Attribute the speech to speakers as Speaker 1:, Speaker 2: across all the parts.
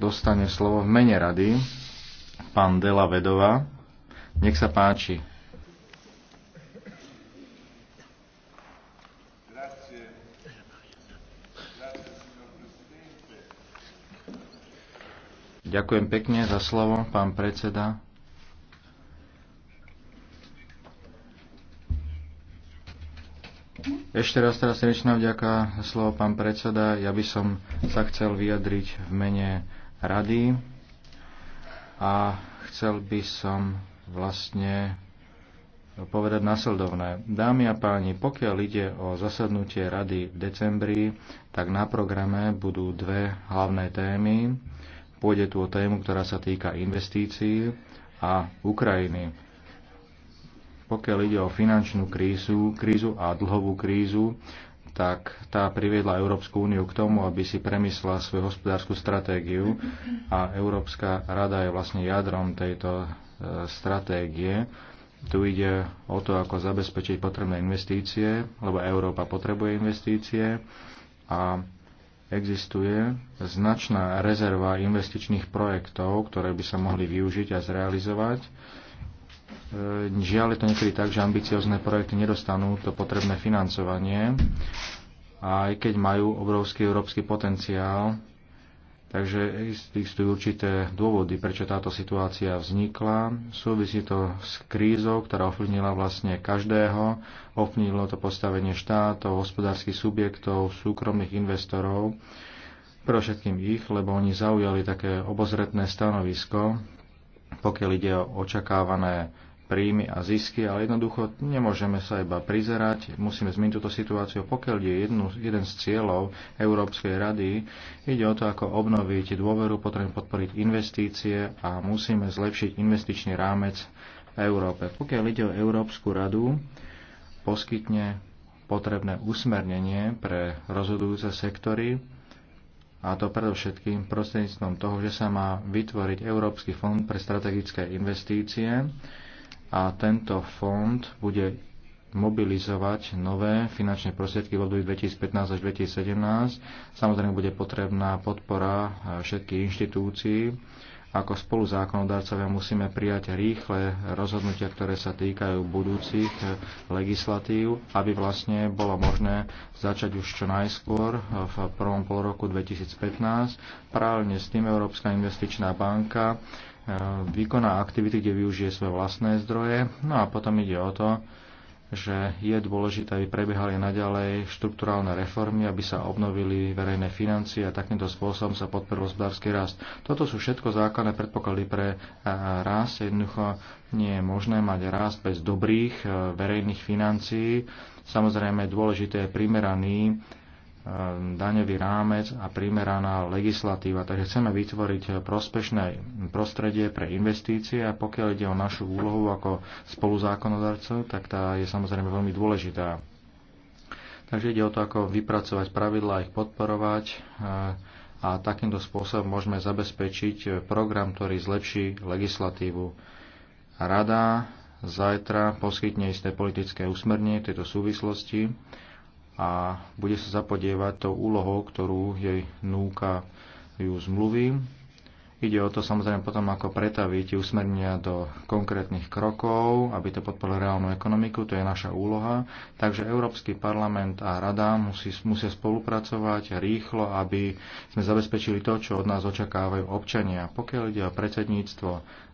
Speaker 1: dostane slovo v mene rady pán Dela Vedova. Nech sa páči. Ďakujem pekne za slovo, pán predseda. Ešte raz teraz srdečná vďaka za slovo pán predseda. Ja by som sa chcel vyjadriť v mene rady a chcel by som vlastne povedať nasledovné. Dámy a páni, pokiaľ ide o zasadnutie rady v decembri, tak na programe budú dve hlavné témy. Pôjde tu o tému, ktorá sa týka investícií a Ukrajiny. Pokiaľ ide o finančnú krízu, krízu a dlhovú krízu, tak tá priviedla Európsku úniu k tomu, aby si premyslela svoju hospodárskú stratégiu a Európska rada je vlastne jadrom tejto e, stratégie. Tu ide o to, ako zabezpečiť potrebné investície, lebo Európa potrebuje investície a existuje značná rezerva investičných projektov, ktoré by sa mohli využiť a zrealizovať E, žiaľ je to niekedy tak, že ambiciozne projekty nedostanú to potrebné financovanie, aj keď majú obrovský európsky potenciál. Takže existujú určité dôvody, prečo táto situácia vznikla. Súvisí to s krízou, ktorá ovplyvnila vlastne každého. Ovplyvnilo to postavenie štátov, hospodárskych subjektov, súkromných investorov. Pre všetkým ich, lebo oni zaujali také obozretné stanovisko, pokiaľ ide o očakávané príjmy a zisky, ale jednoducho nemôžeme sa iba prizerať, musíme zmeniť túto situáciu. Pokiaľ je jednu, jeden z cieľov Európskej rady, ide o to, ako obnoviť dôveru, potrebujeme podporiť investície a musíme zlepšiť investičný rámec v Európe. Pokiaľ ide o Európsku radu, poskytne potrebné usmernenie pre rozhodujúce sektory, a to predovšetkým prostredníctvom toho, že sa má vytvoriť Európsky fond pre strategické investície, a tento fond bude mobilizovať nové finančné prostriedky v období 2015 až 2017. Samozrejme bude potrebná podpora e, všetkých inštitúcií. Ako spoluzákonodárcovia musíme prijať rýchle rozhodnutia, ktoré sa týkajú budúcich e, legislatív, aby vlastne bolo možné začať už čo najskôr e, v prvom pol roku 2015. Paralelne s tým Európska investičná banka E, vykoná aktivity, kde využije svoje vlastné zdroje. No a potom ide o to, že je dôležité, aby prebiehali naďalej štrukturálne reformy, aby sa obnovili verejné financie a takýmto spôsobom sa podporil hospodársky rast. Toto sú všetko základné predpoklady pre e, rast. Jednoducho nie je možné mať rast bez dobrých e, verejných financií. Samozrejme, dôležité je primeraný Ehm, daňový rámec a primeraná legislatíva. Takže chceme vytvoriť prospešné prostredie pre investície a pokiaľ ide o našu úlohu ako spoluzákonodarcov, tak tá je samozrejme veľmi dôležitá. Takže ide o to, ako vypracovať pravidlá, ich podporovať ehm, a takýmto spôsobom môžeme zabezpečiť program, ktorý zlepší legislatívu. Rada zajtra poskytne isté politické v tejto súvislosti a bude sa zapodievať tou úlohou, ktorú jej núka ju zmluví. Ide o to samozrejme potom, ako pretaviť usmernenia do konkrétnych krokov, aby to podporilo reálnu ekonomiku, to je naša úloha. Takže Európsky parlament a Rada musí, musia spolupracovať rýchlo, aby sme zabezpečili to, čo od nás očakávajú občania. Pokiaľ ide o predsedníctvo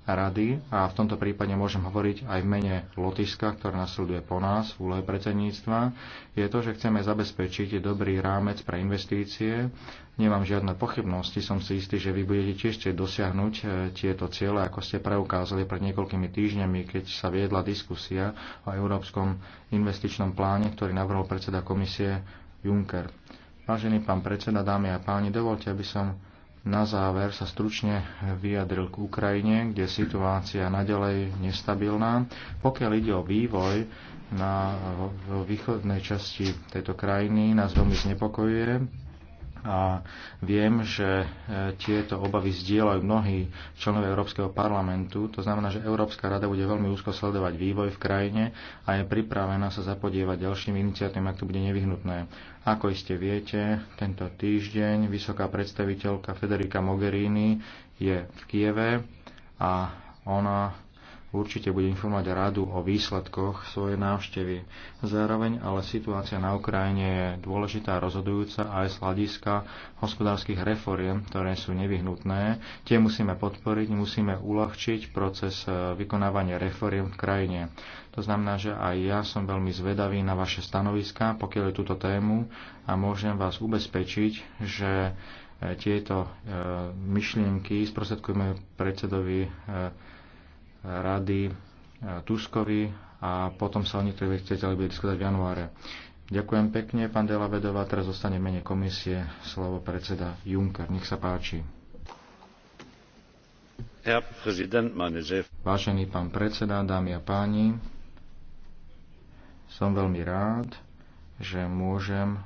Speaker 1: rady a v tomto prípade môžem hovoriť aj v mene Lotyšska, ktoré nasleduje po nás v úlohe predsedníctva, je to, že chceme zabezpečiť dobrý rámec pre investície. Nemám žiadne pochybnosti, som si istý, že vy budete tiež dosiahnuť e, tieto ciele, ako ste preukázali pred niekoľkými týždňami, keď sa viedla diskusia o Európskom investičnom pláne, ktorý navrhol predseda komisie Juncker. Vážený pán predseda, dámy a páni, dovolte, aby som na záver sa stručne vyjadril k Ukrajine, kde situácia nadalej nestabilná. Pokiaľ ide o vývoj na východnej časti tejto krajiny, nás veľmi znepokojuje a viem, že e, tieto obavy zdieľajú mnohí členovia Európskeho parlamentu. To znamená, že Európska rada bude veľmi úzko sledovať vývoj v krajine a je pripravená sa zapodievať ďalším iniciatívam, ak to bude nevyhnutné. Ako iste viete, tento týždeň vysoká predstaviteľka Federica Mogherini je v Kieve a ona určite bude informovať radu o výsledkoch svojej návštevy. Zároveň ale situácia na Ukrajine je dôležitá a rozhodujúca aj z hľadiska hospodárskych reforiem, ktoré sú nevyhnutné. Tie musíme podporiť, musíme uľahčiť proces eh, vykonávania reforiem v krajine. To znamená, že aj ja som veľmi zvedavý na vaše stanoviská, pokiaľ je túto tému a môžem vás ubezpečiť, že eh, tieto eh, myšlienky sprostredkujeme predsedovi rady e, Tuskovi a potom sa o niektorých veciach bude diskutovať v januáre. Ďakujem pekne, pán Dela Vedová. Teraz zostane mene komisie slovo predseda Juncker. Nech sa páči. Vážený pán predseda, dámy a páni, som veľmi rád, že môžem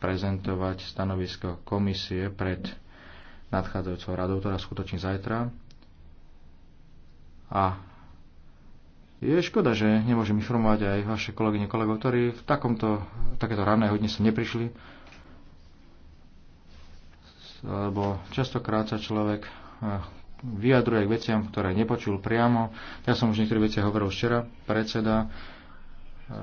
Speaker 1: prezentovať stanovisko komisie pred nadchádzajúcou radou, teda skutočne zajtra. A je škoda, že nemôžem informovať aj vaše kolegyne kolegov, ktorí v takomto, takéto ranné hodine sa neprišli. Lebo častokrát sa človek eh, vyjadruje k veciam, ktoré nepočul priamo. Ja som už niektoré veci hovoril včera, predseda eh,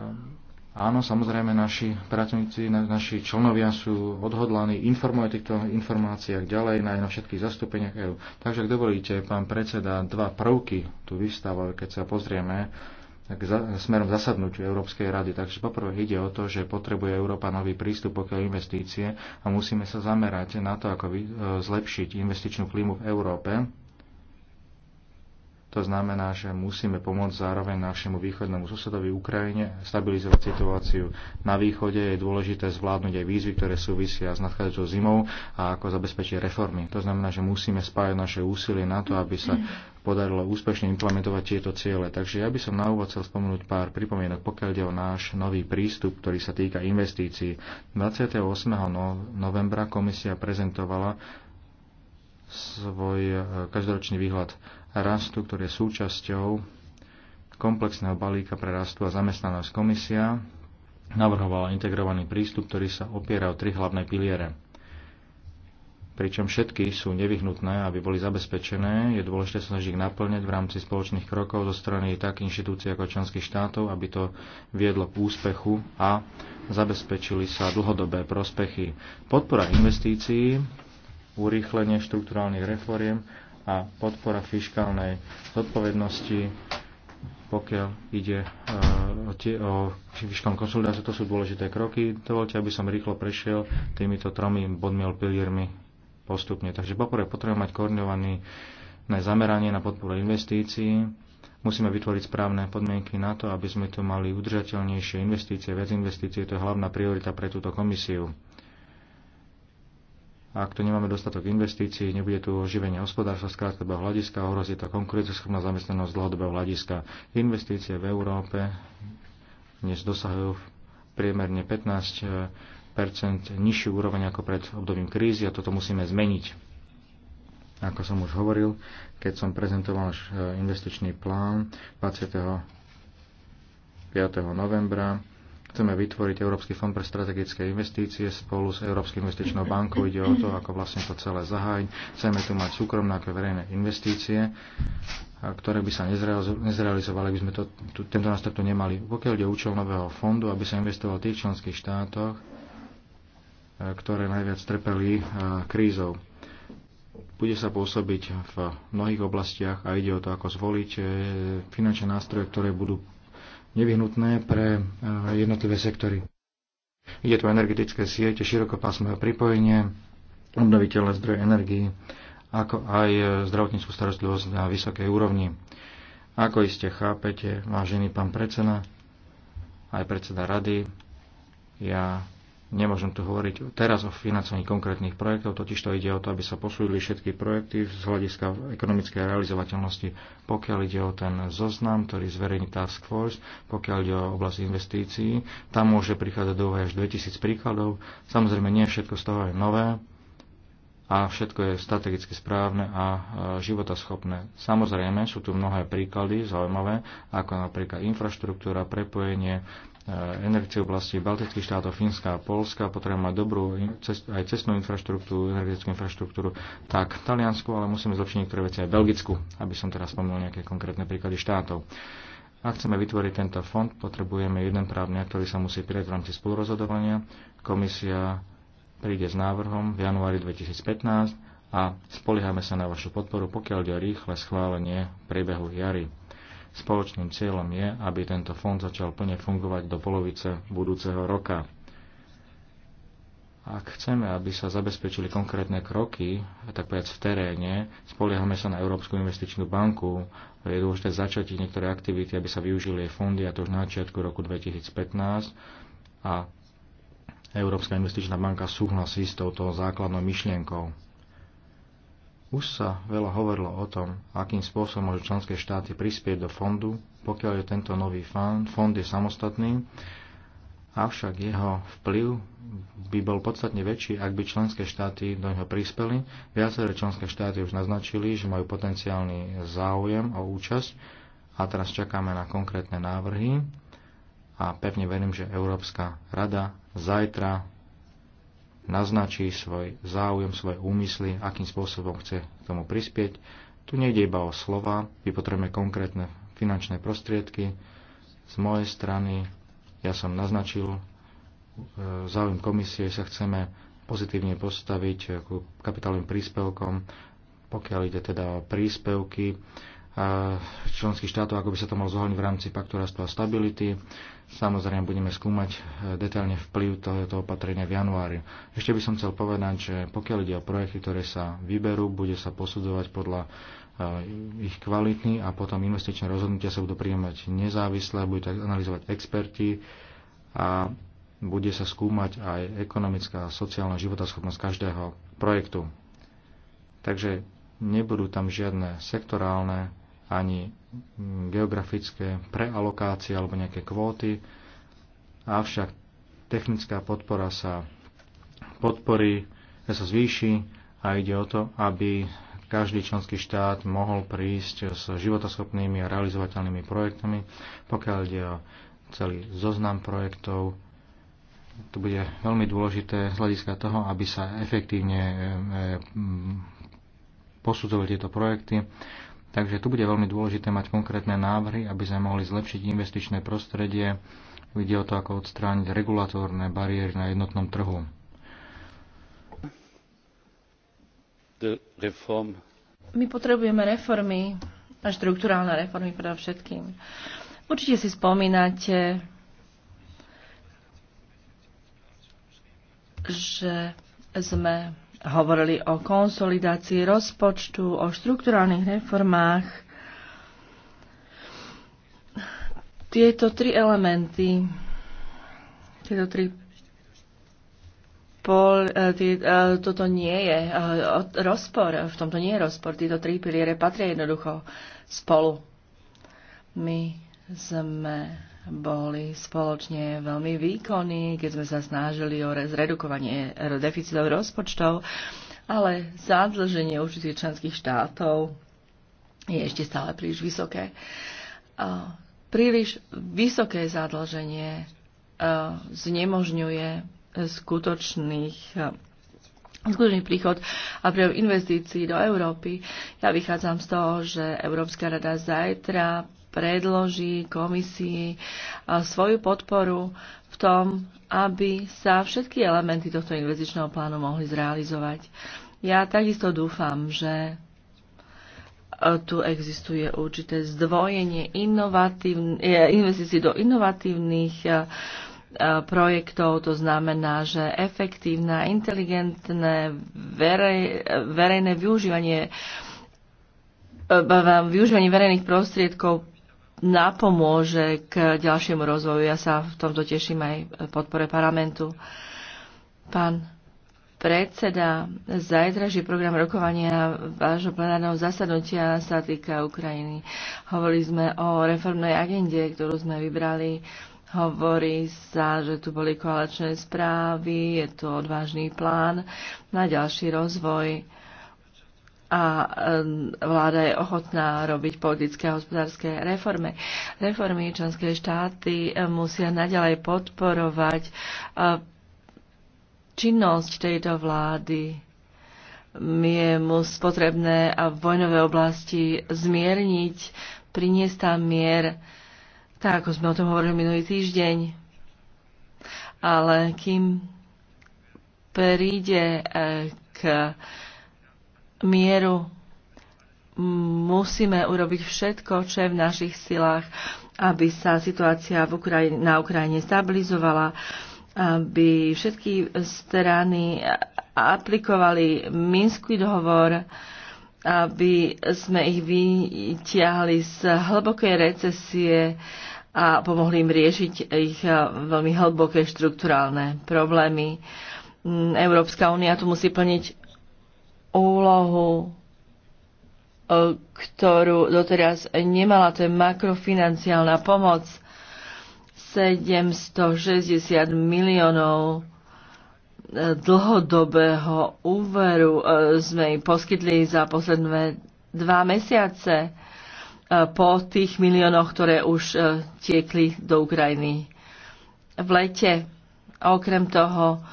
Speaker 1: Áno, samozrejme, naši pracovníci, na, naši členovia sú odhodlaní informovať o týchto informáciách ďalej na, na všetkých zastúpeniach EU. Takže, ak dovolíte, pán predseda, dva prvky tu vystáva, keď sa pozrieme tak za, smerom zasadnutiu Európskej rady. Takže poprvé ide o to, že potrebuje Európa nový prístup pokiaľ investície a musíme sa zamerať na to, ako vy, e, zlepšiť investičnú klímu v Európe to znamená, že musíme pomôcť zároveň našemu východnému susedovi Ukrajine stabilizovať situáciu na východe. Je dôležité zvládnuť aj výzvy, ktoré súvisia s nadchádzajúcou zimou a ako zabezpečiť reformy. To znamená, že musíme spájať naše úsilie na to, aby sa podarilo úspešne implementovať tieto ciele. Takže ja by som na úvod chcel spomenúť pár pripomienok, pokiaľ ide o náš nový prístup, ktorý sa týka investícií. 28. No-, novembra komisia prezentovala svoj eh, každoročný výhľad rastu, ktorý je súčasťou komplexného balíka pre rastu a zamestnanosť komisia navrhovala integrovaný prístup, ktorý sa opiera o tri hlavné piliere. Pričom všetky sú nevyhnutné, aby boli zabezpečené, je dôležité sa ich naplňať v rámci spoločných krokov zo strany tak inštitúcií ako členských štátov, aby to viedlo k úspechu a zabezpečili sa dlhodobé prospechy. Podpora investícií, urýchlenie štruktúrálnych reforiem a podpora fiškálnej zodpovednosti, pokiaľ ide e, o, tie, o fiskálnu konsolidáciu, to sú dôležité kroky. Dovolte, aby som rýchlo prešiel týmito tromi bodmi alebo piliermi postupne. Takže poprvé potrebujeme mať koordinovaný na zameranie na podporu investícií, musíme vytvoriť správne podmienky na to, aby sme tu mali udržateľnejšie investície, viac investície, to je hlavná priorita pre túto komisiu ak tu nemáme dostatok investícií, nebude tu oživenie hospodárstva z krátkodobého hľadiska, ohrozí to konkurencieschopná zamestnanosť z dlhodobého hľadiska. Investície v Európe dnes dosahujú priemerne 15 nižší úroveň ako pred obdobím krízy a toto musíme zmeniť. Ako som už hovoril, keď som prezentoval e, investičný plán 25. novembra, Chceme vytvoriť Európsky fond pre strategické investície spolu s Európskou investičnou bankou. Ide o to, ako vlastne to celé zahájiť. Chceme tu mať súkromné ako verejné investície, ktoré by sa nezrealizovali, by sme to, tu, tento nástroj tu nemali. Pokiaľ ide účel nového fondu, aby sa investoval v tých členských štátoch, e, ktoré najviac trpeli e, krízou bude sa pôsobiť v mnohých oblastiach a ide o to, ako zvoliť e, finančné nástroje, ktoré budú nevyhnutné pre e, jednotlivé sektory. Ide tu energetické siete, širokopásmové pripojenie, obnoviteľné zdroje energii, ako aj e, zdravotníckú starostlivosť na vysokej úrovni. Ako iste chápete, vážený pán predseda, aj predseda rady, ja Nemôžem tu hovoriť teraz o financovaní konkrétnych projektov, totiž to ide o to, aby sa posúdili všetky projekty z hľadiska ekonomickej realizovateľnosti, pokiaľ ide o ten zoznam, ktorý zverejní Task Force, pokiaľ ide o oblasť investícií. Tam môže prichádzať do až 2000 príkladov. Samozrejme, nie všetko z toho je nové a všetko je strategicky správne a životaschopné. Samozrejme, sú tu mnohé príklady zaujímavé, ako napríklad infraštruktúra, prepojenie Eh, energetickej oblasti Baltických štátov, Fínska a Polska, potrebujeme mať dobrú aj cestnú infraštruktúru, energetickú infraštruktúru, tak Taliansku, ale musíme zlepšiť niektoré veci aj Belgicku, aby som teraz spomenul nejaké konkrétne príklady štátov. Ak chceme vytvoriť tento fond, potrebujeme jeden právny ktorý sa musí prijať v rámci spolurozhodovania. Komisia príde s návrhom v januári 2015 a spoliehame sa na vašu podporu, pokiaľ ide rýchle schválenie priebehu jary. Spoločným cieľom je, aby tento fond začal plne fungovať do polovice budúceho roka. Ak chceme, aby sa zabezpečili konkrétne kroky, tak povedať v teréne, spoliehame sa na Európsku investičnú banku, je dôležité začať niektoré aktivity, aby sa využili jej fondy, a to už na začiatku roku 2015. A Európska investičná banka súhlasí s touto základnou myšlienkou. Už sa veľa hovorilo o tom, akým spôsobom môžu členské štáty prispieť do fondu, pokiaľ je tento nový fond, fond je samostatný, avšak jeho vplyv by bol podstatne väčší, ak by členské štáty do neho prispeli. Viaceré členské štáty už naznačili, že majú potenciálny záujem o účasť a teraz čakáme na konkrétne návrhy a pevne verím, že Európska rada zajtra naznačí svoj záujem, svoje úmysly, akým spôsobom chce k tomu prispieť. Tu nejde iba o slova, my potrebujeme konkrétne finančné prostriedky. Z mojej strany ja som naznačil e, záujem komisie, sa chceme pozitívne postaviť ku kapitálovým príspevkom, pokiaľ ide teda o príspevky členských štátov, ako by sa to malo zohľadniť v rámci paktu rastu a stability. Samozrejme budeme skúmať e, detailne vplyv tohoto opatrenia v januári. Ešte by som chcel povedať, že pokiaľ ide o projekty, ktoré sa vyberú, bude sa posudzovať podľa e, ich kvality a potom investičné rozhodnutia sa budú prijímať nezávisle, budú tak analyzovať experti a bude sa skúmať aj ekonomická a sociálna životaschopnosť každého projektu. Takže nebudú tam žiadne sektorálne ani mm, geografické prealokácie alebo nejaké kvóty, avšak technická podpora sa podporí, sa zvýši a ide o to, aby každý členský štát mohol prísť s životoschopnými a realizovateľnými projektami. Pokiaľ ide o celý zoznam projektov, to bude veľmi dôležité z hľadiska toho, aby sa efektívne eh, eh, mm, posudzovali tieto projekty Takže tu bude veľmi dôležité mať konkrétne návrhy, aby sme mohli zlepšiť investičné prostredie. Ide o to, ako odstrániť regulatórne bariéry na jednotnom trhu.
Speaker 2: My potrebujeme reformy, a štruktúrálne reformy všetkým. Určite si spomínate, že sme hovorili o konsolidácii rozpočtu, o štrukturálnych reformách. Tieto tri elementy, tieto tri pol, eh, tie, eh, toto nie je eh, rozpor, v tomto nie je rozpor, tieto tri piliere patria jednoducho spolu. My sme boli spoločne veľmi výkonní, keď sme sa snažili o zredukovanie deficitov rozpočtov, ale zadlženie určitých členských štátov je ešte stále príliš vysoké. Príliš vysoké zadlženie znemožňuje skutočných skutočný príchod a prejav investícií do Európy. Ja vychádzam z toho, že Európska rada zajtra predloží komisii e, svoju podporu v tom, aby sa všetky elementy tohto investičného plánu mohli zrealizovať. Ja takisto dúfam, že e, tu existuje určité zdvojenie e, investícií do inovatívnych projektov, to znamená, že efektívne, inteligentné verej, verejné využívanie využívanie verejných prostriedkov napomôže k ďalšiemu rozvoju. Ja sa v tomto teším aj podpore parlamentu. Pán predseda, zajtrajší program rokovania vášho plenárneho zasadnutia sa týka Ukrajiny. Hovorili sme o reformnej agende, ktorú sme vybrali. Hovorí sa, že tu boli koalačné správy, je to odvážny plán na ďalší rozvoj a vláda je ochotná robiť politické a hospodárske reformy. Reformy členské štáty musia naďalej podporovať činnosť tejto vlády. Je mu potrebné a vojnové oblasti zmierniť, priniesť tam mier, tak ako sme o tom hovorili minulý týždeň. Ale kým príde e, k mieru. Musíme urobiť všetko, čo je v našich silách, aby sa situácia v Ukrajine, na Ukrajine stabilizovala, aby všetky strany aplikovali Minský dohovor, aby sme ich vyťahli z hlbokej recesie a pomohli im riešiť ich eh, veľmi hlboké štruktúrálne problémy. Mm, Európska únia tu musí plniť úlohu, e, ktorú doteraz nemala, to je makrofinanciálna pomoc 760 miliónov e, dlhodobého úveru e, sme im poskytli za posledné dva mesiace po tých miliónoch, ktoré už tiekli do Ukrajiny v lete. Okrem toho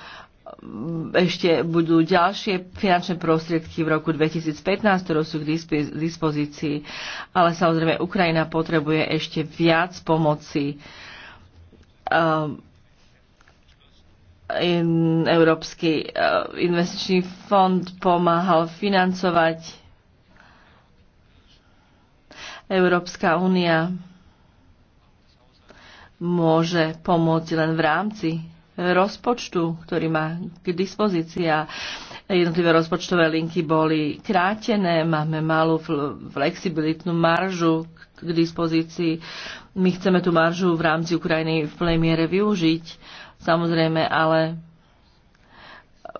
Speaker 2: ešte budú ďalšie finančné prostriedky v roku 2015, ktoré sú k dispozícii, ale samozrejme Ukrajina potrebuje ešte viac pomoci. Ehm, Európsky eh, investičný fond pomáhal financovať Európska únia môže pomôcť len v rámci rozpočtu, ktorý má k dispozícii a jednotlivé rozpočtové linky boli krátené, máme malú flexibilitnú maržu k dispozícii. My chceme tú maržu v rámci Ukrajiny v plnej miere využiť, samozrejme, ale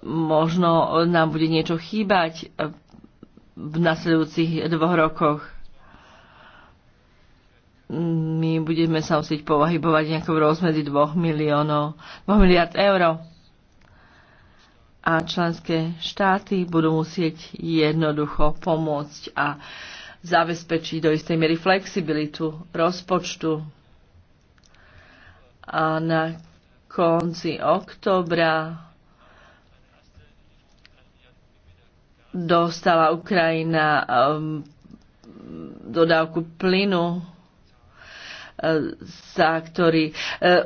Speaker 2: možno nám bude niečo chýbať v nasledujúcich dvoch rokoch my budeme sa musieť pohybovať nejakou rozmedzi 2 miliónov, 2 miliard eur. A členské štáty budú musieť jednoducho pomôcť a zabezpečiť do istej miery flexibilitu rozpočtu. A na konci oktobra dostala Ukrajina um, dodávku plynu sa, ktorý e,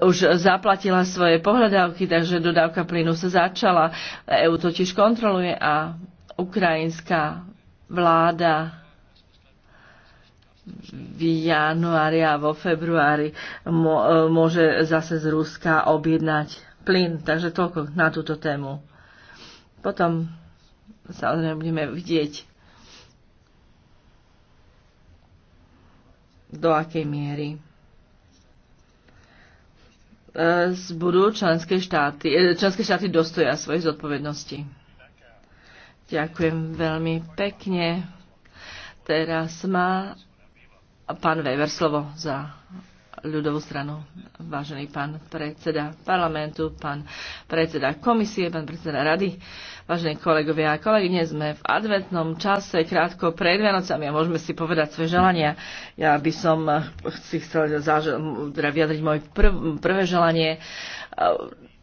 Speaker 2: už zaplatila svoje pohľadávky, takže dodávka plynu sa začala. EU totiž kontroluje a ukrajinská vláda v januári a vo februári e, môže zase z Ruska objednať plyn. Takže toľko na túto tému. Potom samozrejme budeme vidieť, do akej miery E, budú členské štáty, e, členské štáty dostoja svojich zodpovedností. Ďakujem veľmi pekne. Teraz má pán Weber slovo za ľudovú stranu. Vážený pán predseda parlamentu, pán predseda komisie, pán predseda rady, vážení kolegovia a dnes sme v adventnom čase, krátko pred Vianocami a môžeme si povedať svoje želania. Ja by som si chcel teda vyjadriť moje prv, prvé želanie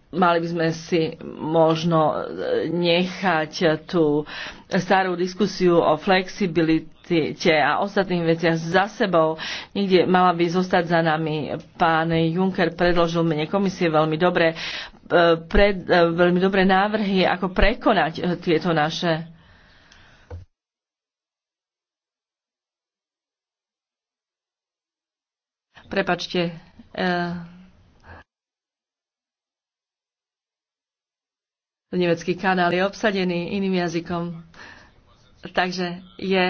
Speaker 2: mali by sme si možno nechať tú starú diskusiu o flexibilite kapacite a ostatných veciach za sebou. Niekde mala by zostať za nami. Pán Juncker predložil mene komisie veľmi dobre, e, pred, e, veľmi dobré návrhy, ako prekonať e, tieto naše Prepačte. Nemecký kanál je obsadený iným jazykom. Takže je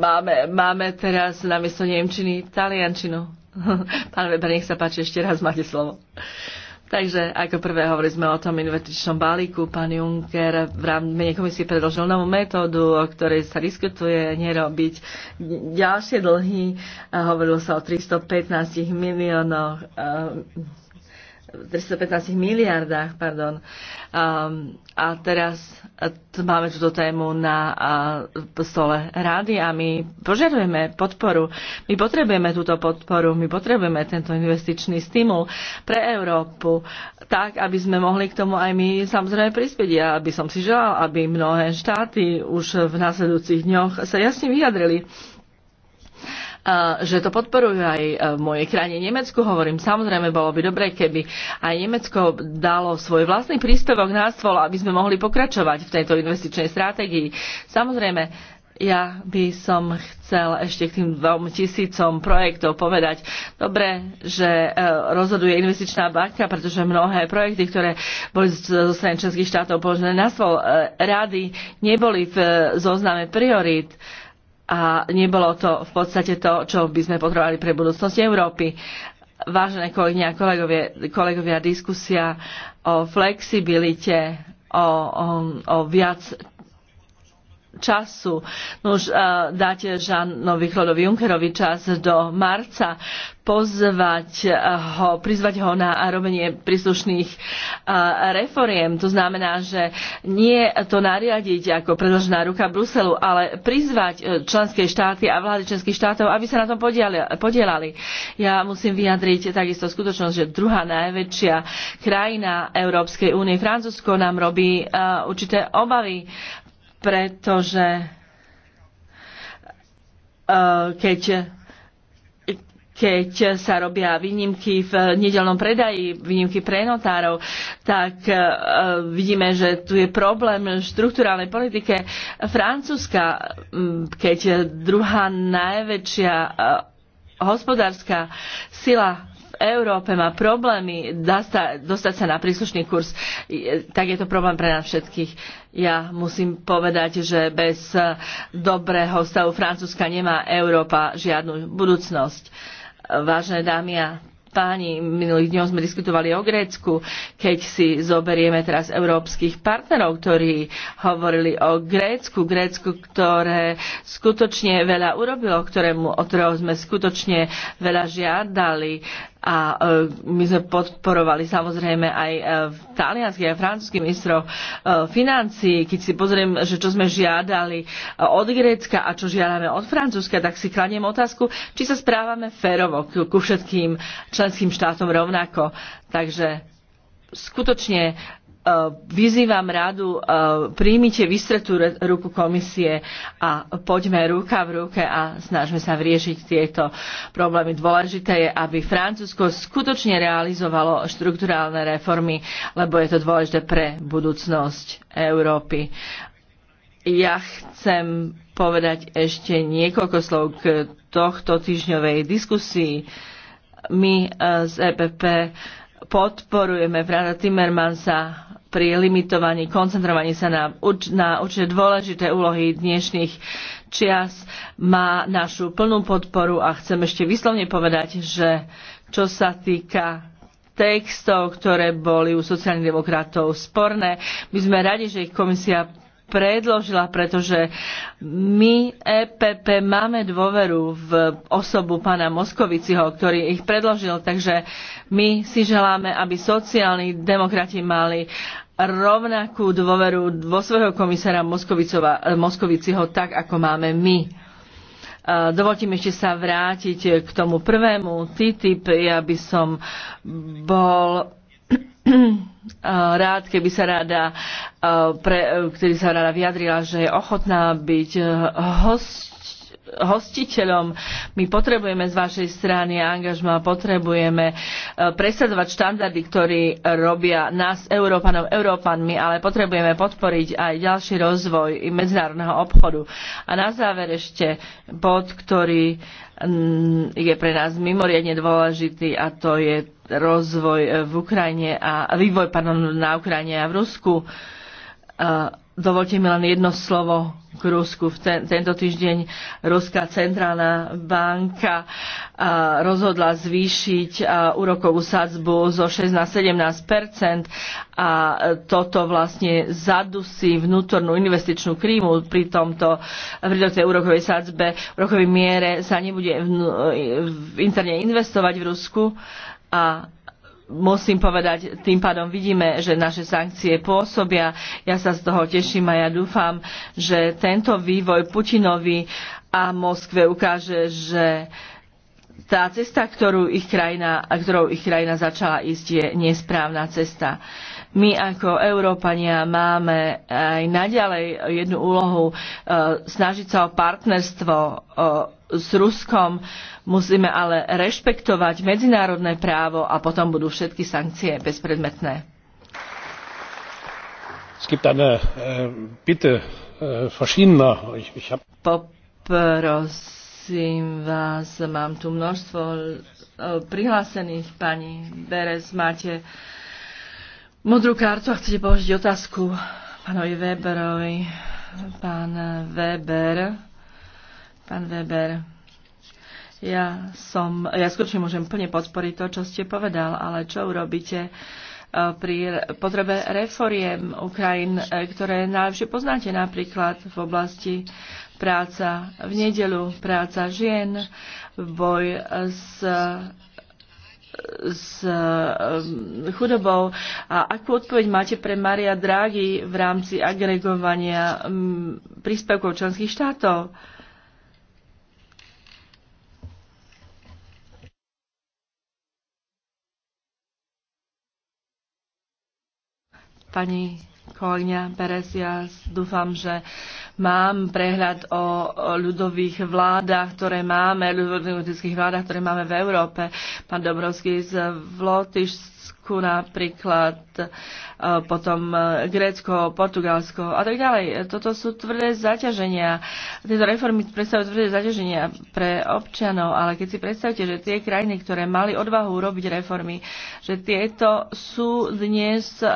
Speaker 2: máme, máme teraz na miesto Nemčiny Taliančinu. Pán Weber, nech sa páči, ešte raz máte slovo. Takže ako prvé hovorili sme o tom investičnom balíku. Pán Juncker v rámci komisie predložil novú metódu, o ktorej sa diskutuje nerobiť ďalšie dlhy. Hovorilo sa o 315 miliónoch eh, 315 miliardách, pardon. Um, a teraz máme túto tému na uh, stole rády a my požadujeme podporu. My potrebujeme túto podporu, my potrebujeme tento investičný stimul pre Európu, tak, aby sme mohli k tomu aj my samozrejme prispieť. Ja by som si želal, aby mnohé štáty už v následujúcich dňoch sa jasne vyjadrili že to podporujú aj v e, mojej krajine Nemecku. Hovorím, samozrejme, bolo by dobre, keby aj Nemecko dalo svoj vlastný príspevok na stôl, aby sme mohli pokračovať v tejto investičnej stratégii. Samozrejme, ja by som chcel ešte k tým dvom tisícom projektov povedať, dobre, že e, rozhoduje investičná banka, pretože mnohé projekty, ktoré boli zo strany členských štátov položené na stôl e, rady, neboli v zozname priorít a nebolo to v podstate to, čo by sme potrebovali pre budúcnosť Európy. Vážené kolegyne a kolegovia, kolegovia diskusia o flexibilite, o, o, o viac času. No už dáte Žanovi Klodovi Junkerovi čas do marca pozvať ho, prizvať ho na robenie príslušných reforiem. To znamená, že nie to nariadiť ako predložená ruka Bruselu, ale prizvať e, členské štáty a vlády členských štátov, aby sa na tom podielali. Ja musím vyjadriť takisto skutočnosť, že druhá najväčšia krajina Európskej únie, Francúzsko, nám robí e, určité obavy pretože e, keď keď sa robia výnimky v nedelnom predaji, výnimky pre notárov, tak e, vidíme, že tu je problém v štruktúrálnej politike Francúzska, keď druhá najväčšia e, hospodárska sila Európe má problémy dostať sa na príslušný kurz, tak je to problém pre nás všetkých. Ja musím povedať, že bez dobrého stavu Francúzska nemá Európa žiadnu budúcnosť. Vážené dámy a páni, minulých dňoch sme diskutovali o Grécku, keď si zoberieme teraz európskych partnerov, ktorí hovorili o Grécku, Grécku, ktoré skutočne veľa urobilo, ktorému, od ktorého sme skutočne veľa žiadali a e, my sme podporovali samozrejme aj e, v talianských a francúzských ministrov e, financií. Keď si pozriem, že čo sme žiadali od Grécka a čo žiadame od Francúzska, tak si kladiem otázku, či sa správame férovo ku všetkým členským štátom rovnako. Takže skutočne E, vyzývam radu, e, príjmite vystretú ruku komisie a poďme ruka v ruke a snažme sa vriešiť tieto problémy. Dôležité je, aby Francúzsko skutočne realizovalo štrukturálne reformy, lebo je to dôležité pre budúcnosť Európy. Ja chcem povedať ešte niekoľko slov k tohto týždňovej diskusii. My e, z EPP podporujeme Frana Timmermansa pri limitovaní, koncentrovaní sa na, na určite dôležité úlohy dnešných čias má našu plnú podporu a chcem ešte vyslovne povedať, že čo sa týka textov, ktoré boli u sociálnych demokratov sporné. My sme radi, že ich komisia predložila, pretože my EPP máme dôveru v osobu pána Moskoviciho, ktorý ich predložil, takže my si želáme, aby sociálni demokrati mali rovnakú dôveru vo svojho komisára Moskoviciho, tak ako máme my. Dovolte mi ešte sa vrátiť k tomu prvému TTIP. Ja by som bol Eh, rád, keby sa rada, eh, pre, eh, ktorý sa rada vyjadrila, že je ochotná byť host hostiteľom. My potrebujeme z vašej strany angažma, potrebujeme presadovať štandardy, ktorí robia nás, Európanov, Európanmi, ale potrebujeme podporiť aj ďalší rozvoj medzinárodného obchodu. A na záver ešte bod, ktorý Mm, je pre nás mimoriadne dôležitý a to je rozvoj v Ukrajine a vývoj pardon, na Ukrajine a v Rusku. Dovolte mi len jedno slovo k Rusku. V ten, tento týždeň Ruská centrálna banka a, rozhodla zvýšiť a, úrokovú sadzbu zo 6 na 17 a toto vlastne zadusí vnútornú investičnú krímu. Pri tomto pri tej úrokovej sadzbe, úrokovej miere sa nebude v, v, interne investovať v Rusku a musím povedať, tým pádom vidíme, že naše sankcie pôsobia. Ja sa z toho teším a ja dúfam, že tento vývoj Putinovi a Moskve ukáže, že tá cesta, ktorú ich krajina, ktorou ich krajina začala ísť, je nesprávna cesta. My ako Európania máme aj naďalej jednu úlohu e, snažiť sa o partnerstvo, e, s Ruskom. Musíme ale rešpektovať medzinárodné právo a potom budú všetky sankcie bezpredmetné.
Speaker 3: Äh, äh,
Speaker 2: Poprosím vás, mám tu množstvo e, prihlásených pani Berez. Máte modrú kartu a chcete položiť otázku pánovi Weberovi. Pán Weber Pán Weber, ja, som, ja skutočne môžem plne podporiť to, čo ste povedal, ale čo urobíte e, pri potrebe reforiem Ukrajín, e, ktoré najlepšie poznáte napríklad v oblasti práca v nedelu, práca žien, boj s s e, chudobou. A akú odpoveď máte pre Maria Draghi v rámci agregovania príspevkov členských štátov? Pani kolegyňa Perez, ja dúfam, že mám prehľad o ľudových vládach, ktoré máme, ľudových vládach, ktoré máme v Európe. Pán Dobrovský z Vlotyš. Grécku napríklad, e, potom e, Grécko, Portugalsko a tak ďalej. Toto sú tvrdé zaťaženia. Tieto reformy predstavujú tvrdé zaťaženia pre občanov, ale keď si predstavíte, že tie krajiny, ktoré mali odvahu robiť reformy, že tieto sú dnes e,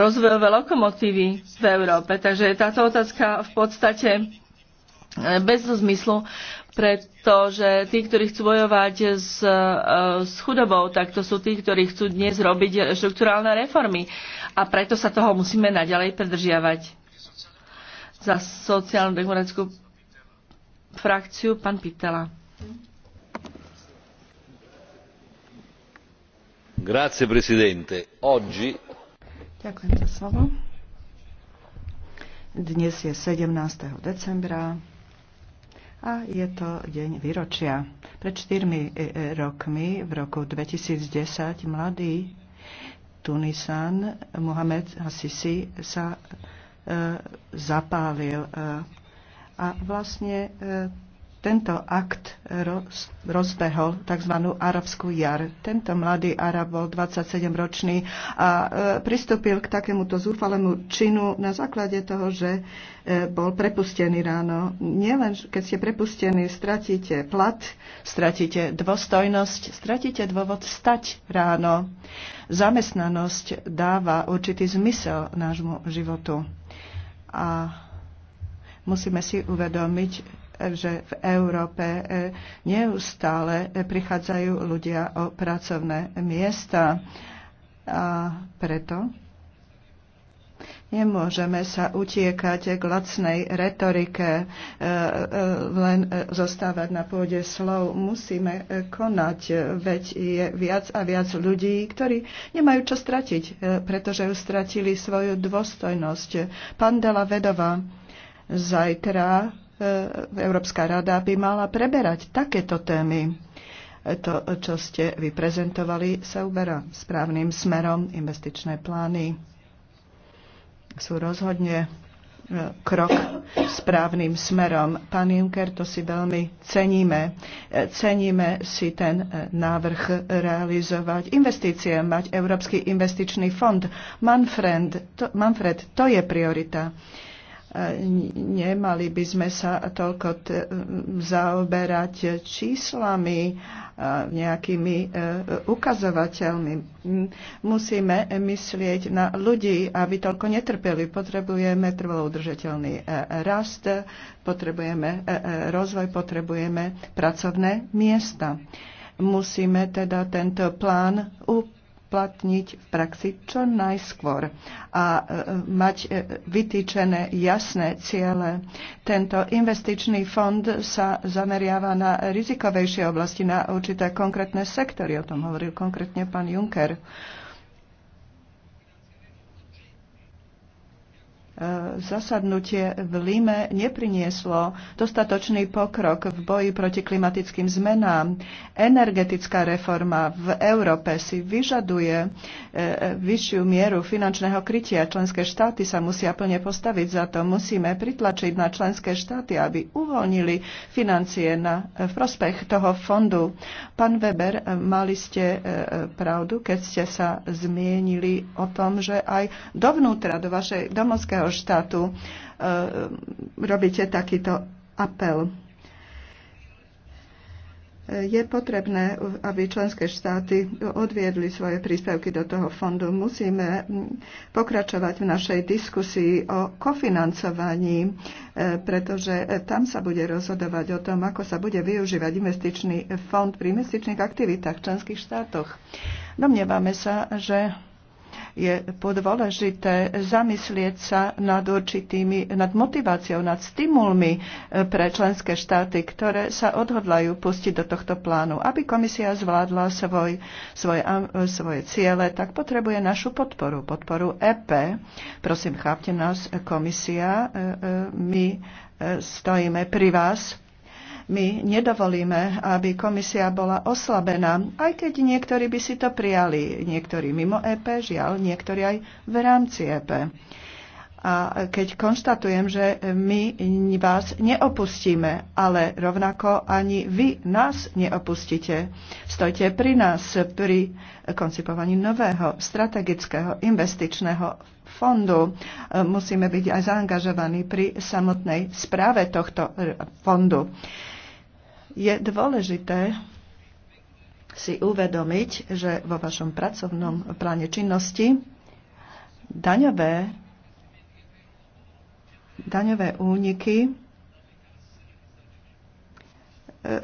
Speaker 2: rozvojové lokomotívy v Európe. Takže táto otázka v podstate bez zmyslu pretože tí, ktorí chcú bojovať s, e, s chudobou, tak to sú tí, ktorí chcú dnes robiť štruktúrálne reformy. A preto sa toho musíme naďalej predržiavať. Za sociálnu demokratickú frakciu pán Pitela.
Speaker 4: Grazie, presidente. Oggi...
Speaker 5: Ďakujem za slovo. Dnes je 17. decembra a je to deň výročia. Pred 4 e, e, rokmi, v roku 2010, mladý Tunisan Mohamed Hasisi sa e, zapálil e, a vlastne e, tento akt rozbehol tzv. arabskú jar. Tento mladý Arab bol 27-ročný a e, pristúpil k takémuto zúfalému činu na základe toho, že e, bol prepustený ráno. Nielen, keď ste prepustení, stratíte plat, stratíte dôstojnosť, stratíte dôvod stať ráno. Zamestnanosť dáva určitý zmysel nášmu životu. A musíme si uvedomiť, že v Európe e, neustále prichádzajú ľudia o pracovné miesta. A preto Nemôžeme sa utiekať k lacnej retorike, e, e, len zostávať na pôde slov. Musíme konať, veď je viac a viac ľudí, ktorí nemajú čo stratiť, pretože už stratili svoju dôstojnosť. Pandela Vedova zajtra E, Európska rada by mala preberať takéto témy. To, čo ste vyprezentovali, sa uberá správnym smerom. Investičné plány sú rozhodne e, krok správnym smerom. Pán Juncker, to si veľmi ceníme. E, ceníme si ten návrh realizovať. Investície mať Európsky investičný fond. Manfred, to, Manfred, to je priorita. Nemali by sme sa toľko zaoberať číslami, nejakými e, ukazovateľmi. Musíme myslieť na ľudí, aby toľko netrpeli. Potrebujeme trvalo udržateľný e, rast, potrebujeme e, rozvoj, potrebujeme pracovné miesta. Musíme teda tento plán upravať uplatniť v praxi čo najskôr a e, mať e, vytýčené jasné ciele. Tento investičný fond sa zameriava na rizikovejšie oblasti, na určité konkrétne sektory. O tom hovoril konkrétne pán Juncker. E, zasadnutie v Lime neprinieslo dostatočný pokrok v boji proti klimatickým zmenám. Energetická reforma v Európe si vyžaduje e, vyššiu mieru finančného krytia. Členské štáty sa musia plne postaviť za to. Musíme pritlačiť na členské štáty, aby uvoľnili financie na e, prospech toho fondu. Pán Weber, mali ste pravdu, keď ste sa zmienili o tom, že aj dovnútra, do vašej domovského štátu e, robíte takýto apel. Je potrebné, aby členské štáty odviedli svoje príspevky do toho fondu. Musíme pokračovať v našej diskusii o kofinancovaní, e, pretože tam sa bude rozhodovať o tom, ako sa bude využívať investičný fond pri investičných aktivitách v členských štátoch. Domnievame sa, že je podôležité zamyslieť sa nad určitými, nad motiváciou, nad stimulmi e, pre členské štáty, ktoré sa odhodlajú pustiť do tohto plánu. Aby komisia zvládla svoj, svoje, e, svoje ciele, tak potrebuje našu podporu, podporu EP. Prosím, chápte nás, e, komisia, my stojíme pri vás my nedovolíme, aby komisia bola oslabená, aj keď niektorí by si to prijali, niektorí mimo EP, žiaľ, niektorí aj v rámci EP. A keď konštatujem, že my vás neopustíme, ale rovnako ani vy nás neopustíte. Stojte pri nás pri koncipovaní nového strategického investičného fondu. Musíme byť aj zaangažovaní pri samotnej správe tohto fondu. Je dôležité si uvedomiť, že vo vašom pracovnom pláne činnosti daňové, daňové úniky e,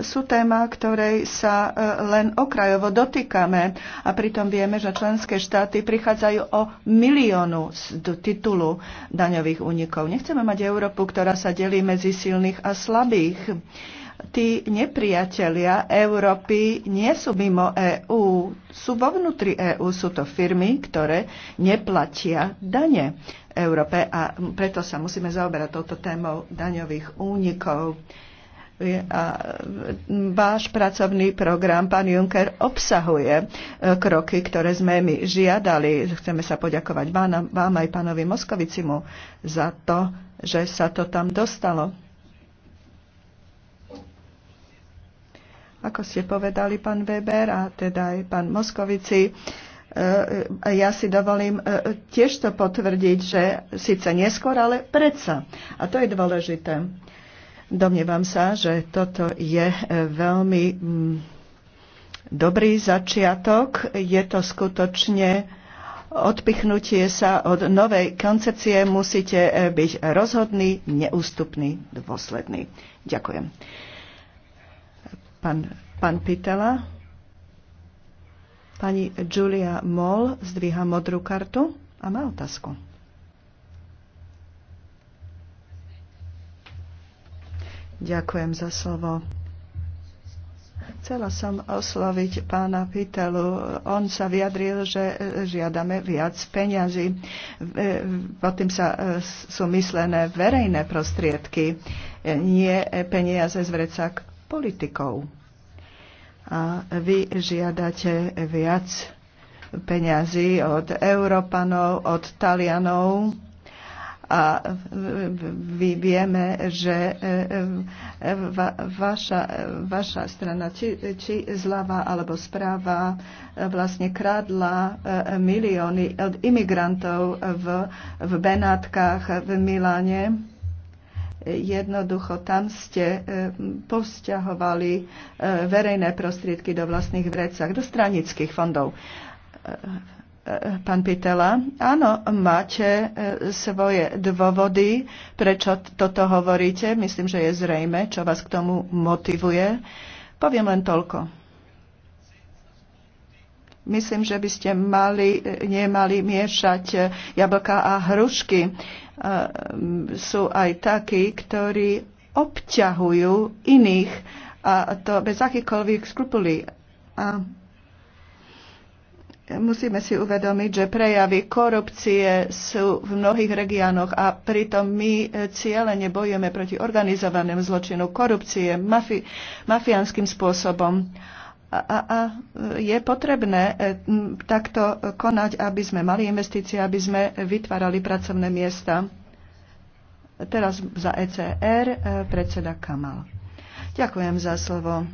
Speaker 5: sú téma, ktorej sa e, len okrajovo dotýkame a pritom vieme, že členské štáty prichádzajú o miliónu z titulu daňových únikov. Nechceme mať Európu, ktorá sa delí medzi silných a slabých tí nepriatelia Európy nie sú mimo EÚ, sú vo vnútri EÚ, sú to firmy, ktoré neplatia dane Európe a preto sa musíme zaoberať touto témou daňových únikov. A váš pracovný program, pán Juncker, obsahuje e, kroky, ktoré sme my žiadali. Chceme sa poďakovať vám, vám aj pánovi Moskovicimu za to, že sa to tam dostalo. Ako ste povedali, pán Weber a teda aj pán Moskovici, e, e, ja si dovolím e, tiež to potvrdiť, že síce neskôr, ale predsa. A to je dôležité. Domnievam sa, že toto je veľmi mm, dobrý začiatok. Je to skutočne odpichnutie sa od novej koncepcie. Musíte byť rozhodný, neústupný, dôsledný. Ďakujem pán, pán Pitela. Pani Julia Moll zdvíha modrú kartu a má otázku. Ďakujem za slovo. Chcela som osloviť pána Pitelu. On sa vyjadril, že žiadame viac peňazí. Pod tým sa e, sú myslené verejné prostriedky, nie peniaze z vrecak politikov a vy žiadate viac peňazí od Európanov, od Talianov a my vieme, že e, e, va, vaša, vaša strana, či, či zľava alebo správa, e, vlastne kradla milióny od imigrantov v, v Benátkach, v Miláne Jednoducho tam ste e, povzťahovali e, verejné prostriedky do vlastných vrecach, do stranických fondov e, pán Pitela. Áno, máte svoje dôvody, prečo toto hovoríte. Myslím, že je zrejme, čo vás k tomu motivuje. Poviem len toľko. Myslím, že by ste mali, nemali miešať jablka a hrušky. Ehm, sú aj takí, ktorí obťahujú iných a to bez akýkoľvek skrupulí. A musíme si uvedomiť, že prejavy korupcie sú v mnohých regiánoch a pritom my e, cieľene bojujeme proti organizovanému zločinu korupcie mafi- mafiánskym spôsobom a, a, a je potrebné e, takto konať, aby sme mali investície, aby sme vytvárali pracovné miesta. Teraz za ECR e, predseda Kamal. Ďakujem za slovo.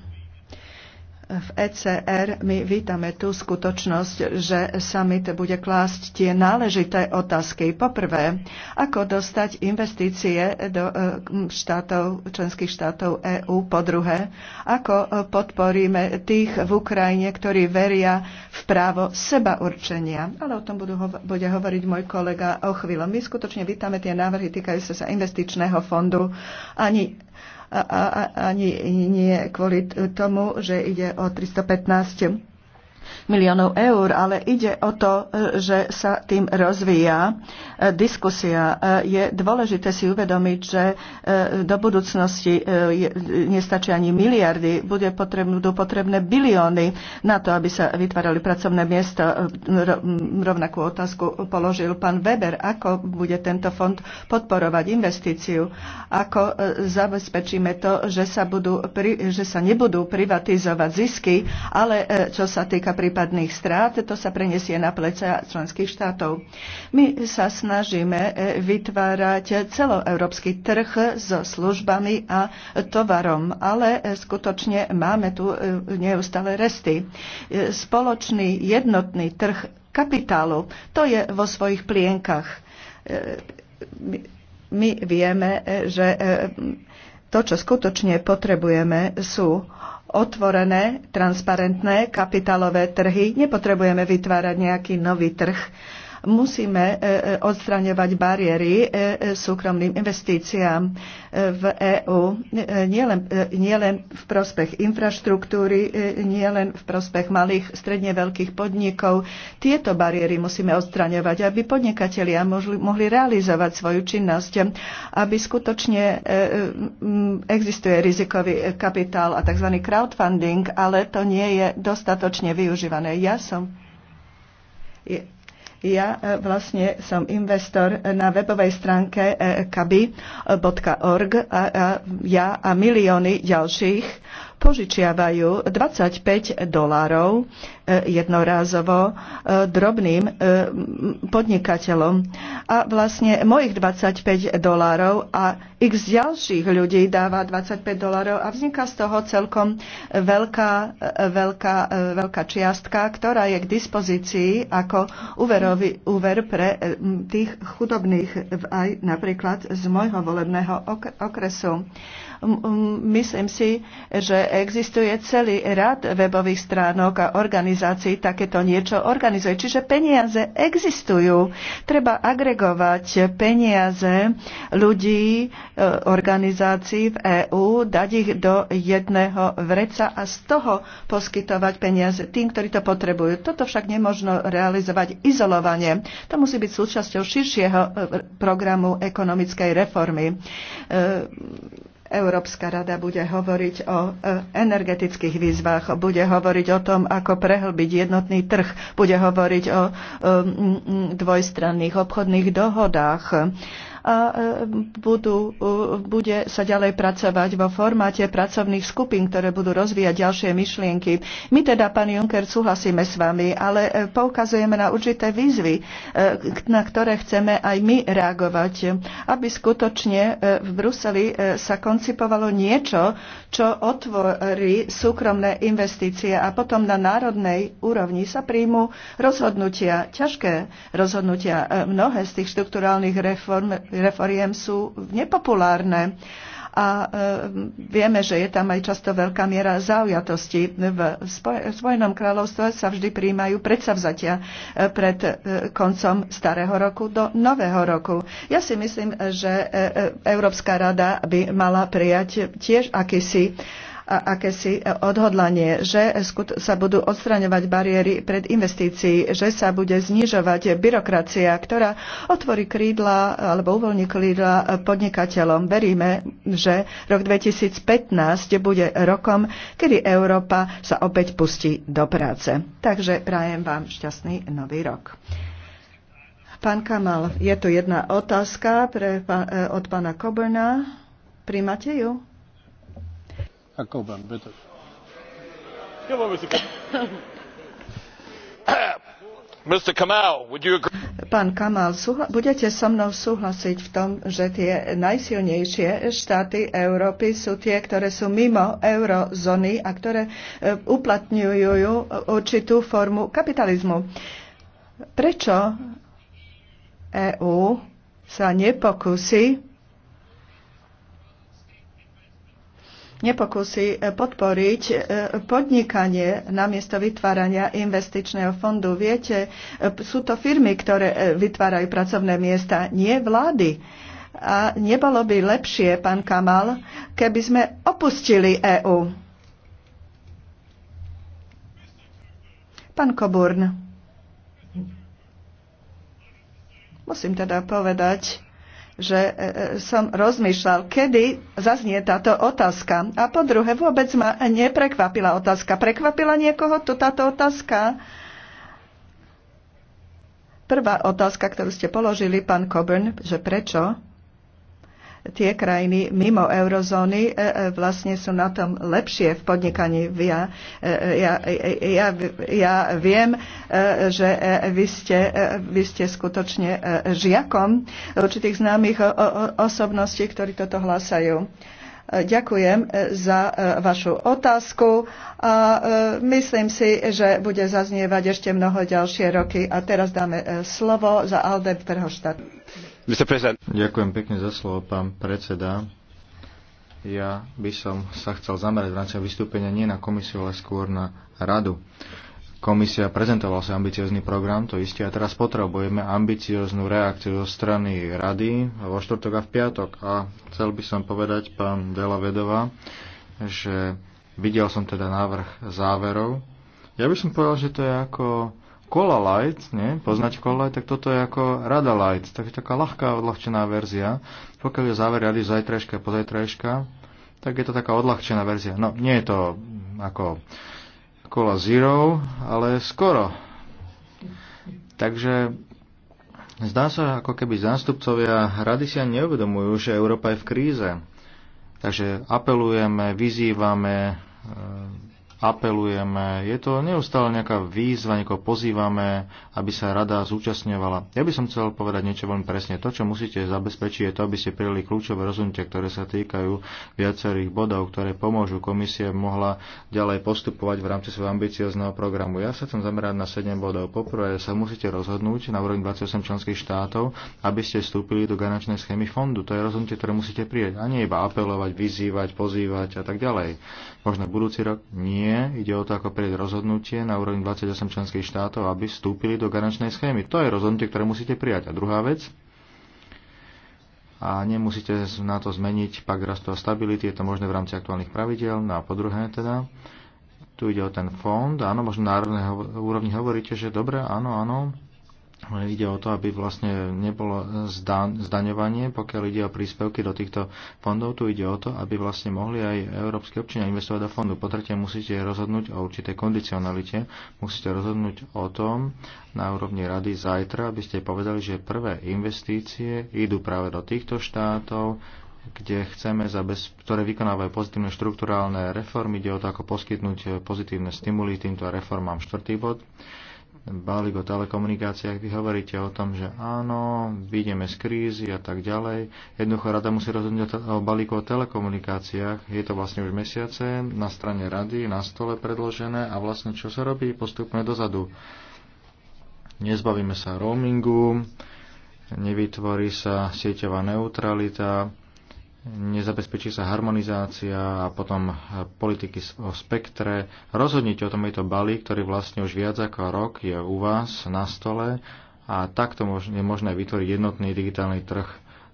Speaker 5: V ECR my vítame tú skutočnosť, že summit bude klásť tie náležité otázky. Poprvé, ako dostať investície do e, štátov, členských štátov EÚ. Po druhé, ako e, podporíme tých v Ukrajine, ktorí veria v právo seba určenia. Ale o tom budú, bude hovoriť môj kolega o chvíľu. My skutočne vítame tie návrhy týkajúce sa investičného fondu. Ani a, a, ani nie kvôli tomu, že ide o 315 miliónov eur, ale ide o to, e, že sa tým rozvíja diskusia. E, je dôležité si uvedomiť, že e, do budúcnosti e, nestačí ani miliardy, bude potrebné, budú potrebné bilióny na to, aby sa vytvárali pracovné miesta. Rovnakú otázku položil pán Weber. Ako bude tento fond podporovať investíciu? Ako zabezpečíme to, že sa, budú, že sa nebudú privatizovať zisky, ale čo sa týka prípadných strát, to sa preniesie na pleca členských štátov. My sa snažíme snažíme e, vytvárať celoeurópsky trh so službami a tovarom, ale e, skutočne máme tu e, neustále resty. Spoločný jednotný trh kapitálu, to je vo svojich plienkach. My vieme, že to, čo skutočne potrebujeme, sú otvorené, transparentné kapitálové trhy. Nepotrebujeme vytvárať nejaký nový trh Musíme e, e, odstraňovať bariéry e, súkromným investíciám v EÚ, nielen, nie v prospech infraštruktúry, nielen v prospech malých, stredne veľkých podnikov. Tieto bariéry musíme odstraňovať, aby podnikatelia mohli, mohli realizovať svoju činnosť, aby skutočne existuje rizikový kapitál a tzv. crowdfunding, ale to nie je dostatočne využívané. Ja som ja e, vlastne som investor na webovej stránke e, kaby.org a ja a milióny ďalších požičiavajú 25 dolárov e, jednorázovo e, drobným e, podnikateľom. A vlastne mojich 25 dolárov a x ďalších ľudí dáva 25 dolárov a vzniká z toho celkom veľká, veľká, veľká čiastka, ktorá je k dispozícii ako úverový, úver pre tých chudobných aj napríklad z môjho volebného okresu. Myslím si, že existuje celý rad webových stránok a organizácií takéto niečo organizuje. Čiže peniaze existujú. Treba agregovať peniaze ľudí, e, organizácií v EÚ, dať ich do jedného vreca a z toho poskytovať peniaze tým, ktorí to potrebujú. Toto však nemožno realizovať izolovanie. To musí byť súčasťou širšieho e, programu ekonomickej reformy e, Európska rada bude hovoriť o e, energetických výzvach, bude hovoriť o tom, ako prehlbiť jednotný trh, bude hovoriť o e, dvojstranných obchodných dohodách a e, budú, e, bude sa ďalej pracovať vo formáte pracovných skupín, ktoré budú rozvíjať ďalšie myšlienky. My teda, pán Juncker, súhlasíme s vami, ale e, poukazujeme na určité výzvy, na ktoré chceme aj my reagovať, aby skutočne v Bruseli sa koncipovalo niečo, čo otvorí súkromné investície a potom na národnej úrovni sa príjmu rozhodnutia, ťažké rozhodnutia. Mnohé z tých štruktúrálnych reform reforiem sú nepopulárne a e, vieme, že je tam aj často veľká miera zaujatosti. V Spojenom kráľovstve sa vždy príjmajú predsavzatia e, pred e, koncom starého roku do nového roku. Ja si myslím, že Európska rada by mala prijať tiež akýsi a akési odhodlanie, že sa budú odstraňovať bariéry pred investícií, že sa bude znižovať byrokracia, ktorá otvorí krídla alebo uvoľní krídla podnikateľom. Veríme, že rok 2015 bude rokom, kedy Európa sa opäť pustí do práce. Takže prajem vám šťastný nový rok. Pán Kamal, je tu jedna otázka pre, e, od pána Koberna. Príjmate ju? pán kamal budete so mnou súhlasiť v tom že tie najsilnejšie štáty európy sú tie ktoré sú mimo eurozóny a ktoré e, uplatňujú určitú formu kapitalizmu. prečo eú sa nepokusí Nepokusí eh, podporiť eh, podnikanie namiesto vytvárania investičného fondu. Viete, eh, sú to firmy, ktoré vytvárajú pracovné miesta, nie vlády. A nebolo by lepšie, pán Kamal, keby sme opustili EÚ. Pán Koburn. Musím teda povedať, že e, e, som rozmýšľal, kedy zaznie táto otázka. A po druhé, vôbec ma neprekvapila otázka. Prekvapila niekoho tu táto otázka? Prvá otázka, ktorú ste položili, pán Coburn, že prečo tie krajiny mimo eurozóny e, e, vlastne sú na tom lepšie v podnikaní. Ja, e, ja, ja, ja viem, že vy ste, vy ste skutočne žiakom určitých známych osobností, ktorí toto hlásajú. Ďakujem za vašu otázku a myslím si, že bude zaznievať ešte mnoho ďalšie roky. A teraz dáme slovo za Alde Verhoštát.
Speaker 1: Ďakujem pekne za slovo, pán predseda. Ja by som sa chcel zamerať v rámci vystúpenia nie na komisiu, ale skôr na radu. Komisia prezentovala sa ambiciózny program, to isté, a teraz potrebujeme ambicióznu reakciu zo strany rady vo štvrtok a v piatok. A chcel by som povedať pán Dela Vedova, že videl som teda návrh záverov. Ja by som povedal, že to je ako Cola Light, nie? poznať Cola Light, tak toto je ako Rada Light, takže taká ľahká, odľahčená verzia. Pokiaľ je záver rady zajtrajška, pozajtrajška, tak je to taká odľahčená verzia. No, nie je to ako Cola Zero, ale skoro. Takže zdá sa, ako keby zástupcovia rady si ani neuvedomujú, že Európa je v kríze. Takže apelujeme, vyzývame, apelujeme, je to neustále nejaká výzva, niekoho pozývame, aby sa rada zúčastňovala. Ja by som chcel povedať niečo veľmi presne. To, čo musíte zabezpečiť, je to, aby ste prijeli kľúčové rozhodnutia, ktoré sa týkajú viacerých bodov, ktoré pomôžu komisie mohla ďalej postupovať v rámci svojho ambiciozného programu. Ja sa chcem zamerať na 7 bodov. Poprvé sa musíte rozhodnúť na úrovni 28 členských štátov, aby ste vstúpili do garančnej schémy fondu. To je rozhodnutie, ktoré musíte prijať. A nie iba apelovať, vyzývať, pozývať a tak ďalej. Možno budúci rok? Nie. Ide o to, ako prejde rozhodnutie na úrovni 28 členských štátov, aby vstúpili do garančnej schémy. To je rozhodnutie, ktoré musíte prijať. A druhá vec, a nemusíte na to zmeniť pak rastu a stability, je to možné v rámci aktuálnych pravidel. No a po druhé teda, tu ide o ten fond, áno, možno na úrovni hovoríte, že dobre, áno, áno, Ide o to, aby vlastne nebolo zdaňovanie, pokiaľ ide o príspevky do týchto fondov. Tu ide o to, aby vlastne mohli aj európske občania investovať do fondu. Po tretie, musíte rozhodnúť o určitej kondicionalite. Musíte rozhodnúť o tom na úrovni rady zajtra, aby ste povedali, že prvé investície idú práve do týchto štátov, kde chceme, ktoré vykonávajú pozitívne štruktúrálne reformy. Ide o to, ako poskytnúť pozitívne stimuly týmto reformám. Štvrtý bod balík o telekomunikáciách, vy hovoríte o tom, že áno, vidíme z krízy a tak ďalej. Jednoducho rada musí rozhodnúť o balíku o telekomunikáciách. Je to vlastne už mesiace na strane rady, na stole predložené a vlastne čo sa robí postupne dozadu. Nezbavíme sa roamingu, nevytvorí sa sieťová neutralita, nezabezpečí sa harmonizácia a potom politiky o spektre. Rozhodnite o tom je to balík, ktorý vlastne už viac ako rok je u vás na stole a takto je možné vytvoriť jednotný digitálny trh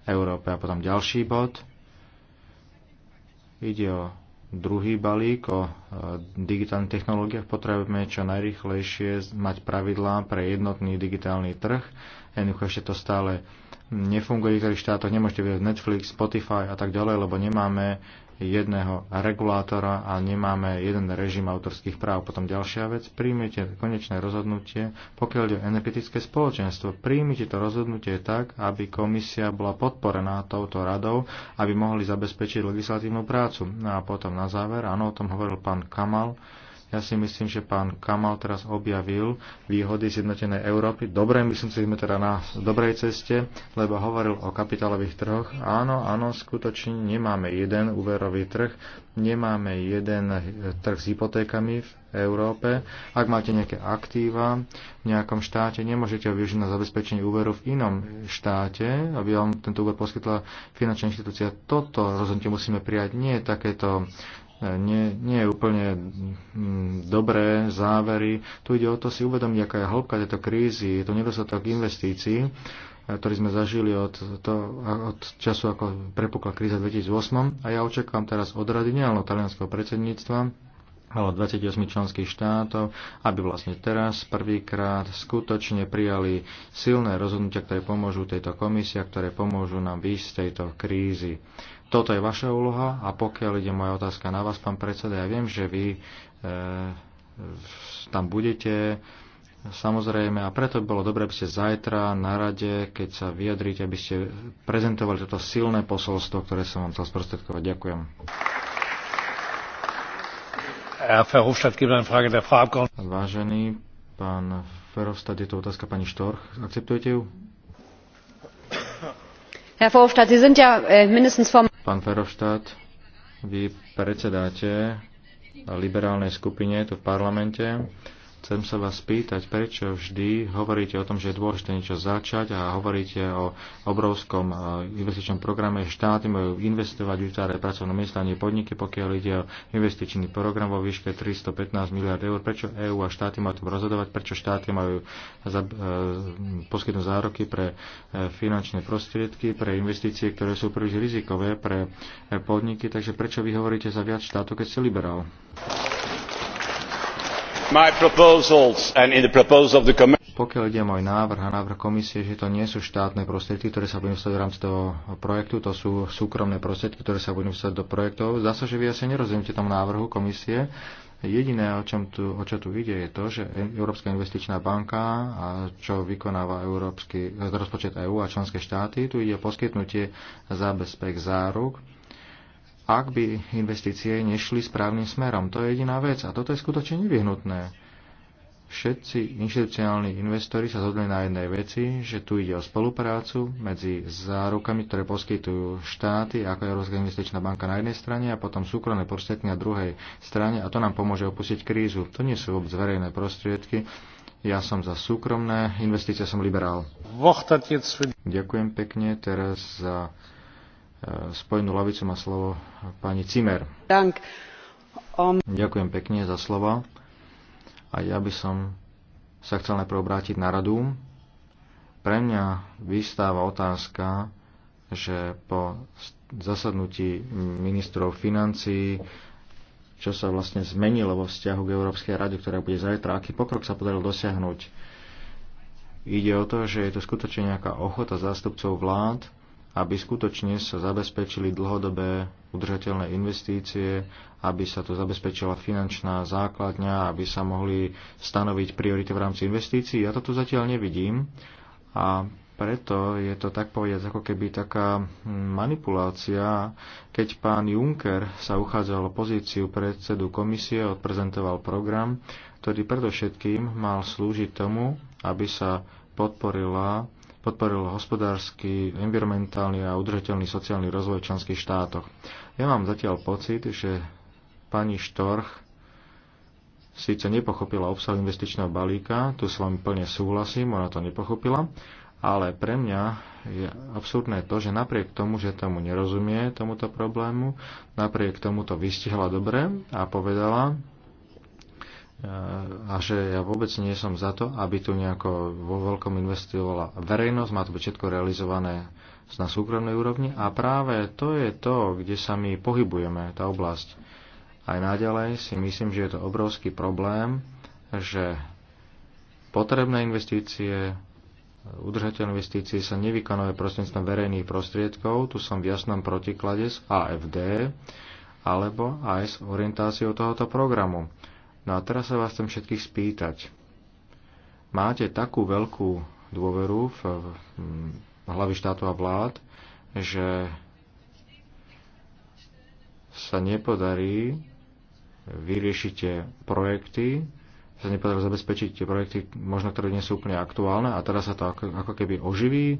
Speaker 1: Európe. A potom ďalší bod. Ide o druhý balík o e, digitálnych technológiách. Potrebujeme čo najrychlejšie mať pravidlá pre jednotný digitálny trh. Jednoducho ešte to stále nefunguje v niektorých štátoch, nemôžete vidieť Netflix, Spotify a tak ďalej, lebo nemáme jedného regulátora a nemáme jeden režim autorských práv. Potom ďalšia vec, príjmite konečné rozhodnutie, pokiaľ ide o energetické spoločenstvo. Príjmite to rozhodnutie tak, aby komisia bola podporená touto radou, aby mohli zabezpečiť legislatívnu prácu. No a potom na záver, áno, o tom hovoril pán Kamal, ja si myslím, že pán Kamal teraz objavil výhody zjednotenej Európy. Dobre, myslím si, že sme teda na dobrej ceste, lebo hovoril o kapitálových trhoch. Áno, áno, skutočne nemáme jeden úverový trh, nemáme jeden trh s hypotékami v Európe. Ak máte nejaké aktíva v nejakom štáte, nemôžete ho využiť na zabezpečenie úveru v inom štáte, aby vám tento úver poskytla finančná inštitúcia. Toto rozhodnutie musíme prijať. Nie je takéto nie, nie je úplne mm, dobré závery. Tu ide o to si uvedomiť, aká je hĺbka tejto krízy, je to nedostatok investícií, eh, ktorý sme zažili od, to, od času, ako prepukla kríza v 2008. A ja očakávam teraz od rady, nielen od talianského predsedníctva, ale od 28 členských štátov, aby vlastne teraz prvýkrát skutočne prijali silné rozhodnutia, ktoré pomôžu tejto komisii a ktoré pomôžu nám výjsť z tejto krízy. Toto je vaša úloha a pokiaľ ide moja otázka na vás, pán predseda, ja viem, že vy e, tam budete, Samozrejme, a preto by bolo dobré, aby ste zajtra na rade, keď sa vyjadríte, aby ste prezentovali toto silné posolstvo, ktoré som vám chcel sprostredkovať. Ďakujem. Vážený pán Verhofstadt, je to otázka pani Štorch. Akceptujete ju?
Speaker 6: Herr Verhofstadt, Sie sind ja äh, mindestens vom
Speaker 1: Pán Feroštát, vy predsedáte liberálnej skupine tu v parlamente. Chcem sa vás spýtať, prečo vždy hovoríte o tom, že je dôležité niečo začať a hovoríte o obrovskom e, investičnom programe. Štáty majú investovať, v vytvárať pracovné miesta a nie podniky, pokiaľ ide o investičný program vo výške 315 miliard eur. Prečo EÚ a štáty majú to rozhodovať? Prečo štáty majú za, e, poskytnúť zároky pre e, finančné prostriedky, pre investície, ktoré sú príliš rizikové pre e, podniky? Takže prečo vy hovoríte za viac štátov, keď ste liberál? Pokiaľ ide môj návrh a návrh komisie, že to nie sú štátne prostriedky, ktoré sa budú vstať v rámci toho projektu, to sú súkromné prostriedky, ktoré sa budú vstať do projektov. Zdá sa, že vy asi nerozumiete tomu návrhu komisie. Jediné, o, čom tu, o čo tu ide, je to, že e- Európska investičná banka, a čo vykonáva Európsky, rozpočet EÚ a členské štáty, tu ide o poskytnutie zábezpek záruk ak by investície nešli správnym smerom. To je jediná vec a toto je skutočne nevyhnutné. Všetci inštitucionálni investori sa zhodli na jednej veci, že tu ide o spoluprácu medzi zárukami, ktoré poskytujú štáty, ako Európska investičná banka na jednej strane a potom súkromné prostriedky na druhej strane a to nám pomôže opustiť krízu. To nie sú vôbec verejné prostriedky, ja som za súkromné investície, som liberál. Ďakujem pekne teraz za E, spojenú lavicu má slovo pani Cimer. Dank. Um... Ďakujem pekne za slova. A ja by som sa chcel najprv obrátiť na radu. Pre mňa vystáva otázka, že po zasadnutí ministrov financí, čo sa vlastne zmenilo vo vzťahu k Európskej rade, ktorá bude zajtra, aký pokrok sa podaril dosiahnuť. Ide o to, že je to skutočne nejaká ochota zástupcov vlád aby skutočne sa zabezpečili dlhodobé udržateľné investície, aby sa tu zabezpečila finančná základňa, aby sa mohli stanoviť priority v rámci investícií. Ja to tu zatiaľ nevidím a preto je to tak povedať ako keby taká manipulácia, keď pán Juncker sa uchádzal o pozíciu predsedu komisie, odprezentoval program, ktorý predovšetkým mal slúžiť tomu, aby sa podporila podporil hospodársky, environmentálny a udržateľný sociálny rozvoj v členských štátoch. Ja mám zatiaľ pocit, že pani Štorch síce nepochopila obsah investičného balíka, tu s vami plne súhlasím, ona to nepochopila, ale pre mňa je absurdné to, že napriek tomu, že tomu nerozumie, tomuto problému, napriek tomu to vystihla dobre a povedala, a že ja vôbec nie som za to, aby tu nejako vo veľkom investovala verejnosť, má to byť všetko realizované na súkromnej úrovni a práve to je to, kde sa my pohybujeme, tá oblasť. Aj naďalej si myslím, že je to obrovský problém, že potrebné investície, udržateľné investície sa nevykonuje prostredníctvom verejných prostriedkov, tu som v jasnom protiklade s AFD alebo aj s orientáciou tohoto programu. No a teraz sa vás chcem všetkých spýtať. Máte takú veľkú dôveru v hlavy štátu a vlád, že sa nepodarí tie projekty, sa nepodarí zabezpečiť tie projekty, možno ktoré nie sú úplne aktuálne a teraz sa to ako, ako keby oživí.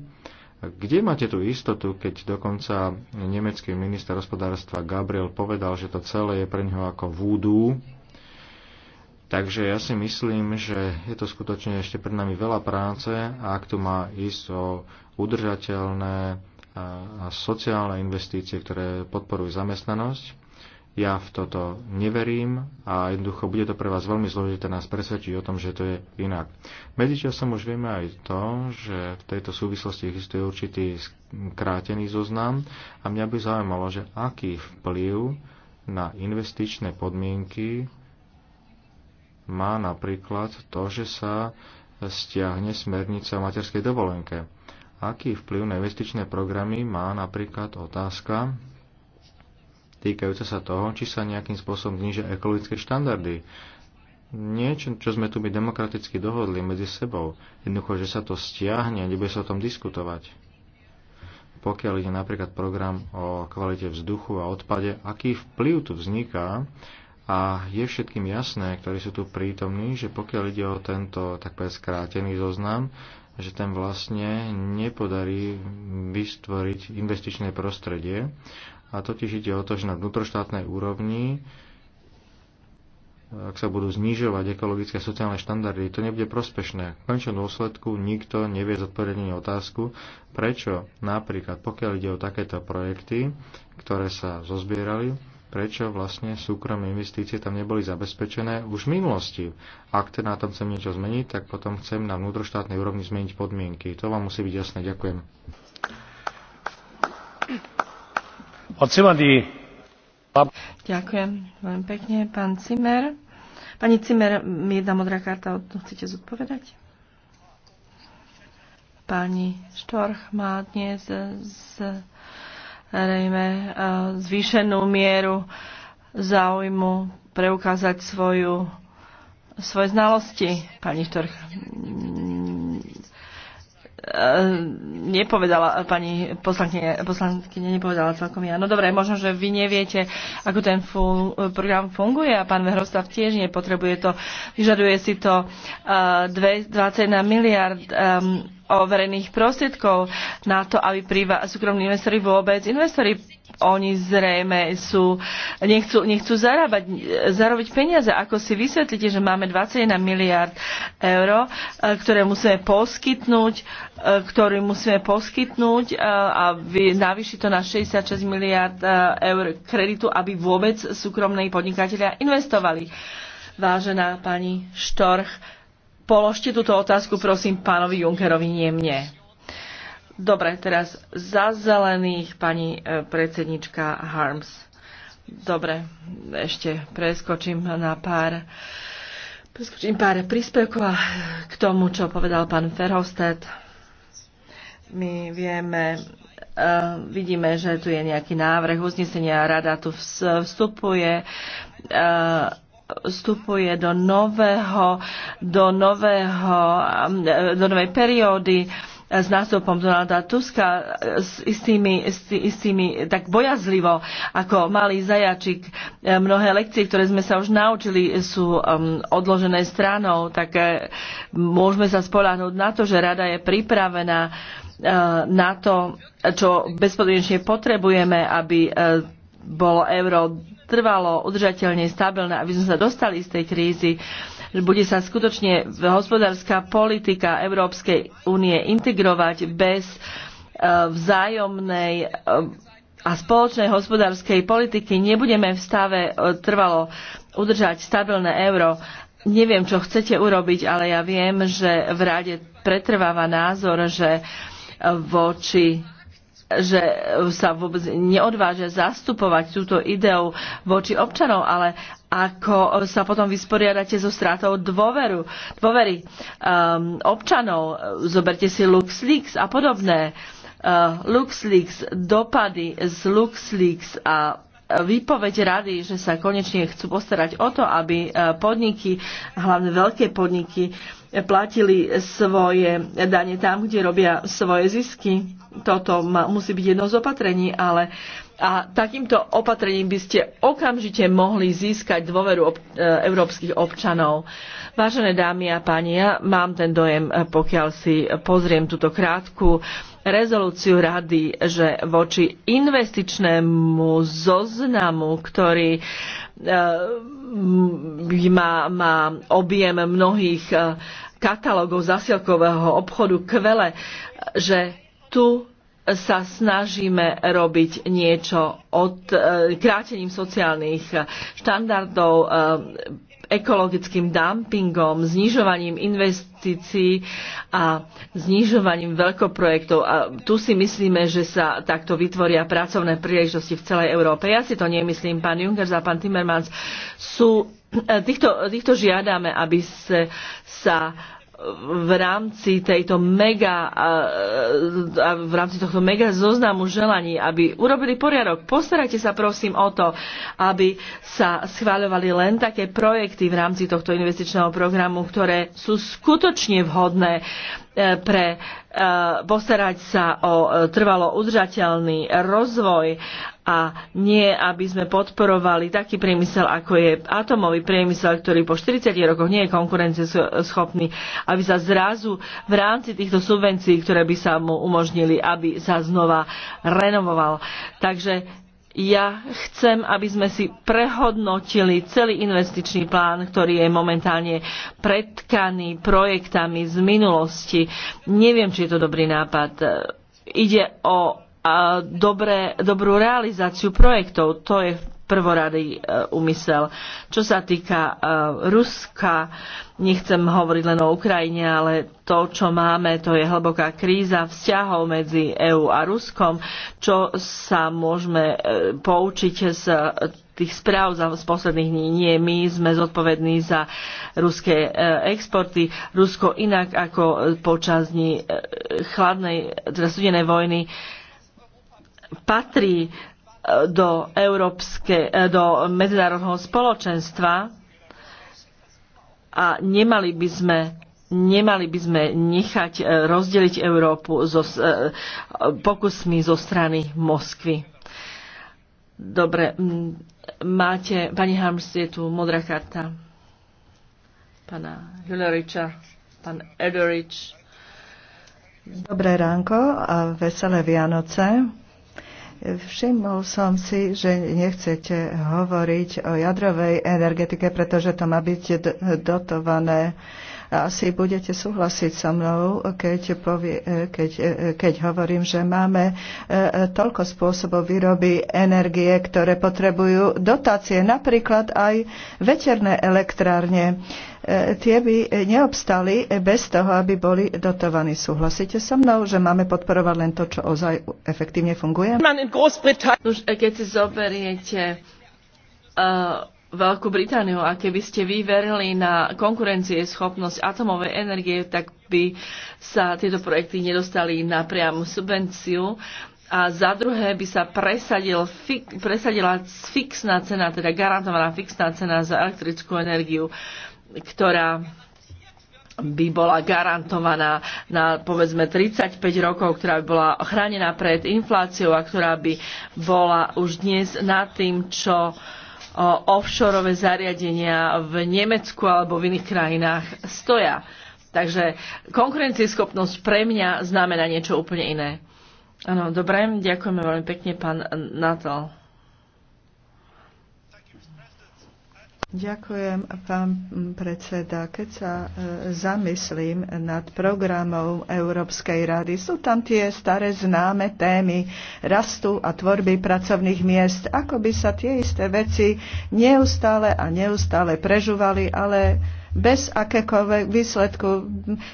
Speaker 1: Kde máte tú istotu, keď dokonca nemecký minister hospodárstva Gabriel povedal, že to celé je pre neho ako vúdu, Takže ja si myslím, že je to skutočne ešte pred nami veľa práce a ak tu má ísť o udržateľné a sociálne investície, ktoré podporujú zamestnanosť. Ja v toto neverím a jednoducho bude to pre vás veľmi zložité nás presvedčiť o tom, že to je inak. Medzičasom už vieme aj to, že v tejto súvislosti existuje určitý krátený zoznam a mňa by zaujímalo, že aký vplyv na investičné podmienky má napríklad to, že sa stiahne smernica o materskej dovolenke. Aký vplyv na investičné programy má napríklad otázka týkajúca sa toho, či sa nejakým spôsobom znižia ekologické štandardy. Niečo, čo sme tu by demokraticky dohodli medzi sebou, jednoducho, že sa to stiahne nebude sa o tom diskutovať. Pokiaľ ide napríklad program o kvalite vzduchu a odpade, aký vplyv tu vzniká a je všetkým jasné, ktorí sú tu prítomní, že pokiaľ ide o tento tak skrátený zoznam, že ten vlastne nepodarí vystvoriť investičné prostredie. A totiž ide o to, že na vnútroštátnej úrovni ak sa budú znižovať ekologické a sociálne štandardy, to nebude prospešné. V končnom dôsledku nikto nevie zodpovedať otázku, prečo napríklad pokiaľ ide o takéto projekty, ktoré sa zozbierali, prečo vlastne súkromné investície tam neboli zabezpečené už v minulosti. Ak teda na tom chcem niečo zmeniť, tak potom chcem na vnútroštátnej úrovni zmeniť podmienky. To vám musí byť jasné. Ďakujem.
Speaker 2: Ďakujem veľmi pekne, pán Cimer. Pani Cimer, mi jedna modrá karta, chcete zodpovedať? Pani Štorch má dnes z, z rejme eh, zvýšenú mieru záujmu preukázať svoju, svoje znalosti. Pani Štorch, Eh, nepovedala, pani poslankyne, poslankyne nepovedala celkom ja. No dobre, možno, že vy neviete, ako ten fun- program funguje a pán Verhostav tiež nepotrebuje to. Vyžaduje si to uh, eh, 21 miliard um, verejných prostriedkov na to, aby priva- súkromní investori vôbec investori oni zrejme sú, nechcú, nechcú zarábať, zarobiť peniaze. Ako si vysvetlíte, že máme 21 miliard eur, e, ktoré musíme poskytnúť, e, ktorý musíme poskytnúť e, a navýšiť to na 66 miliard eur kreditu, aby vôbec súkromní podnikatelia investovali. Vážená pani Štorch, položte túto otázku prosím pánovi Junkerovi, nie mne. Dobre, teraz za zelených pani e, predsednička Harms. Dobre, ešte preskočím na pár preskočím pár príspevkov k tomu, čo povedal pán Ferhostet. My vieme, e, vidíme, že tu je nejaký návrh uznesenia, rada tu vstupuje e, vstupuje do nového, do nového, do novej periódy s nástupom Donalda Tuska s istými, istými tak bojazlivo ako malý zajačik. E, mnohé lekcie, ktoré sme sa už naučili, sú um, odložené stranou, tak e, môžeme sa spoláhnuť na to, že rada je pripravená e, na to, čo bezpodmienečne potrebujeme, aby bolo euro trvalo udržateľne stabilné, aby sme sa dostali z tej krízy že bude sa skutočne hospodárska politika Európskej únie integrovať bez e, vzájomnej e, a spoločnej hospodárskej politiky nebudeme v stave e, trvalo udržať stabilné euro. Neviem, čo chcete urobiť, ale ja viem, že v rade pretrváva názor, že voči že sa vôbec neodváže zastupovať túto ideu voči občanov, ale ako sa potom vysporiadate so strátou dôveru, dôvery um, občanov. Zoberte si LuxLeaks a podobné. Uh, LuxLeaks, dopady z LuxLeaks a výpoveď rady, že sa konečne chcú postarať o to, aby uh, podniky, hlavne veľké podniky, platili svoje dane tam, kde robia svoje zisky. Toto musí byť jedno z opatrení, ale uh, a takýmto opatrením by ste okamžite mohli získať dôveru ob- e, európskych občanov. Vážené dámy a páni, ja mám ten dojem, e, pokiaľ si pozriem túto krátku rezolúciu rady, že voči investičnému zoznamu, ktorý e, má, má objem mnohých katalógov zasielkového obchodu kvele, že tu sa snažíme robiť niečo od e, krátením sociálnych štandardov, e, ekologickým dumpingom, znižovaním investícií a znižovaním veľkoprojektov. A tu si myslíme, že sa takto vytvoria pracovné príležitosti v celej Európe. Ja si to nemyslím, pán Juncker a pán Timmermans sú e, Týchto, týchto žiadame, aby sa, sa v rámci tejto mega, a v rámci tohto mega zoznamu želaní, aby urobili poriadok. Postarajte sa prosím o to, aby sa schváľovali len také projekty v rámci tohto investičného programu, ktoré sú skutočne vhodné e, pre e, postarať sa o e, trvalo udržateľný rozvoj a nie, aby sme podporovali taký priemysel, ako je atomový priemysel, ktorý po 40 rokoch nie je konkurenceschopný, aby sa zrazu v rámci týchto subvencií, ktoré by sa mu umožnili, aby sa znova renovoval. Takže ja chcem, aby sme si prehodnotili celý investičný plán, ktorý je momentálne predkaný projektami z minulosti. Neviem, či je to dobrý nápad. Ide o dobré, dobrú realizáciu projektov. To je prvorady e, úmysel. Čo sa týka e, Ruska, nechcem hovoriť len o Ukrajine, ale to, čo máme, to je hlboká kríza vzťahov medzi EÚ a Ruskom, čo sa môžeme e, poučiť z tých správ za, z posledných dní. Nie, my sme zodpovední za ruské exporty. Rusko inak ako počas dní chladnej, teda studenej vojny patrí e, do, európske, e, do medzinárodného spoločenstva a nemali by sme nemali by sme nechať e, rozdeliť Európu so, pokusmi zo strany Moskvy. Dobre, máte, pani Harms, je tu modrá karta pana Hilleriča, pán Ederič. Dobré ránko
Speaker 5: a veselé Vianoce. Všimol som si, že nechcete hovoriť o jadrovej energetike, pretože to má byť dotované. Asi budete súhlasiť so mnou, keď, povie, keď, keď hovorím, že máme e, toľko spôsobov výroby energie, ktoré potrebujú dotácie, napríklad aj veterné elektrárne E, tie by neobstali bez toho, aby boli dotovaní. Súhlasíte so mnou, že máme podporovať len to, čo ozaj efektívne funguje?
Speaker 2: Už e, keď si zoberiete uh, Veľkú Britániu a keby ste vy verili na schopnosť atomovej energie, tak by sa tieto projekty nedostali na priamu subvenciu a za druhé by sa presadil, fik, presadila fixná cena, teda garantovaná fixná cena za elektrickú energiu. Uh, ktorá by bola garantovaná na povedzme 35 rokov, ktorá by bola chránená pred infláciou a ktorá by bola už dnes nad tým, čo offshore zariadenia v Nemecku alebo v iných krajinách stoja. Takže konkurencieschopnosť pre mňa znamená niečo úplne iné. Áno, dobre, ďakujeme veľmi pekne, pán Natal.
Speaker 5: Ďakujem, pán predseda. Keď sa e, zamyslím nad programom Európskej rady, sú tam tie staré známe témy rastu a tvorby pracovných miest. Ako by sa tie isté veci neustále a neustále prežúvali, ale bez akékoľvek výsledku.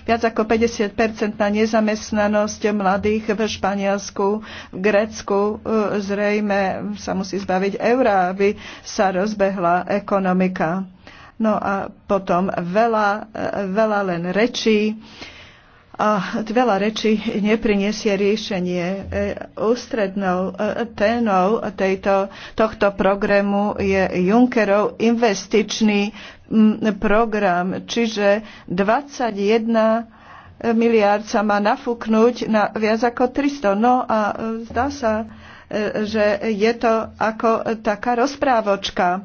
Speaker 5: Viac ako 50 na nezamestnanosť mladých v Španielsku, v Grécku e, zrejme sa musí zbaviť eura, aby sa rozbehla ekonomika. No a potom veľa, e, veľa len rečí. A veľa rečí nepriniesie riešenie. E, ústrednou ténou tejto, tohto programu je Junckerov investičný program, čiže 21 miliárd sa má nafúknúť na viac ako 300. No a e, zdá sa, e, že je to ako taká rozprávočka.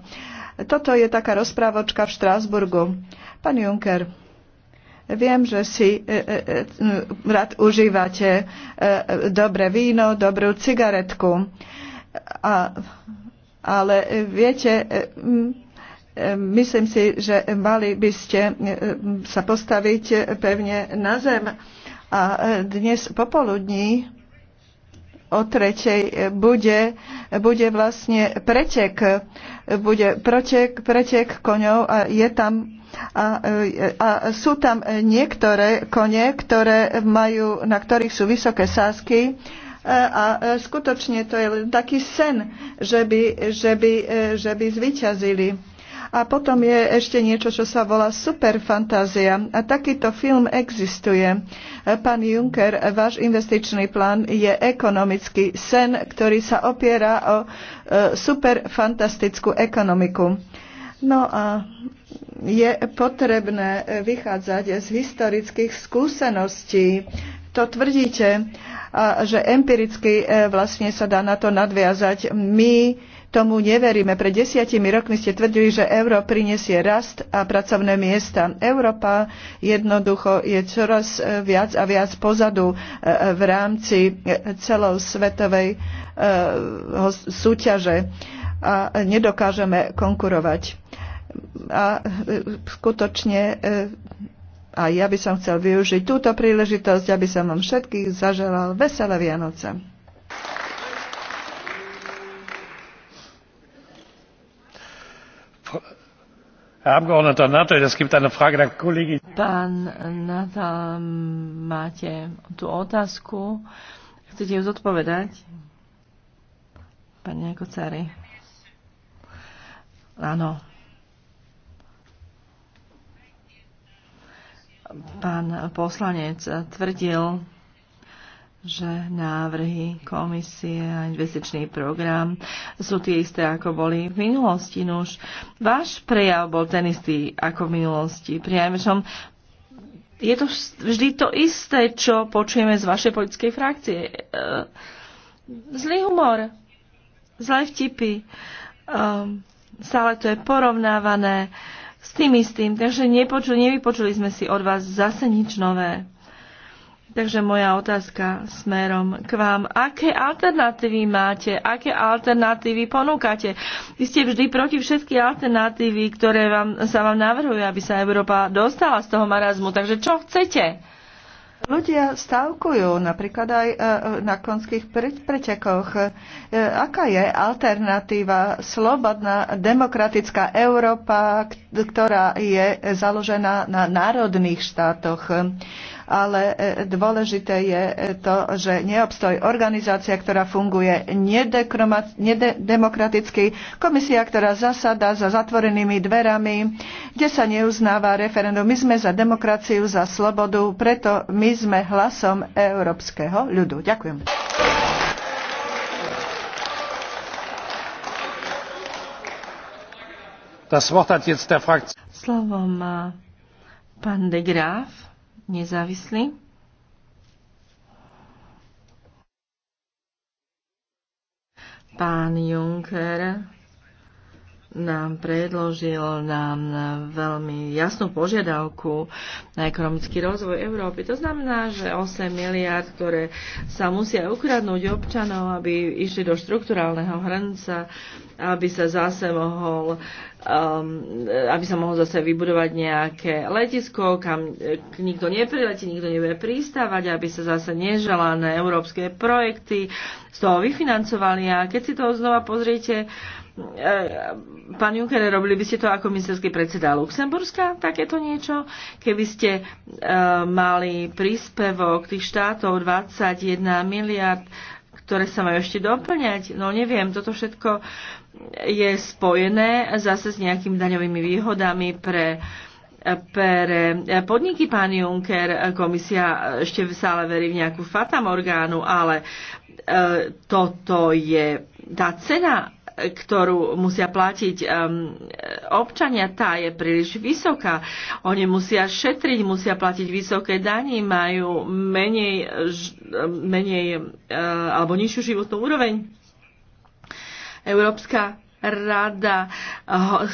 Speaker 5: Toto je taká rozprávočka v Štrásburgu. Pán Juncker, viem, že si e, rád užívate dobré víno, dobrú cigaretku. A, ale viete, Myslím si, že mali by ste e, sa postaviť e, pevne na zem. A e, dnes popoludní o tretej bude, bude vlastne pretek, bude protek, pretek koňov a je tam a, a sú tam niektoré kone, ktoré majú, na ktorých sú vysoké sásky a skutočne to je taký sen, že by, že by, že by zvyťazili. A potom je ešte niečo, čo sa volá superfantázia. A takýto film existuje. Pán Juncker, váš investičný plán je ekonomický sen, ktorý sa opiera o e, superfantastickú ekonomiku. No a je potrebné vychádzať z historických skúseností. To tvrdíte, že empiricky e, vlastne sa dá na to nadviazať. My Tomu neveríme. Pred desiatimi rokmi ste tvrdili, že euro prinesie rast a pracovné miesta. Európa jednoducho je čoraz e, viac a viac pozadu e, e, v rámci svetovej súťaže a nedokážeme konkurovať. A skutočne a ja by som chcel využiť túto príležitosť, aby som vám všetkých zaželal veselé Vianoce.
Speaker 1: herr abgeordneter
Speaker 2: pán nuttall máte tú otázku chcete ju zodpovedať? pani Kocári. áno. pán poslanec tvrdil že návrhy komisie a investičný program sú tie isté, ako boli v minulosti. Nuž, váš prejav bol ten istý, ako v minulosti. Priamešom, je to vždy to isté, čo počujeme z vašej politickej frakcie. E, zlý humor, zlé vtipy, e, stále to je porovnávané s tým istým, takže nevypočuli sme si od vás zase nič nové. Takže moja otázka smerom k vám. Aké alternatívy máte? Aké alternatívy ponúkate? Vy ste vždy proti všetky alternatívy, ktoré vám, sa vám navrhujú, aby sa Európa dostala z toho marazmu. Takže čo chcete?
Speaker 5: Ľudia stavkujú napríklad aj e, e, na konských pretekoch. E, aká je alternatíva slobodná demokratická Európa, ktorá je založená na národných štátoch? ale e, dôležité je e, to, že neobstojí organizácia, ktorá funguje nedemokraticky, komisia, ktorá zasada za zatvorenými dverami, kde sa neuznáva referendum. My sme za demokraciu, za slobodu, preto my sme hlasom európskeho ľudu. Ďakujem.
Speaker 3: Das Wort hat jetzt der
Speaker 2: Slovo má pán de Graaf nezávislí. Pán Juncker nám predložil nám veľmi jasnú požiadavku na ekonomický rozvoj Európy. To znamená, že 8 miliard, ktoré sa musia ukradnúť občanov, aby išli do štrukturálneho hranca, aby sa zase mohol um, aby sa mohol zase vybudovať nejaké letisko, kam nikto nepriletí, nikto nebude pristávať, aby sa zase neželané európske projekty z toho vyfinancovali. A keď si to znova pozriete, uh, E, pán Juncker, robili by ste to ako ministerský predseda Luxemburska, takéto niečo? Keby ste e, mali príspevok tých štátov 21 miliard, ktoré sa majú ešte doplňať, no neviem, toto všetko je spojené zase s nejakými daňovými výhodami pre pre podniky pán Juncker, komisia ešte v sále verí v nejakú fatamorgánu, ale e, toto je tá cena ktorú musia platiť um, občania, tá je príliš vysoká. Oni musia šetriť, musia platiť vysoké daní, majú menej, um, menej uh, alebo nižšiu životnú úroveň. Európska rada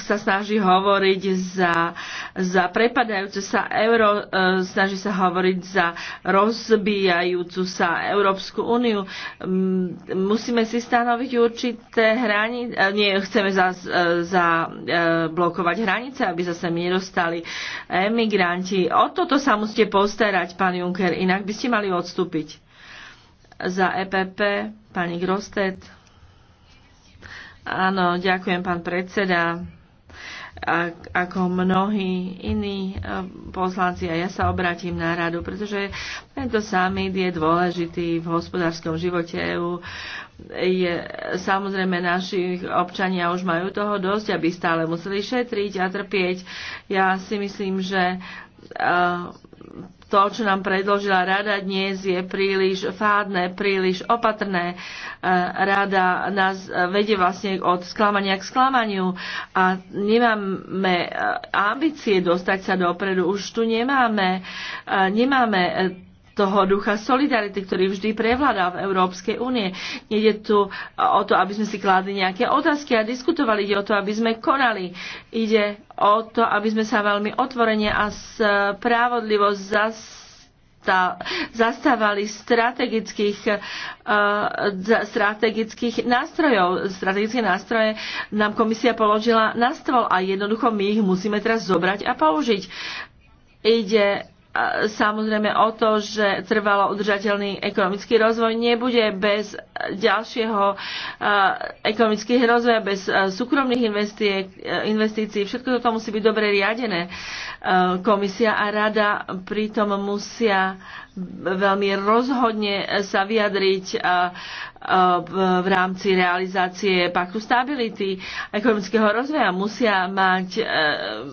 Speaker 2: sa snaží hovoriť za, za prepadajúce sa euro, e, snaží sa hovoriť za rozbijajúcu sa Európsku úniu. Musíme si stanoviť určité hranice, nie, chceme zablokovať za, e, e, hranice, aby sa sem nedostali emigranti. O toto sa musíte postarať, pán Juncker, inak by ste mali odstúpiť. Za EPP, pani Grostet. Áno, ďakujem, pán predseda. A, ako mnohí iní e, poslanci a ja sa obratím na radu, pretože tento summit je dôležitý v hospodárskom živote EU. Je, samozrejme, našich občania už majú toho dosť, aby stále museli šetriť a trpieť. Ja si myslím, že uh, to, čo nám predložila rada dnes, je príliš fádne, príliš opatrné. E, rada nás e, vedie vlastne od sklamania k sklamaniu a nemáme e, ambície dostať sa dopredu. Už tu nemáme, nemáme toho ducha solidarity, ktorý vždy prevládá v Európskej únie. Nejde tu o to, aby sme si kládli nejaké otázky a diskutovali, ide o to, aby sme konali. Ide o to, aby sme sa veľmi otvorene a správodlivo zas zastávali strategických, uh, strategických nástrojov. Strategické nástroje nám komisia položila na stôl a jednoducho my ich musíme teraz zobrať a použiť. Ide samozrejme o to, že trvalo udržateľný ekonomický rozvoj nebude bez ďalšieho ekonomických rozvoja, bez súkromných investícií. Všetko toto musí byť dobre riadené. Komisia a rada pritom musia veľmi rozhodne sa vyjadriť v rámci realizácie paktu stability ekonomického rozvoja musia, mať, e,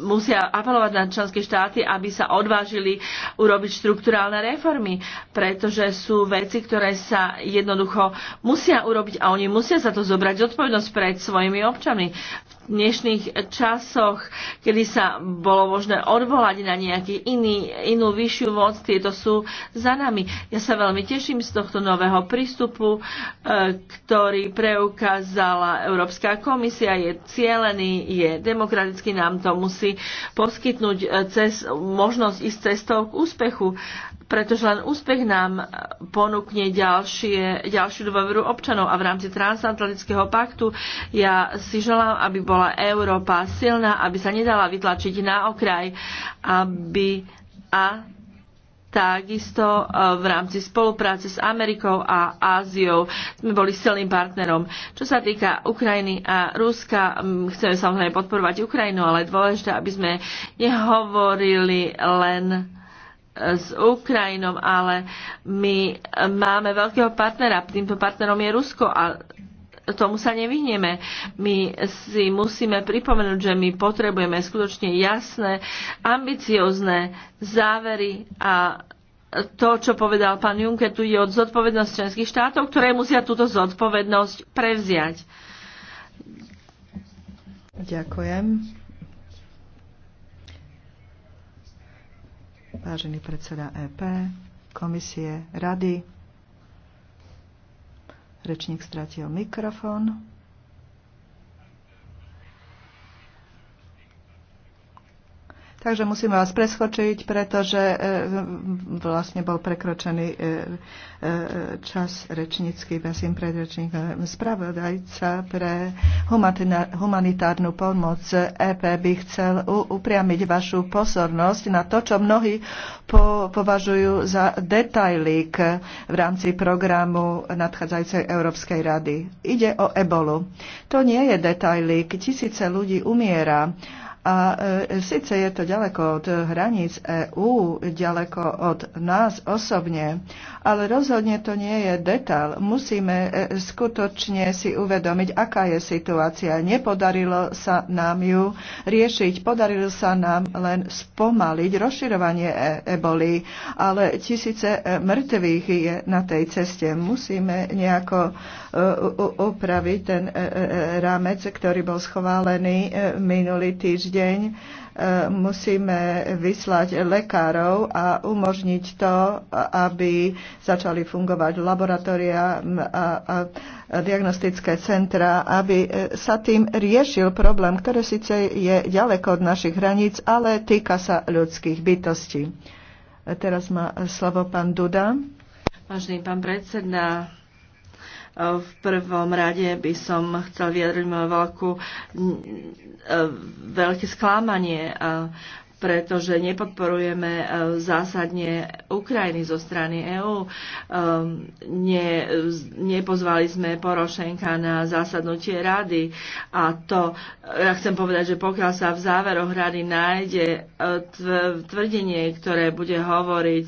Speaker 2: musia apelovať na členské štáty, aby sa odvážili urobiť štruktúrálne reformy, pretože sú veci, ktoré sa jednoducho musia urobiť a oni musia za to zobrať zodpovednosť pred svojimi občanmi. V dnešných časoch, kedy sa bolo možné odvolať na nejaký iný, inú vyššiu moc, tieto sú za nami. Ja sa veľmi teším z tohto nového prístupu, e, ktorý preukázala Európska komisia. Je cielený, je demokratický, nám to musí poskytnúť e, cez, možnosť ísť cestou k úspechu pretože len úspech nám ponúkne ďalšie, ďalšiu dôveru občanov a v rámci transatlantického paktu ja si želám, aby bola Európa silná, aby sa nedala vytlačiť na okraj, aby a takisto e, v rámci spolupráce s Amerikou a Áziou sme boli silným partnerom. Čo sa týka Ukrajiny a Ruska, chceme samozrejme podporovať Ukrajinu, ale je dôležité, aby sme nehovorili len s Ukrajinou, ale my máme veľkého partnera. Týmto partnerom je Rusko a tomu sa nevyhneme. My si musíme pripomenúť, že my potrebujeme skutočne jasné, ambiciozne závery a to, čo povedal pán Juncker, tu je od zodpovednosť členských štátov, ktoré musia túto zodpovednosť prevziať.
Speaker 5: Ďakujem. vážený predseda EP, komisie, rady. Rečník stratil mikrofón. Takže musíme vás preskočiť, pretože e, vlastne bol prekročený e, e, čas rečnícky vesím predrečníkom. Spravodajca pre humanitárnu pomoc EP by chcel upriamiť vašu pozornosť na to, čo mnohí po, považujú za detailík v rámci programu nadchádzajúcej Európskej rady. Ide o ebolu. To nie je detailík. Tisíce ľudí umiera a e, síce je to ďaleko od hraníc EÚ, ďaleko od nás osobne, ale rozhodne to nie je detail. Musíme e, skutočne si uvedomiť, aká je situácia. Nepodarilo sa nám ju riešiť, podarilo sa nám len spomaliť rozširovanie e- eboli, ale tisíce e, mŕtvych je na tej ceste. Musíme nejako e, upraviť ten e, e, e, rámec, ktorý bol schválený minulý týždeň týždeň e, musíme vyslať lekárov a umožniť to, aby začali fungovať laboratória a, diagnostické centra, aby e, sa tým riešil problém, ktorý síce je ďaleko od našich hraníc, ale týka sa ľudských bytostí. E, teraz má slovo pán Duda.
Speaker 2: Vážený pán predseda, v prvom rade by som chcel vyjadriť moju veľkú, e, veľké sklamanie e, pretože nepodporujeme e, zásadne Ukrajiny zo strany EÚ. Ne, nepozvali sme Porošenka na zásadnutie rady a to, ja chcem povedať, že pokiaľ sa v záveroch rady nájde tvrdenie, ktoré bude hovoriť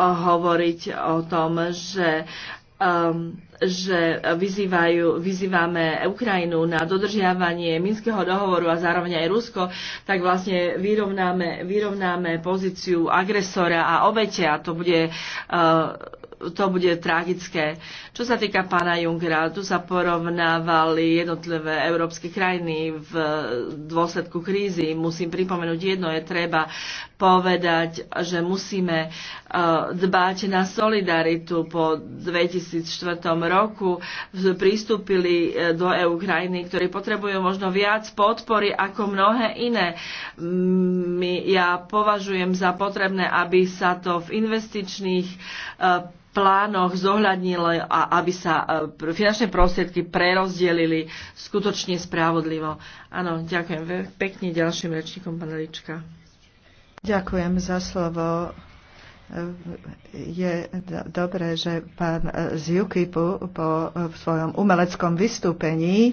Speaker 2: hovoriť o tom, že Um, že vyzývajú, vyzývame Ukrajinu na dodržiavanie Minského dohovoru a zároveň aj Rusko, tak vlastne vyrovnáme, vyrovnáme pozíciu agresora a obete a to bude, uh, to bude tragické. Čo sa týka pána Junckera, tu sa porovnávali jednotlivé európske krajiny v dôsledku krízy. Musím pripomenúť jedno, je treba povedať, že musíme e, dbať na solidaritu. Po 2004 roku pristúpili e, do EU krajiny, ktorí potrebujú možno viac podpory ako mnohé iné. Mm, ja považujem za potrebné, aby sa to v investičných e, plánoch zohľadnilo a aby sa e, finančné prostriedky prerozdelili skutočne spravodlivo. Áno, ďakujem pekne ďalším rečníkom, pán Lička.
Speaker 5: Ďakujem za slovo je dobré, že pán e, z Jukipu po e, svojom umeleckom vystúpení e,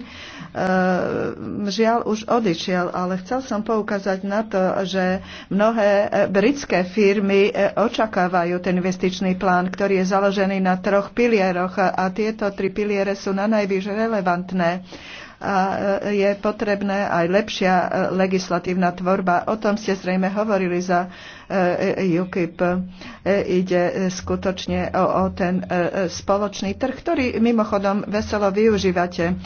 Speaker 5: žiaľ už odišiel, ale chcel som poukázať na to, že mnohé britské firmy očakávajú ten investičný plán, ktorý je založený na troch pilieroch a tieto tri piliere sú na najvyššie relevantné a e, je potrebné aj lepšia e, legislatívna tvorba. O tom ste zrejme hovorili za e, UKIP. Ide skutočne o, o ten spoločný trh, ktorý mimochodom veselo využívate.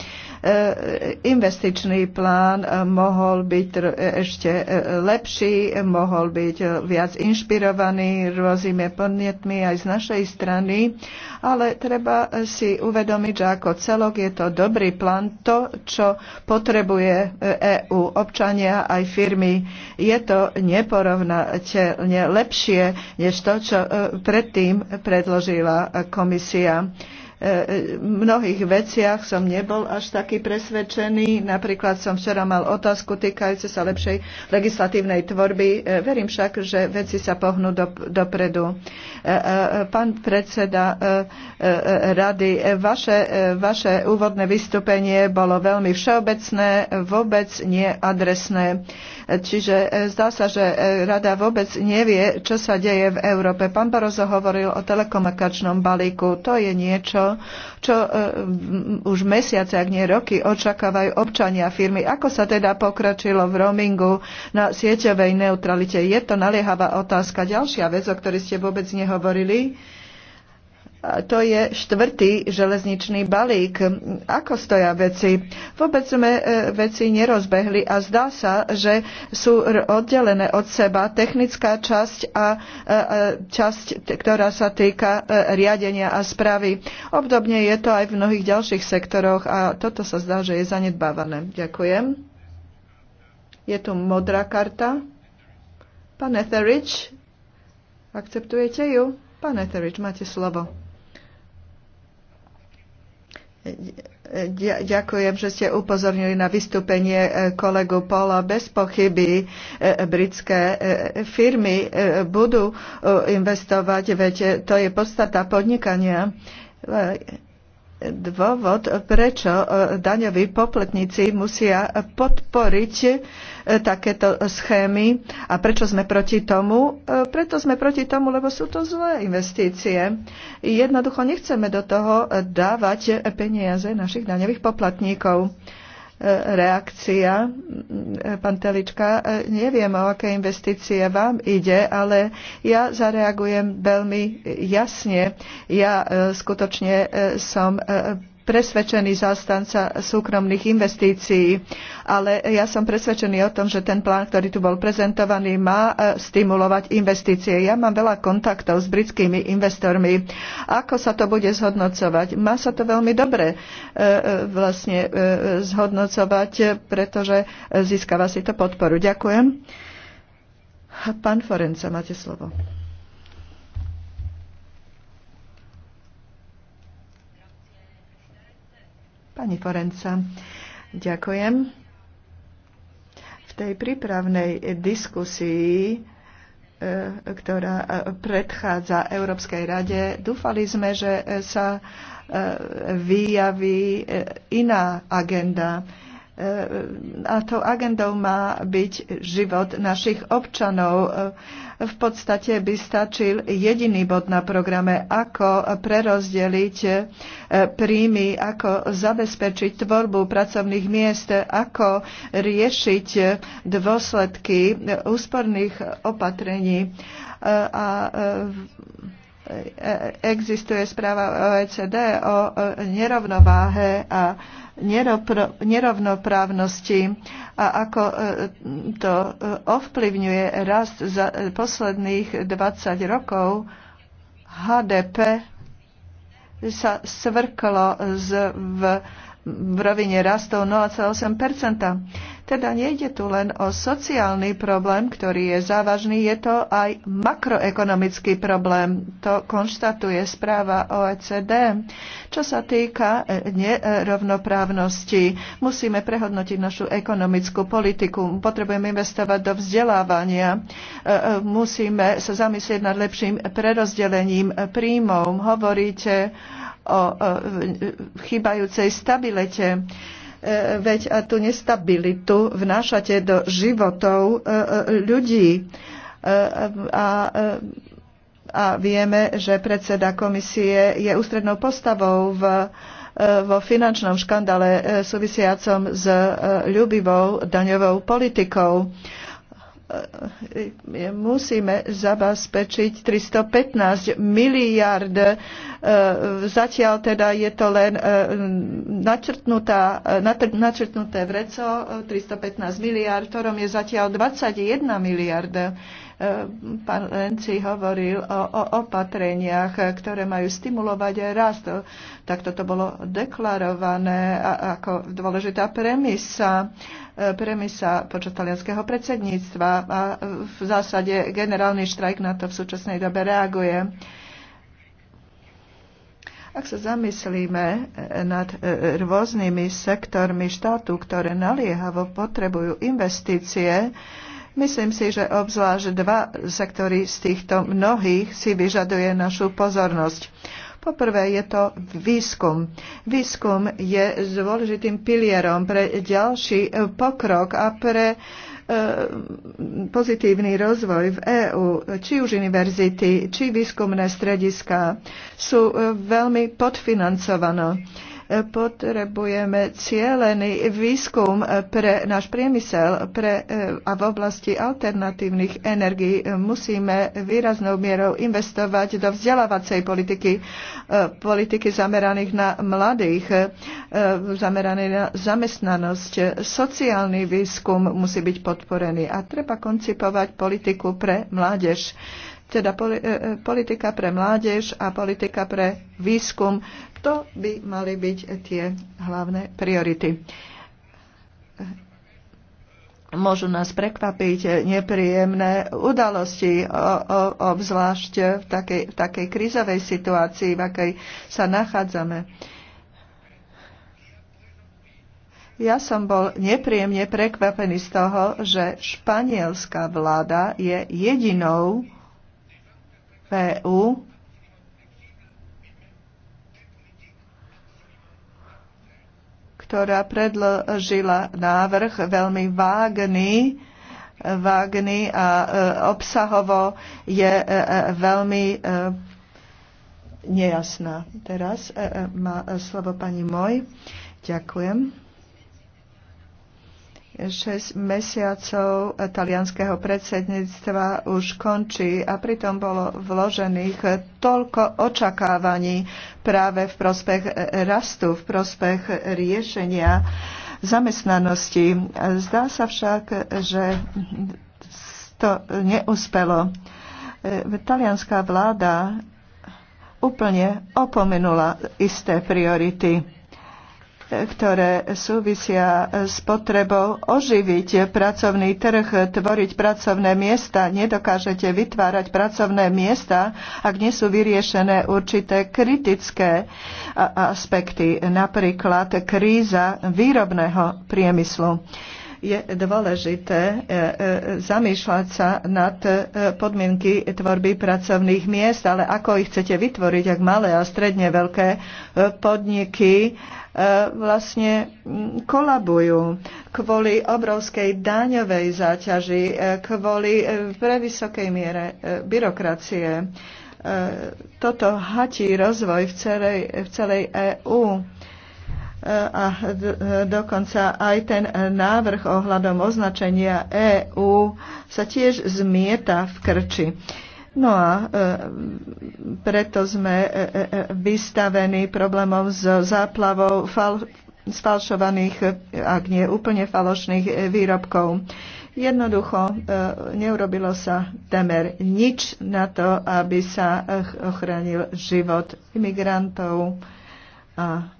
Speaker 5: Eh, investičný plán eh, mohol byť eh, ešte lepší, mohol byť viac inšpirovaný rôznymi podnetmi aj z našej strany, ale treba si uvedomiť, že ako celok je to dobrý plán, to, čo potrebuje EÚ, e občania aj firmy, je to neporovnateľne lepšie, než to, čo predtým predložila komisia mnohých veciach som nebol až taký presvedčený. Napríklad som včera mal otázku týkajúce sa lepšej legislatívnej tvorby. E, verím však, že veci sa pohnú do, dopredu. E, e, pán predseda rady, vaše, vaše úvodné vystúpenie bolo veľmi všeobecné, vôbec neadresné Čiže e, zdá sa, že e, rada vôbec nevie, čo sa deje v Európe. Pán Barozo hovoril o telekomunikačnom balíku. To je niečo, čo e, už mesiace, ak nie roky, očakávajú občania firmy. Ako sa teda pokračilo v roamingu na sieťovej neutralite? Je to naliehavá otázka. Ďalšia vec, o ktorej ste vôbec nehovorili, to je štvrtý železničný balík. Ako stoja veci? Vôbec sme e, veci nerozbehli a zdá sa, že sú oddelené od seba technická časť a e, e, časť, ktorá sa týka riadenia a správy. Obdobne je to aj v mnohých ďalších sektoroch a toto sa zdá, že je zanedbávané. Ďakujem. Je tu modrá karta. Pán Etheridge, akceptujete ju? Pán Etheridge, máte slovo. Ďakujem, že ste upozornili na vystúpenie e, kolegu Pola. Bez pochyby e, britské e, firmy budú investovať, veď to je podstata podnikania dôvod, prečo e, daňoví poplatníci musia podporiť e, takéto schémy a prečo sme proti tomu? E, preto sme proti tomu, lebo sú to zlé investície. Jednoducho nechceme do toho dávať peniaze našich daňových poplatníkov reakcia. Pán Telička, neviem, o aké investície vám ide, ale ja zareagujem veľmi jasne. Ja e, skutočne e, som e, presvedčený zástanca súkromných investícií, ale ja som presvedčený o tom, že ten plán, ktorý tu bol prezentovaný, má e, stimulovať investície. Ja mám veľa kontaktov s britskými investormi. Ako sa to bude zhodnocovať? Má sa to veľmi dobre e, e, vlastne zhodnocovať, pretože získava si to podporu. Ďakujem. Pán Forenca, máte slovo. Pani Forenca, ďakujem. V tej prípravnej diskusii e, ktorá e, predchádza Európskej rade. Dúfali sme, že sa e, vyjaví iná agenda a tou agendou má byť život našich občanov. V podstate by stačil jediný bod na programe, ako prerozdeliť e, príjmy, ako zabezpečiť tvorbu pracovných miest, ako riešiť dôsledky úsporných opatrení e, a e, existuje správa OECD o e e, nerovnováhe a nerovnoprávnosti a ako e, to ovplyvňuje rast za posledných 20 rokov HDP sa svrklo z, v, v rovine rastov 0,8 teda nejde tu len o sociálny problém, ktorý je závažný, je to aj makroekonomický problém. To konštatuje správa OECD. Čo sa týka e, nerovnoprávnosti, musíme prehodnotiť našu ekonomickú politiku. Potrebujeme investovať do vzdelávania. E, e, musíme sa zamyslieť nad lepším prerozdelením príjmov. Hovoríte o chýbajúcej stabilite E, veď a tú nestabilitu vnášate do životov e, e, ľudí. A a vieme, že predseda komisie je ústrednou postavou v, vo finančnom škandále súvisiacom s ľubivou daňovou politikou. E, e, musíme zabezpečiť 315 miliard. E, zatiaľ teda je to len načrtnuté vreco 315 miliard, ktorom je zatiaľ 21 miliard pán Lenci hovoril o, o opatreniach, ktoré majú stimulovať rast. Tak toto bolo deklarované ako dôležitá premisa premisa počas talianského predsedníctva a v zásade generálny štrajk na to v súčasnej dobe reaguje. Ak sa zamyslíme eh, nad eh, rôznymi sektormi štátu, ktoré naliehavo potrebujú investície, myslím si, že obzvlášť dva sektory z týchto mnohých si vyžaduje našu pozornosť. Poprvé je to výskum. Výskum je dôležitým pilierom pre ďalší e, pokrok a pre e, pozitívny rozvoj v EÚ, či už univerzity, či výskumné strediska, sú e, veľmi podfinancované Potrebujeme cieľený výskum pre náš priemysel pre, eh, a v oblasti alternatívnych energií musíme výraznou mierou investovať do vzdelávacej politiky, eh, politiky zameraných na mladých, eh, zameraných na zamestnanosť. Sociálny výskum musí byť podporený a treba koncipovať politiku pre mládež teda e, e, politika pre mládež a politika pre výskum. To by mali byť tie hlavné priority môžu nás prekvapiť nepríjemné udalosti, obzvlášť v takej, v takej krizovej situácii, v akej sa nachádzame. Ja som bol nepríjemne prekvapený z toho, že španielská vláda je jedinou PU ktorá predložila návrh veľmi vágný, vágný a e, obsahovo je e, e, veľmi e, nejasná. Teraz e, e, má slovo pani Moj. Ďakujem. 6 mesiacov talianského predsedníctva už končí a pritom bolo vložených toľko očakávaní práve v prospech rastu, v prospech riešenia zamestnanosti. Zdá sa však, že to neúspelo. E, talianská vláda úplne opomenula isté priority ktoré súvisia s potrebou oživiť pracovný trh, tvoriť pracovné miesta. Nedokážete vytvárať pracovné miesta, ak nie sú vyriešené určité kritické aspekty, napríklad kríza výrobného priemyslu je dôležité e, e, zamýšľať sa nad e, podmienky tvorby pracovných miest, ale ako ich chcete vytvoriť, ak malé a stredne veľké podniky vlastne kolabujú kvôli obrovskej daňovej záťaži, kvôli vysokej miere byrokracie. Toto hatí rozvoj v celej, v celej EÚ Eh, a eh, dokonca aj ten eh, návrh ohľadom označenia EÚ sa tiež zmieta v krči. No a e, preto sme e, vystavení problémom s záplavou fal, sfalšovaných, ak nie úplne falošných výrobkov. Jednoducho e, neurobilo sa temer nič na to, aby sa ochránil život imigrantov a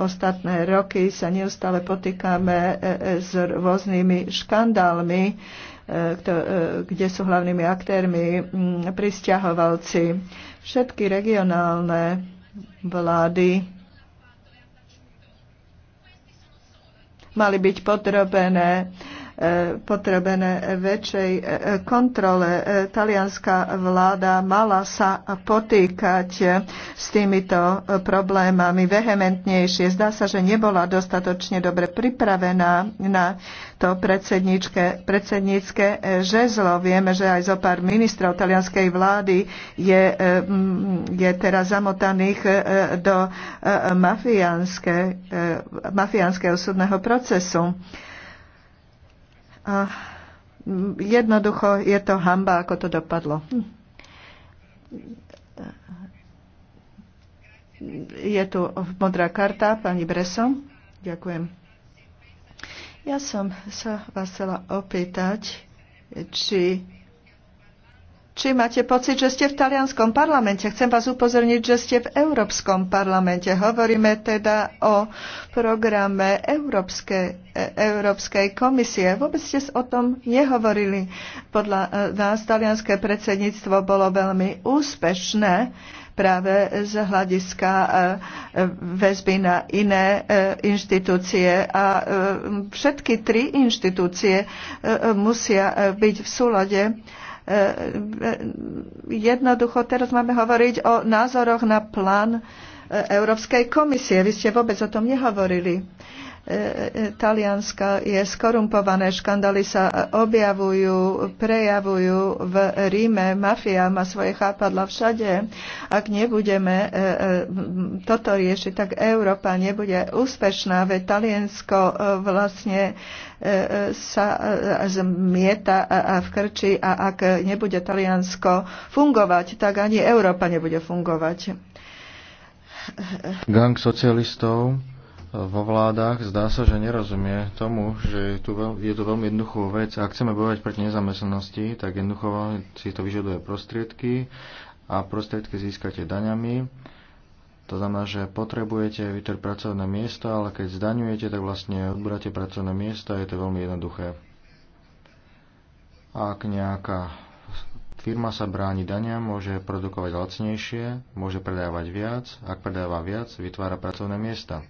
Speaker 5: ostatné roky sa neustále potýkame e, e, s rôznymi škandálmi, e, kde sú hlavnými aktérmi pristahovalci. Všetky regionálne vlády mali byť podrobené potrebené väčšej e, kontrole. E, talianská vláda mala sa potýkať s týmito problémami vehementnejšie. Zdá sa, že nebola dostatočne dobre pripravená na to predsednícke e, žezlo. Vieme, že aj zo pár ministrov talianskej vlády je, je teraz zamotaných do mafiánskeho súdneho procesu. A jednoducho je to hamba, ako to dopadlo. Hm. Je tu modrá karta, pani Breso. Ďakujem. Ja som sa vás chcela opýtať, či či máte pocit, že ste v talianskom parlamente. Chcem vás upozorniť, že ste v Európskom parlamente. Hovoríme teda o programe Európske, e, Európskej komisie. Vôbec ste o tom nehovorili. Podľa e, nás talianské predsedníctvo bolo veľmi úspešné práve z hľadiska e, väzby na iné inštitúcie. A všetky tri inštitúcie musia byť v súlade E, e, jednoducho teraz máme hovoriť o názoroch na plán e, Európskej komisie. Vy ste vôbec o tom nehovorili. E, e, Talianska je skorumpované, škandály sa objavujú, prejavujú v Ríme, mafia má svoje chápadla všade. Ak nebudeme e, toto riešiť, tak Európa nebude úspešná, veď Taliansko vlastne sa zmieta a vkrčí a ak nebude Taliansko fungovať, tak ani Európa nebude fungovať.
Speaker 1: Gang socialistov vo vládach zdá sa, že nerozumie tomu, že je, tu veľ, je to veľmi jednoduchú vec. Ak chceme bojovať proti nezamestnanosti, tak jednoducho si to vyžaduje prostriedky a prostriedky získate daňami. To znamená, že potrebujete vytvoriť pracovné miesto, ale keď zdaňujete, tak vlastne odberáte pracovné miesta, je to veľmi jednoduché. Ak nejaká firma sa bráni dania, môže produkovať lacnejšie, môže predávať viac, ak predáva viac, vytvára pracovné miesta.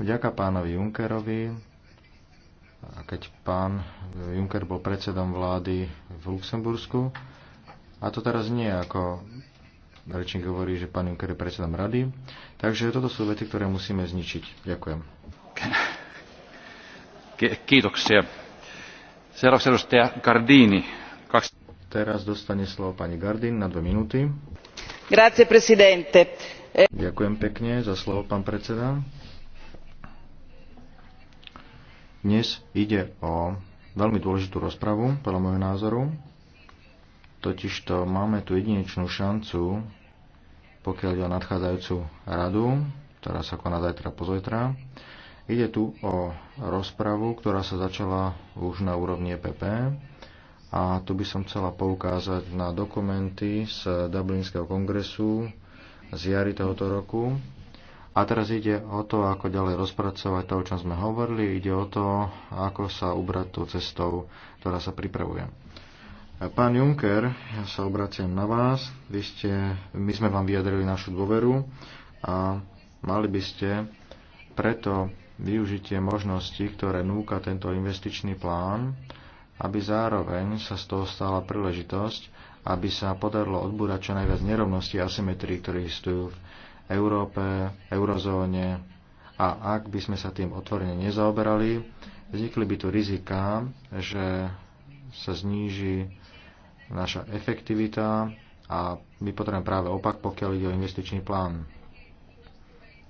Speaker 1: Vďaka pánovi Junckerovi, a keď pán Juncker bol predsedom vlády v Luxembursku, a to teraz nie ako rečník hovorí, že pán Juncker je predsedom rady. Takže toto sú vety, ktoré musíme zničiť. Ďakujem. Kiitoksia. Seuraavaksi edustaja Gardini. Kaks... Teraz dostane slovo pani Gardin na dve minúty. Grazie,
Speaker 4: presidente.
Speaker 1: Ďakujem pekne za slovo, pán predseda. Dnes ide o veľmi dôležitú rozpravu, podľa môjho názoru. Totižto máme tu jedinečnú šancu, pokiaľ ide o nadchádzajúcu radu, ktorá sa koná zajtra pozajtra. Ide tu o rozpravu, ktorá sa začala už na úrovni EPP. A tu by som chcela poukázať na dokumenty z Dublinského kongresu z jary tohoto roku, a teraz ide o to, ako ďalej rozpracovať to, o čom sme hovorili, ide o to, ako sa ubrať tou cestou, ktorá sa pripravuje. Pán Juncker, ja sa obraciam na vás. Vy ste, my sme vám vyjadrili našu dôveru a mali by ste preto využitie možností, ktoré núka tento investičný plán, aby zároveň sa z toho stala príležitosť, aby sa podarilo odbúrať čo najviac nerovnosti a asymetrií, ktoré existujú v Európe, eurozóne a ak by sme sa tým otvorene nezaoberali, vznikli by tu rizika, že sa zníži naša efektivita a my potrebujeme práve opak, pokiaľ ide o investičný plán.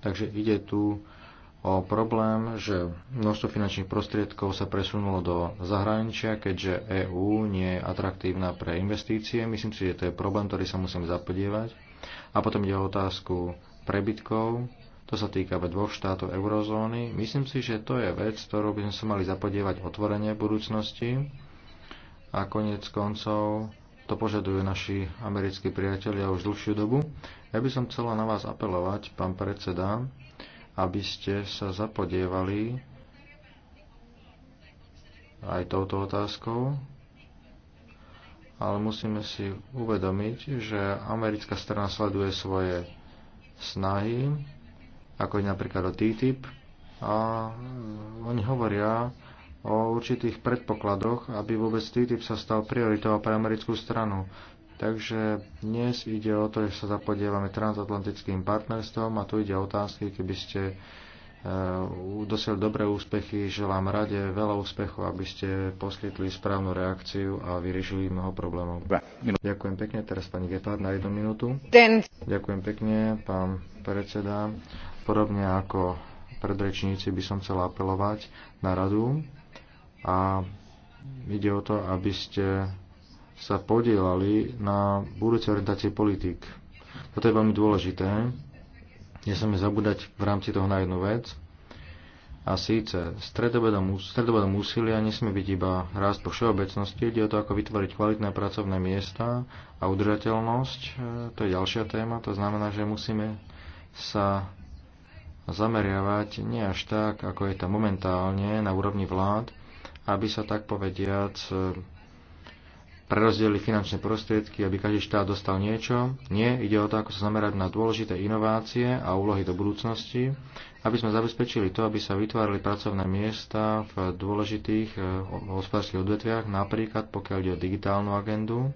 Speaker 1: Takže ide tu o problém, že množstvo finančných prostriedkov sa presunulo do zahraničia, keďže EÚ nie je atraktívna pre investície. Myslím si, že to je problém, ktorý sa musím zapodievať. A potom ide o otázku prebytkov. To sa týka dvoch štátov eurozóny. Myslím si, že to je vec, ktorú by sme sa mali zapodievať otvorenie v budúcnosti. A konec koncov to požadujú naši americkí priatelia už dlhšiu dobu. Ja by som chcela na vás apelovať, pán predseda, aby ste sa zapodievali aj touto otázkou, ale musíme si uvedomiť, že americká strana sleduje svoje snahy, ako je napríklad o TTIP. A oni hovoria o určitých predpokladoch, aby vôbec TTIP sa stal prioritou pre americkú stranu. Takže dnes ide o to, že sa zapodievame transatlantickým partnerstvom a tu ide o otázky, keby ste Eh, dosiaľ dobré úspechy. Želám rade veľa úspechov, aby ste poskytli správnu reakciu a vyriešili mnoho problémov. Ďakujem pekne. Teraz pani Gepard na jednu minútu. Ďakujem pekne, pán predseda. Podobne ako predrečníci by som chcel apelovať na radu a ide o to, aby ste sa podielali na budúcej orientácie politik. Toto je veľmi dôležité Nesmieme zabúdať v rámci toho na jednu vec, a síce stredobodom, úsilia nesmie byť iba rast po všeobecnosti, ide o to, ako vytvoriť kvalitné pracovné miesta a udržateľnosť, e, to je ďalšia téma, to znamená, že musíme sa zameriavať nie až tak, ako je to momentálne na úrovni vlád, aby sa tak povediac Prerozdeli finančné prostriedky, aby každý štát dostal niečo. Nie, ide o to, ako sa zamerať na dôležité inovácie a úlohy do budúcnosti, aby sme zabezpečili to, aby sa vytvárali pracovné miesta v dôležitých e, hospodárskych odvetviach, napríklad pokiaľ ide o digitálnu agendu,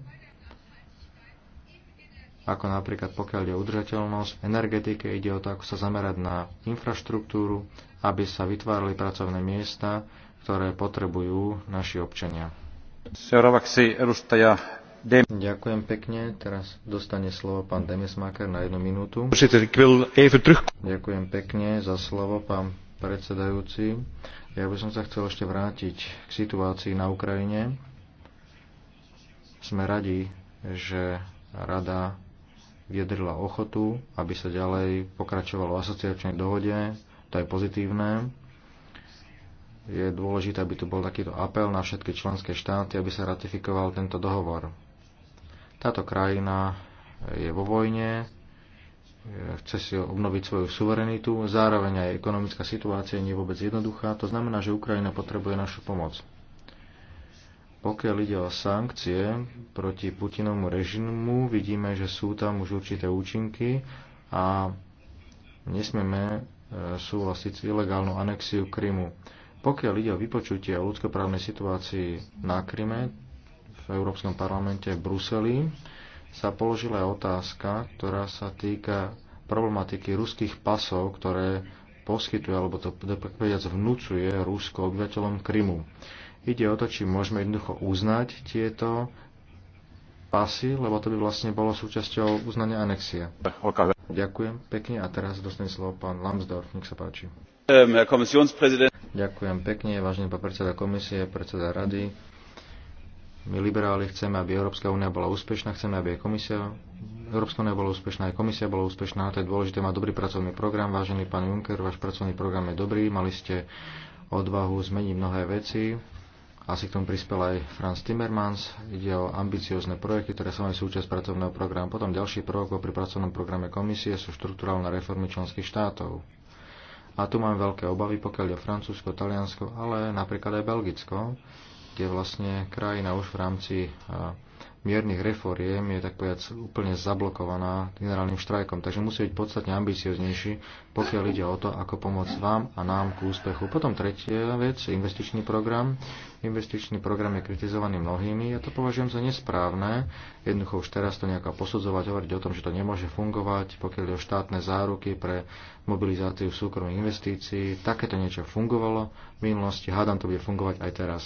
Speaker 1: ako napríklad pokiaľ ide o udržateľnosť, v energetike ide o to, ako sa zamerať na infraštruktúru, aby sa vytvárali pracovné miesta, ktoré potrebujú naši občania. Ďakujem pekne. Teraz dostane slovo pán Demesmaker na jednu minútu. Ďakujem pekne za slovo, pán predsedajúci. Ja by som sa chcel ešte vrátiť k situácii na Ukrajine. Sme radi, že rada vyjadrila ochotu, aby sa ďalej pokračovalo v asociačnej dohode. To je pozitívne je dôležité, aby tu bol takýto apel na všetky členské štáty, aby sa ratifikoval tento dohovor. Táto krajina je vo vojne, chce si obnoviť svoju suverenitu, zároveň aj ekonomická situácia nie je vôbec jednoduchá, to znamená, že Ukrajina potrebuje našu pomoc. Pokiaľ ide o sankcie proti Putinovmu režimu, vidíme, že sú tam už určité účinky a nesmieme e, súhlasiť s ilegálnou anexiu Krymu. Pokiaľ ide o vypočutie o ľudskoprávnej situácii na Kryme v Európskom parlamente v Bruseli, sa položila aj otázka, ktorá sa týka problematiky ruských pasov, ktoré poskytuje, alebo to povediac vnúcuje Rusko obyvateľom Krymu. Ide o to, či môžeme jednoducho uznať tieto pasy, lebo to by vlastne bolo súčasťou uznania anexie. Ďakujem pekne a teraz dostane slovo pán Lambsdorff, nech sa páči. Um, Ďakujem pekne, vážený pán predseda komisie, predseda rady. My liberáli chceme, aby Európska únia bola úspešná, chceme, aby aj komisia, Európska únia bola úspešná, aj komisia bola úspešná. To je dôležité mať dobrý pracovný program. Vážený pán Juncker, váš pracovný program je dobrý. Mali ste odvahu zmeniť mnohé veci. Asi k tomu prispel aj Franz Timmermans. Ide o ambiciozne projekty, ktoré sa majú súčasť pracovného programu. Potom ďalší prvok pri pracovnom programe komisie sú štruktúralne reformy členských štátov. A tu mám veľké obavy, pokiaľ je Francúzsko, Taliansko, ale napríklad aj Belgicko, kde vlastne krajina už v rámci miernych reforiem je tak povedať úplne zablokovaná generálnym štrajkom. Takže musí byť podstatne ambicioznejší, pokiaľ ide o to, ako pomôcť vám a nám k úspechu. Potom tretia vec, investičný program. Investičný program je kritizovaný mnohými. Ja to považujem za nesprávne. Jednoducho už teraz to nejako posudzovať, hovoriť o tom, že to nemôže fungovať, pokiaľ je o štátne záruky pre mobilizáciu súkromných investícií. Takéto niečo fungovalo v minulosti, hádam to bude fungovať aj teraz.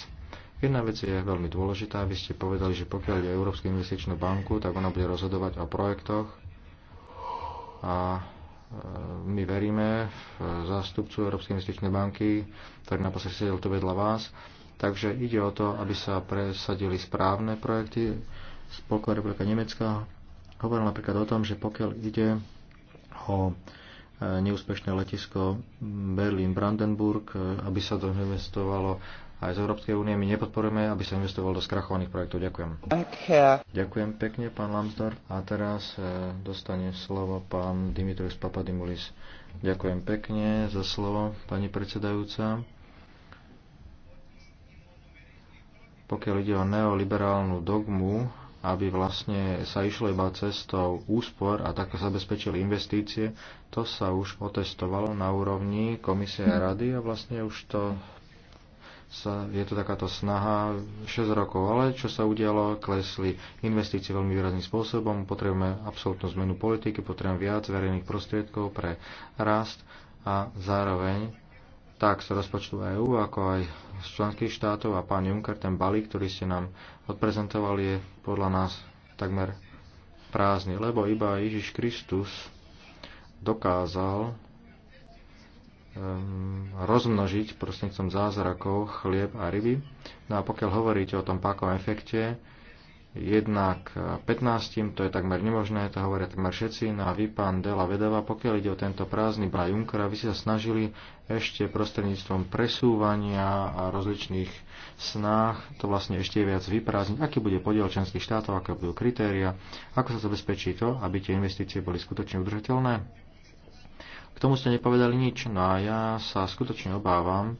Speaker 1: Jedna vec je veľmi dôležitá. Vy ste povedali, že pokiaľ je Európsku investičnú banku, tak ona bude rozhodovať o projektoch. A e, my veríme v zástupcu Európskej investičnej banky, ktorý naposledy sedel tu vedľa vás. Takže ide o to, aby sa presadili správne projekty. Spolková republika Nemecka hovorila napríklad o tom, že pokiaľ ide o e, neúspešné letisko Berlín-Brandenburg, e, aby sa doinvestovalo aj z Európskej únie my nepodporujeme, aby sa investovalo do skrachovaných projektov. Ďakujem. Ďakujem pekne, pán Lambsdorff. A teraz e, dostane slovo pán Dimitrius Papadimulis. Ďakujem pekne za slovo, pani predsedajúca. Pokiaľ ide o neoliberálnu dogmu, aby vlastne sa išlo iba cestou úspor a takto zabezpečili investície, to sa už otestovalo na úrovni komisie a rady a vlastne už to sa, je to takáto snaha 6 rokov, ale čo sa udialo, klesli investície veľmi výrazným spôsobom, potrebujeme absolútnu zmenu politiky, potrebujeme viac verejných prostriedkov pre rast a zároveň tak z rozpočtu EÚ, ako aj z členských štátov a pán Juncker, ten balík, ktorý ste nám odprezentovali, je podľa nás takmer prázdny, lebo iba Ježiš Kristus dokázal Ehm, rozmnožiť prostredníctvom zázrakov chlieb a ryby. No a pokiaľ hovoríte o tom pákovom efekte, jednak 15, to je takmer nemožné, to hovoria takmer všetci, no a vy, pán Dela Vedava, pokiaľ ide o tento prázdny plán Junkera, vy ste sa snažili ešte prostredníctvom presúvania a rozličných snách to vlastne ešte viac vyprázdniť, aký bude podiel členských štátov, aké budú kritéria, ako sa zabezpečí to, aby tie investície boli skutočne udržateľné tomu ste nepovedali nič. No a ja sa skutočne obávam,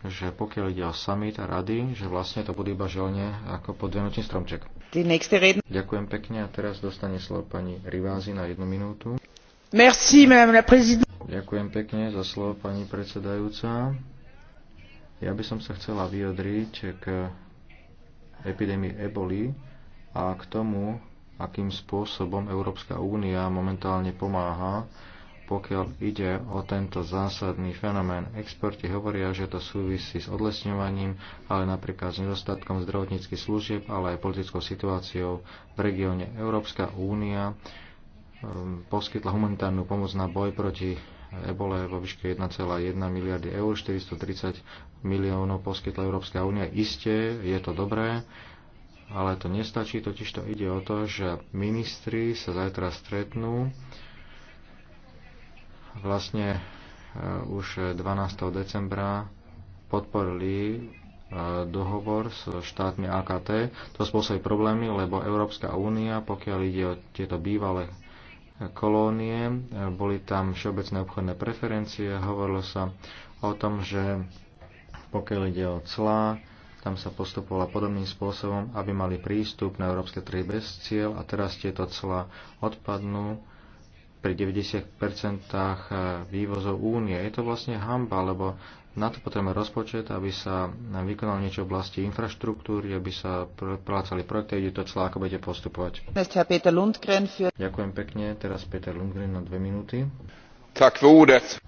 Speaker 1: že pokiaľ ide o summit a rady, že vlastne to bude iba želne ako podvenutý stromček. Ďakujem pekne a teraz dostane slovo pani Rivázi na jednu minútu. Merci, madame la présidente. Ďakujem pekne za slovo pani predsedajúca. Ja by som sa chcela vyjadriť k epidémii eboli a k tomu, akým spôsobom Európska únia momentálne pomáha pokiaľ ide o tento zásadný fenomén. Experti hovoria, že to súvisí s odlesňovaním, ale napríklad s nedostatkom zdravotníckých služieb, ale aj politickou situáciou v regióne. Európska únia ehm, poskytla humanitárnu pomoc na boj proti ebole vo výške 1,1 miliardy eur, 430 miliónov poskytla Európska únia. Isté, je to dobré, ale to nestačí, totiž to ide o to, že ministri sa zajtra stretnú vlastne e, už 12. decembra podporili e, dohovor s štátmi AKT. To spôsobí problémy, lebo Európska únia, pokiaľ ide o tieto bývalé kolónie, e, boli tam všeobecné obchodné preferencie, hovorilo sa o tom, že pokiaľ ide o clá, tam sa postupovala podobným spôsobom, aby mali prístup na európske trhy bez cieľ a teraz tieto clá odpadnú pri 90% eh, vývozov únie. Je to vlastne hamba, lebo na to potrebujeme rozpočet, aby sa vykonalo niečo v oblasti infraštruktúry, aby sa prelácali projekty, kde to celá ako budete postupovať. Ďakujem pekne, teraz Peter Lundgren na dve minúty. Tak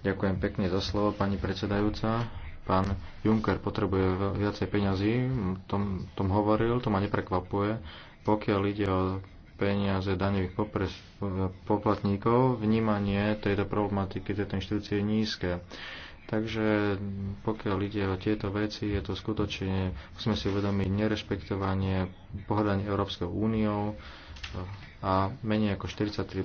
Speaker 1: Ďakujem pekne za slovo, pani predsedajúca. Pán Juncker potrebuje viacej peňazí, tom, tom hovoril, to ma neprekvapuje. Pokiaľ ide o peniaze daňových poplatníkov, vnímanie tejto problematiky, tejto inštitúcie je nízke. Takže pokiaľ ide o tieto veci, je to skutočne, musíme si uvedomiť, nerešpektovanie, pohľadanie Európskou úniou a menej ako 43 eh,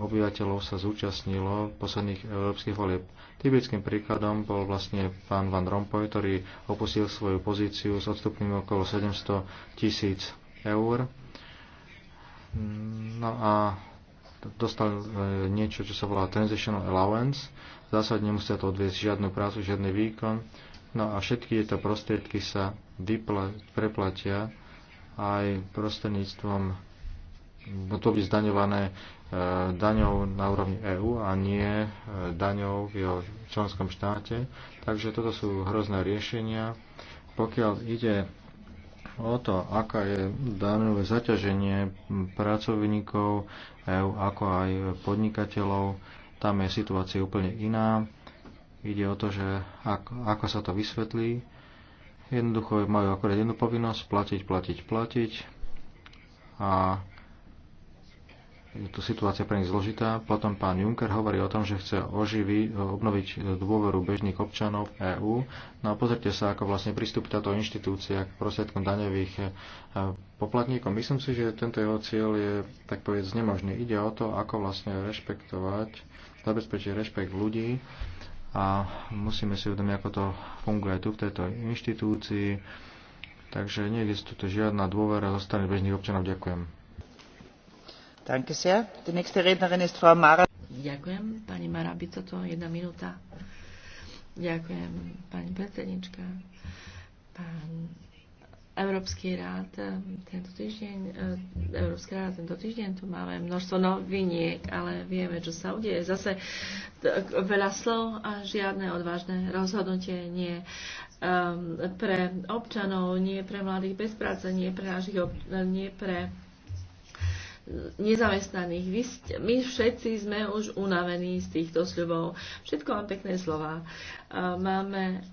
Speaker 1: obyvateľov sa zúčastnilo posledných európskych volieb. Typickým príkladom bol vlastne pán Van Rompuy, ktorý opustil svoju pozíciu s odstupným okolo 700 tisíc eur. No a dostal e, niečo, čo sa volá Transitional Allowance. Zásadne nemusia to odviesť žiadnu prácu, žiadny výkon. No a všetky tieto prostriedky sa vypla- preplatia aj prostredníctvom, no to by zdaňované e, daňou na úrovni EÚ a nie e, daňou v jeho členskom štáte. Takže toto sú hrozné riešenia. Pokiaľ ide o to, aká je daňové zaťaženie pracovníkov EU, ako aj podnikateľov. Tam je situácia úplne iná. Ide o to, že ako, ako sa to vysvetlí. Jednoducho majú akorát jednu povinnosť platiť, platiť, platiť. A je to situácia pre nich zložitá. Potom pán Juncker hovorí o tom, že chce oživiť, obnoviť dôveru bežných občanov v EÚ. No a pozrite sa, ako vlastne pristúpi táto inštitúcia k prostriedkom daňových e, poplatníkov. Myslím si, že tento jeho cieľ je, tak povedz, nemožný. Ide o to, ako vlastne rešpektovať, zabezpečiť rešpekt ľudí a musíme si uvedomiť, ako to funguje tu v tejto inštitúcii. Takže tu žiadna dôvera zo strany bežných občanov. Ďakujem.
Speaker 2: Ďakujem, pani Marabico, to jedna minúta. Ďakujem, pani predsednička. Pán Európsky rád eh, tento týždeň, eh, Európsky rád tento týždeň tu máme množstvo noviniek, ale vieme, čo sa udeje. Zase veľa slov a žiadne odvážne rozhodnutie nie ehm, pre občanov, nie pre mladých bez práce, nie pre, našich ob- nie pre nezamestnaných. Vy ste, my všetci sme už unavení z týchto sľubov. Všetko vám pekné slova. Máme,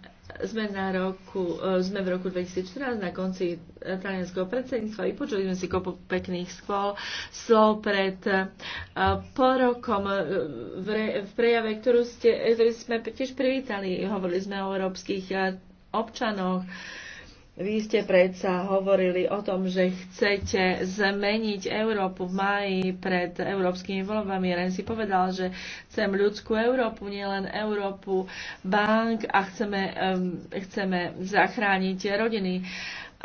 Speaker 2: sme, na roku, e, sme v roku 2014 na konci talianského predsedníctva. Vypočuli sme si kopu pekných skôl, slov pred e, po rokom e, v, re, v prejave, ktorú ste, sme tiež privítali. Hovorili sme o európskych občanoch vy ste predsa hovorili o tom, že chcete zmeniť Európu v maji pred európskymi voľbami. Ren si povedal, že chcem ľudskú Európu, nielen Európu bank a chceme, chceme zachrániť rodiny.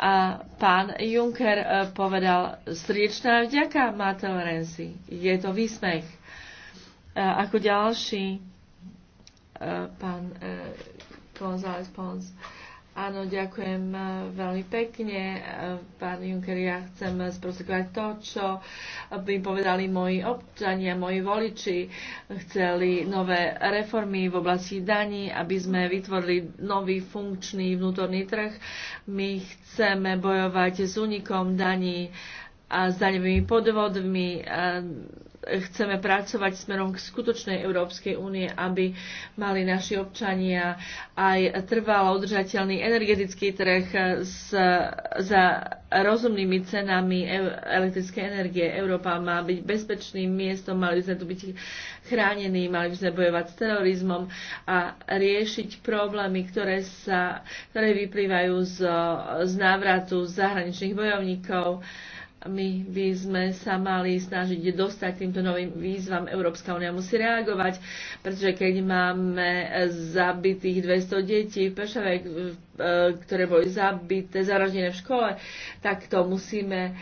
Speaker 2: A pán Juncker eh, povedal, srdečná vďaka, Mateo Renzi. Je to výsmech. A ako ďalší, eh, pán eh, González Pons. Pons Áno, ďakujem e, veľmi pekne. E, pán Juncker, ja chcem sprostrkovať to, čo by povedali moji občania, moji voliči. Chceli nové reformy v oblasti daní, aby sme vytvorili nový funkčný vnútorný trh. My chceme bojovať s únikom daní a s daňovými podvodmi e, chceme pracovať smerom k skutočnej Európskej únie, aby mali naši občania aj trvalo udržateľný energetický trh s, za rozumnými cenami e, elektrickej energie. Európa má byť bezpečným miestom, mali by sme tu byť chránení, mali by sme bojovať s terorizmom a riešiť problémy, ktoré, sa, ktoré vyplývajú z, z návratu zahraničných bojovníkov. Uh, my by sme sa mali snažiť dostať týmto novým výzvam. Európska únia musí reagovať, pretože keď máme zabitých 200 detí v Pešave, eh, ktoré boli zabité, zaražené v škole, tak to musíme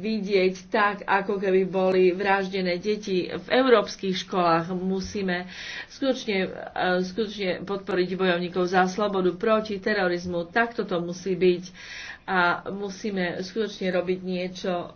Speaker 2: vidieť tak, ako keby boli vraždené deti v európskych školách. Musíme skutočne, eh, skutočne podporiť bojovníkov za slobodu proti terorizmu. Takto to musí byť a musíme skutočne robiť niečo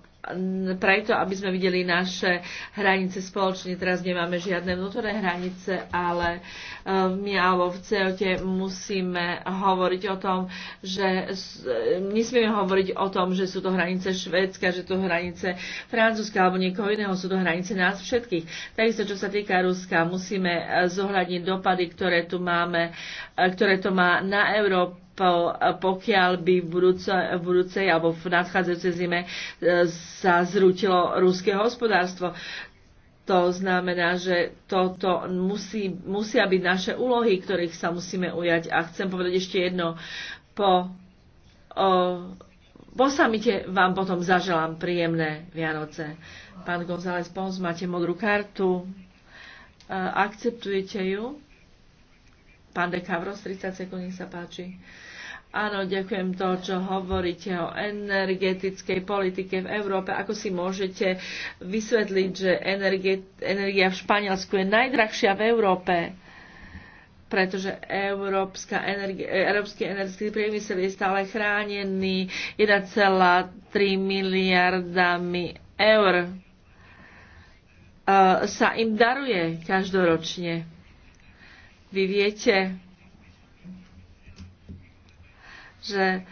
Speaker 2: preto, aby sme videli naše hranice spoločne. Teraz nemáme žiadne vnútorné hranice, ale eh, my alebo v COTE musíme hovoriť o tom, že eh, nesmieme hovoriť o tom, že sú to hranice Švédska, že to hranice Francúzska alebo niekoho iného, sú to hranice nás všetkých. Takisto, čo sa týka Ruska, musíme eh, zohľadniť dopady, ktoré tu máme, ktoré to má na Európu po, pokiaľ by v, budúce, v budúcej alebo v nadchádzajúcej zime e, sa zrútilo ruské hospodárstvo. To znamená, že toto musí, musia byť naše úlohy, ktorých sa musíme ujať. A chcem povedať ešte jedno. Po, o, po samite vám potom zaželám príjemné Vianoce. Pán González Pons, máte modrú kartu. E, akceptujete ju? Pán de Kavros, 30 sekúnd, nech sa páči. Áno, ďakujem to, čo hovoríte o energetickej politike v Európe. Ako si môžete vysvetliť, že energie, energia v Španielsku je najdrahšia v Európe? pretože európska energie, európsky energetický priemysel je stále chránený 1,3 miliardami eur. E, sa im daruje každoročne. Vy viete, že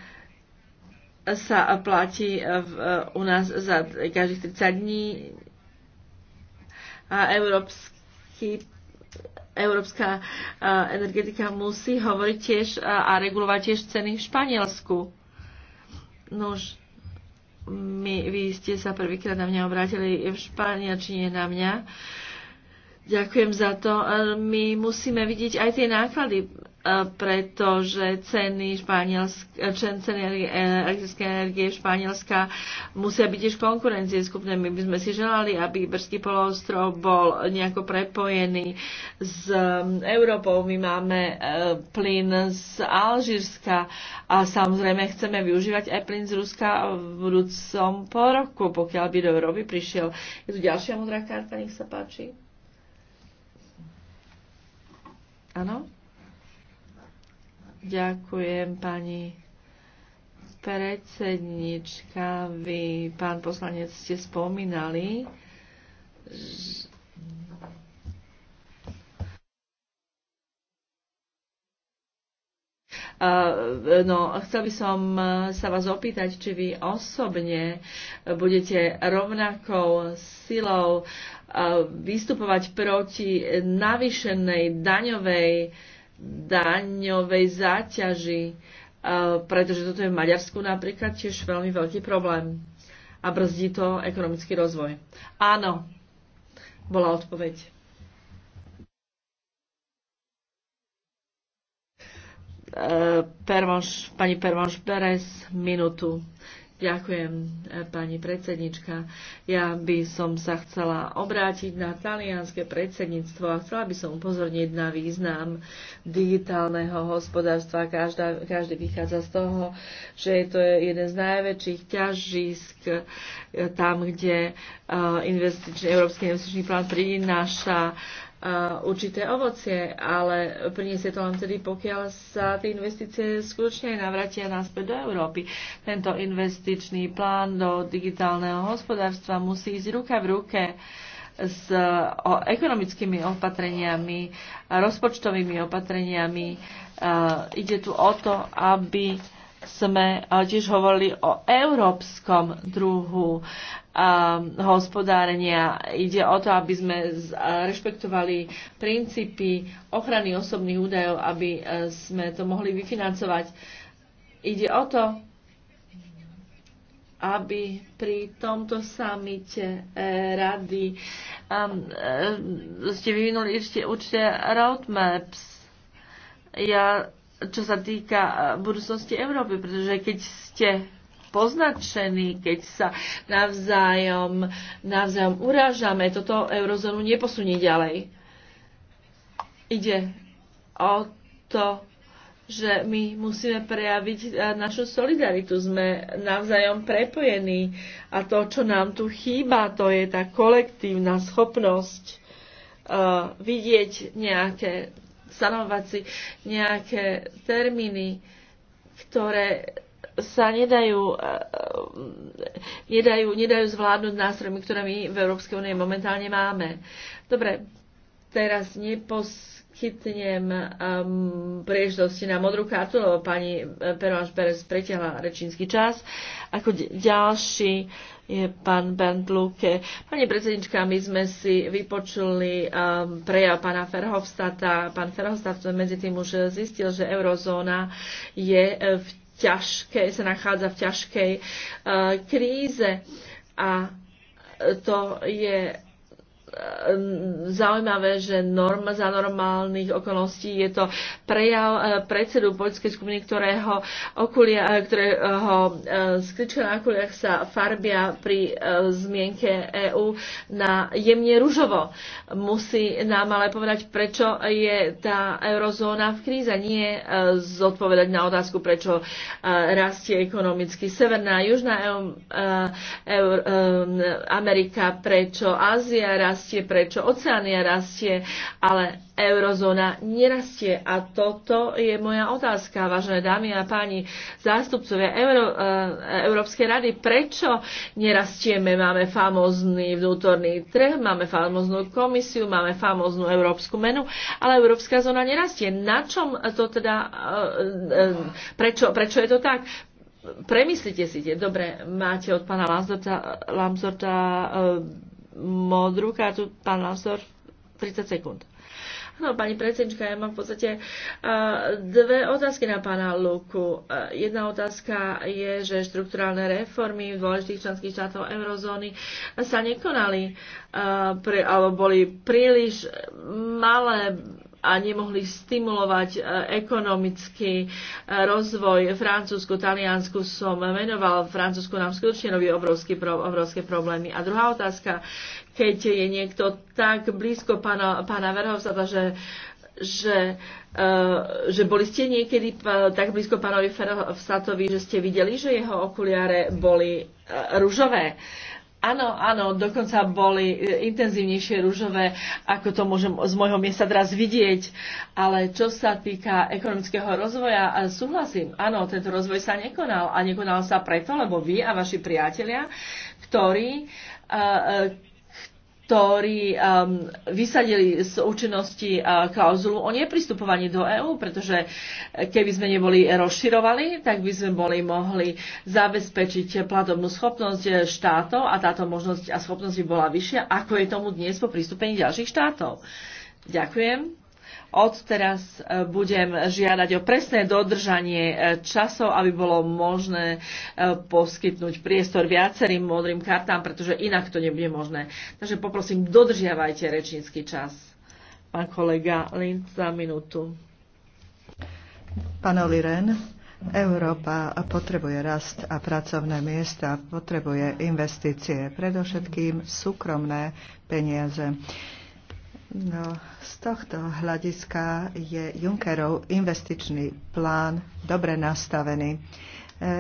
Speaker 2: sa platí e, v, e, u nás za každých 30 dní a európsky, európska e, energetika musí hovoriť tiež a regulovať tiež ceny v Španielsku. Nož, my, vy ste sa prvýkrát na mňa obrátili v Španielčine na mňa. Ďakujem za to. My musíme vidieť aj tie náklady pretože ceny, eh, ceny eh, elektrické energie v Španielska musia byť tiež skupné. My by sme si želali, aby brzký poloostrov bol nejako prepojený s mm, Európou. My máme eh, plyn z Alžírska a samozrejme chceme využívať aj plyn z Ruska v budúcom pol roku, pokiaľ by do Európy prišiel. Je tu ďalšia modrá karta, nech sa páči. Áno? Ďakujem pani predsednička. Vy, pán poslanec, ste spomínali, že No, chcel by som sa vás opýtať, či vy osobne budete rovnakou silou vystupovať proti navyšenej daňovej daňovej záťaži, e, pretože toto je v Maďarsku napríklad tiež veľmi veľký problém a brzdí to ekonomický rozvoj. Áno, bola odpoveď. E, Permoš, pani Permoš Beres, minútu. Ďakujem, pani predsednička. Ja by som sa chcela obrátiť na talianské predsedníctvo a chcela by som upozorniť na význam digitálneho hospodárstva. Každá, každý vychádza z toho, že to je jeden z najväčších ťažisk eh, tam, kde eh, investičný, Európsky investičný plán prináša určité ovocie, ale priniesie to len tedy, pokiaľ sa tie investície skutočne navratia naspäť do Európy. Tento investičný plán do digitálneho hospodárstva musí ísť ruka v ruke s o, ekonomickými opatreniami, rozpočtovými opatreniami. E, ide tu o to, aby sme tiež hovorili o európskom druhu hospodárenia. Ide o to, aby sme rešpektovali princípy ochrany osobných údajov, aby e, sme to mohli vyfinancovať. Ide o to, aby pri tomto samite e, rady um, ste vyvinuli ešte určite roadmaps. Ja čo sa týka e, budúcnosti Európy, pretože keď ste poznačení, keď sa navzájom, navzájom urážame, toto eurozónu neposunie ďalej. Ide o to, že my musíme prejaviť e, našu solidaritu. Sme navzájom prepojení a to, čo nám tu chýba, to je tá kolektívna schopnosť uh, vidieť nejaké stanovať si nejaké termíny, ktoré sa nedajú, eh, nedajú, nedajú zvládnuť nástrojmi, ktoré my v Európskej únie momentálne máme. Dobre, teraz neposkytnem um, príležitosti na modrú kartu, lebo pani eh, Peroáš Perez pretiahla rečínsky čas. Ako ďalší je pán Bernd Luke. Pani predsednička, my sme si vypočuli um, prejav pána Ferhofstata. Pán Ferhofstat medzi tým už zistil, že eurozóna je v ťažkej, sa nachádza v ťažkej uh, kríze. A to je Ehm, zaujímavé, že norm, za normálnych okolností je to prejav eh, predsedu poľskej skupiny, ktorého, okulia, eh, ktorého skrička eh, na okuliach sa farbia pri zmienke EÚ na jemne ružovo. Musí nám ale povedať, prečo je tá eurozóna v kríze. Nie zodpovedať na otázku, prečo rastie ekonomicky Severná a Južná ehm, Amerika, prečo Ázia rastie rastie, prečo Oceánia rastie, ale eurozóna nerastie. A toto je moja otázka, vážené dámy a páni zástupcovia Euró- e, Európskej rady. Prečo nerastieme? Máme famózny vnútorný trh, máme famoznú komisiu, máme famoznú európsku menu, ale európska zóna nerastie. Na čom to teda, e, e, prečo, prečo je to tak? premyslite si tie. Dobre, máte od pána Lamzorta, Lamzorta modrú kartu, pán Lansor, 30 sekúnd. Áno, pani predsednička, ja mám v podstate eh, dve otázky na pána Luku. Eh, jedna otázka je, že štruktúrálne reformy v dôležitých členských štátov eurozóny sa nekonali eh, alebo boli príliš malé a nemohli stimulovať e, ekonomický e, rozvoj Francúzsku, Taliansku som menoval. Francúzsku nám skutočne robí obrovské, obrovské problémy. A druhá otázka, keď je niekto tak blízko pána, pána Verhofstada, že že, uh, že boli ste niekedy uh, tak blízko pánovi Verhofstadtovi, že ste videli, že jeho okuliare boli uh, rúžové. Uh, Áno, áno, dokonca boli e, intenzívnejšie rúžové, ako to môžem z môjho miesta teraz vidieť. Ale čo sa týka ekonomického rozvoja, súhlasím, áno, tento rozvoj sa nekonal. A nekonal sa preto, lebo vy a vaši priatelia, ktorí e, e, ktorí um, vysadili z účinnosti uh, klauzulu o nepristupovaní do EÚ, pretože eh, keby sme neboli rozširovali, tak by sme boli mohli zabezpečiť platobnú schopnosť eh, štátov a táto možnosť a schopnosť by bola vyššia, ako je tomu dnes po pristúpení ďalších štátov. Ďakujem. Odteraz e, budem žiadať o presné dodržanie e, časov, aby bolo možné e, poskytnúť priestor viacerým modrým kartám, pretože inak to nebude možné. Takže poprosím, dodržiavajte rečnícky čas. Pán kolega Linc za minútu.
Speaker 5: Pán Oliren, Európa potrebuje rast a pracovné miesta, potrebuje investície, predovšetkým súkromné peniaze. No, z tohto hľadiska je Junckerov investičný plán dobre nastavený.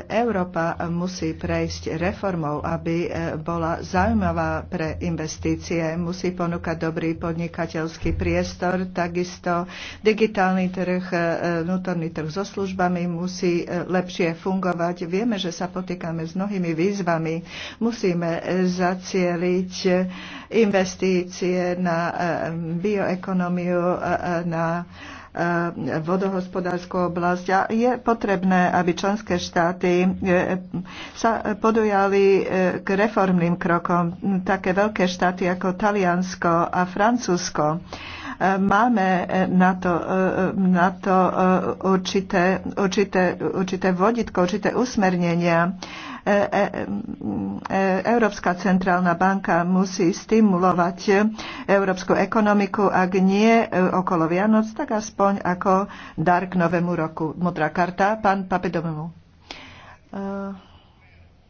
Speaker 5: Európa musí prejsť reformou, aby e, bola zaujímavá pre investície. Musí ponúkať dobrý podnikateľský priestor, takisto digitálny trh, e, vnútorný trh so službami musí e, lepšie fungovať. Vieme, že sa potýkame s mnohými výzvami. Musíme zacieliť investície na bioekonomiu, na E, vodohospodárskú oblasť a je potrebné, aby členské štáty e, sa podujali e, k reformným krokom. Také veľké štáty ako Taliansko a Francúzsko máme na to, na to určité, určité, určité voditko, určité usmernenia E, e, e, Európska centrálna banka musí stimulovať európsku ekonomiku, ak nie okolo Vianoc, tak aspoň ako dar k novému roku. Modrá karta, pán Papedomemu.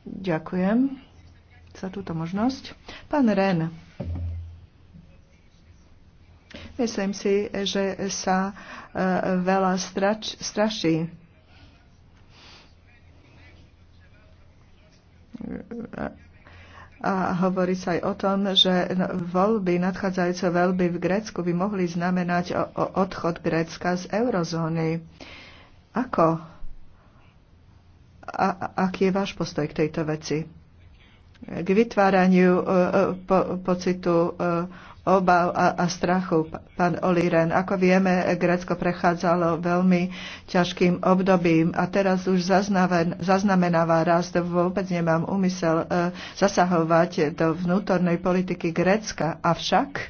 Speaker 5: Ďakujem za túto možnosť. Pán Ren. Myslím si, že sa veľa strač, straší a hovorí sa aj o tom, že voľby, nadchádzajúce voľby v Grécku by mohli znamenať o, o odchod Grécka z eurozóny. Ako? A, aký je váš postoj k tejto veci? K vytváraniu e, e, po, pocitu e, obav a, a strachu. Pán Oliren, ako vieme, Grécko prechádzalo veľmi ťažkým obdobím a teraz už zaznamenáva rast. Vôbec nemám úmysel e, zasahovať do vnútornej politiky Grécka. Avšak e,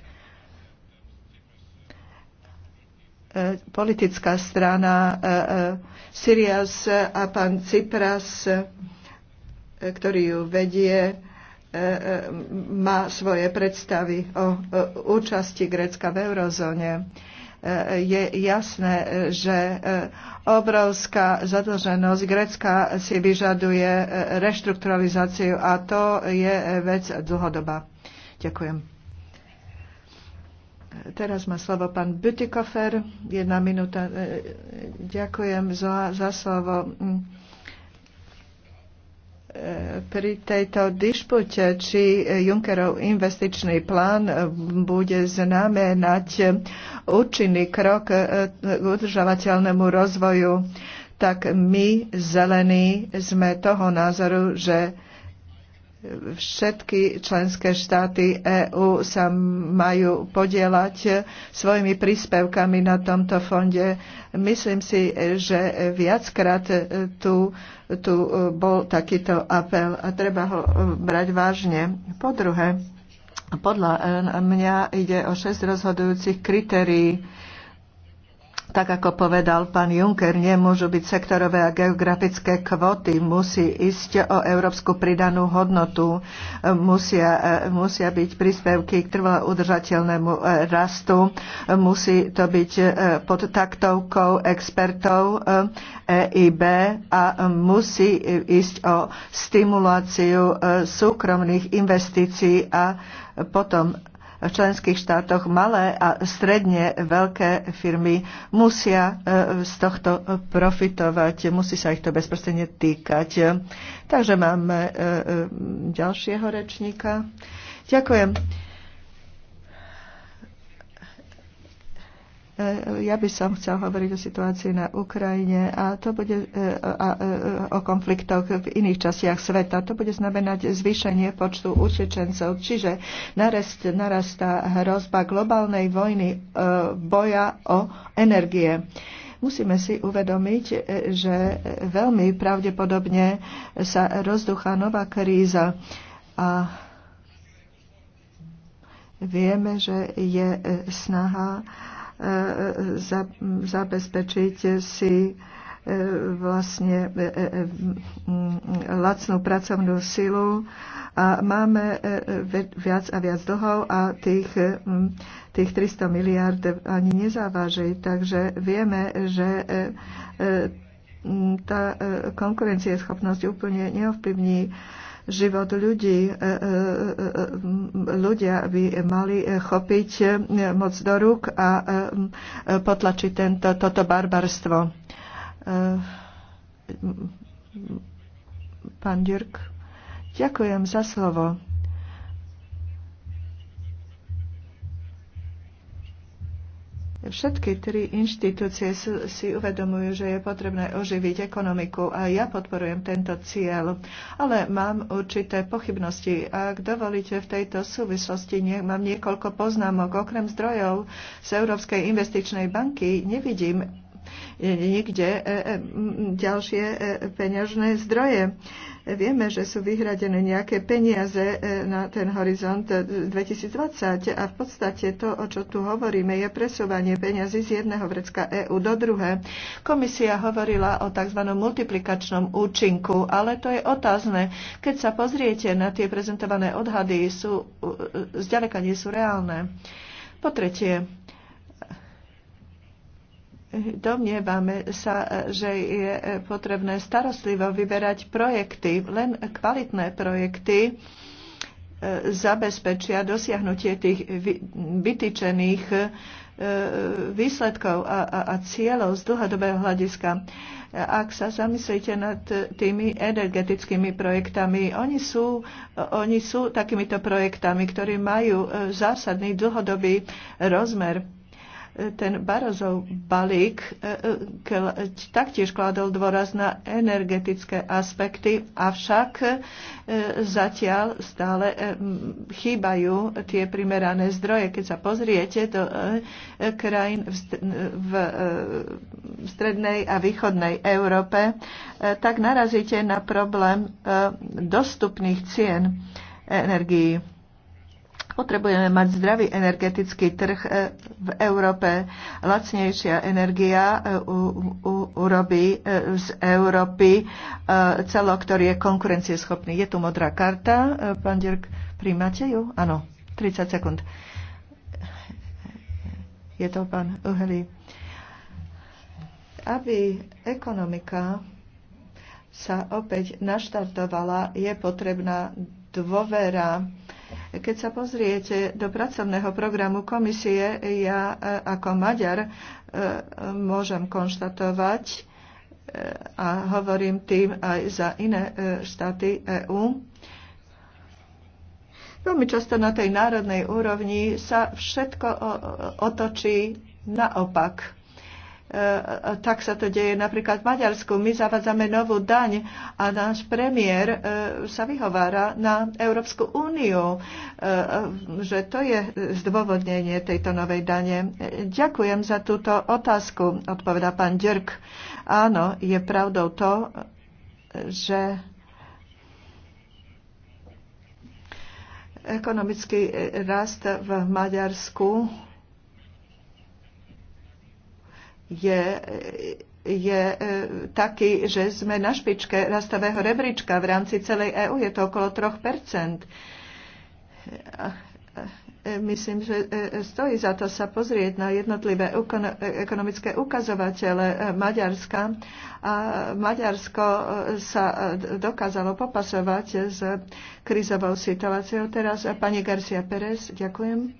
Speaker 5: politická strana e, Sirias a pán Cipras, ktorý ju vedie, E, e, má svoje predstavy o e, účasti Grécka v eurozóne. Je jasné, že obrovská zadlženosť Grécka si vyžaduje reštrukturalizáciu a to je vec dlhodobá. Ďakujem. Teraz má slovo pán Butikofer. Jedna minúta. Ďakujem za, za slovo. Mm pri tejto dispute, či Junckerov investičný plán bude znamenať účinný krok e, k udržavateľnému rozvoju, tak my, zelení, sme toho názoru, že všetky členské štáty EÚ sa majú podielať svojimi príspevkami na tomto fonde. Myslím si, že viackrát tu, tu bol takýto apel a treba ho brať vážne. Po druhé, podľa mňa ide o šesť rozhodujúcich kritérií tak ako povedal pán Juncker, nemôžu byť sektorové a geografické kvóty. Musí ísť o európsku pridanú hodnotu. Musia, musia byť príspevky k trvalo udržateľnému e, rastu. Musí to byť e, pod taktovkou expertov EIB e a musí ísť o stimuláciu súkromných investícií a potom v členských štátoch malé a stredne veľké firmy musia e, z tohto profitovať, musí sa ich to bezprostredne týkať. Takže máme e, e, ďalšieho rečníka. Ďakujem. E, ja by som chcel hovoriť o situácii na Ukrajine a to bude e, a, e, o konfliktoch v iných častiach sveta. To bude znamenať zvýšenie počtu utečencov, čiže narast, narastá hrozba globálnej vojny boja o energie musíme si uvedomiť, že veľmi pravdepodobne sa rozduchá nová kríza a vieme, že je snaha zabezpečiť si e, vlastne e, e, lacnú pracovnú silu a máme viac a viac dlhov a tých, tých 300 miliard ani nezávaží. Takže vieme, že tá konkurencieschopnosť úplne neovplyvní život ľudí. Ľudia by mali chopiť moc do rúk a potlačiť tento, toto barbarstvo. Pán Dirk, ďakujem za slovo. Všetky tri inštitúcie si uvedomujú, že je potrebné oživiť ekonomiku a ja podporujem tento cieľ. Ale mám určité pochybnosti. Ak dovolíte v tejto súvislosti, nie, mám niekoľko poznámok. Okrem zdrojov z Európskej investičnej banky nevidím Niekde e, e, ďalšie e, peňažné zdroje. Vieme, že sú vyhradené nejaké peniaze na ten horizont 2020 a v podstate to, o čo tu hovoríme, je presúvanie peniazy z jedného vrecka EÚ do druhé. Komisia hovorila o tzv. multiplikačnom účinku, ale to je otázne. Keď sa pozriete na tie prezentované odhady, sú, zďaleka nie sú reálne. Po tretie, Domnievame sa, že je potrebné starostlivo vyberať projekty, len kvalitné projekty e, zabezpečia dosiahnutie tých vytýčených e, výsledkov a, a, a cieľov z dlhodobého hľadiska. Ak sa zamyslíte nad tými energetickými projektami, oni sú, oni sú takýmito projektami, ktorí majú e, zásadný dlhodobý rozmer ten Barozov balík e, e, taktiež kladol dôraz na energetické aspekty, avšak e, zatiaľ stále chýbajú tie primerané zdroje. Keď sa pozriete do krajín v strednej a východnej Európe, tak narazíte na problém dostupných cien energií Potrebujeme mať zdravý energetický trh e, v Európe. Lacnejšia energia e, urobí e, z Európy celo, ktorý je konkurencieschopný. Je tu modrá karta. Pán Dirk, príjmate ju? Áno, 30 sekúnd. Je to pán Uhely. Aby ekonomika sa opäť naštartovala, je potrebná dôvera keď sa pozriete do pracovného programu komisie, ja e, ako Maďar e, môžem konštatovať, e, a hovorím tým aj za iné štáty EÚ, veľmi často na tej národnej úrovni sa všetko otočí naopak E, e, tak sa to deje napríklad v Maďarsku. My zavádzame novú daň a náš premiér e, sa vyhovára na Európsku úniu, že to je zdôvodnenie tejto novej dane. Ďakujem za túto otázku, odpovedá pán Dirk. Áno, je pravdou to, že ekonomický rast v Maďarsku je, je e, taký, že sme na špičke rastového rebríčka v rámci celej EÚ. Je to okolo 3 e, e, Myslím, že stojí za to sa pozrieť na jednotlivé ekonomické ukazovatele Maďarska. A Maďarsko sa dokázalo popasovať s krizovou situáciou. Teraz pani Garcia Pérez, ďakujem.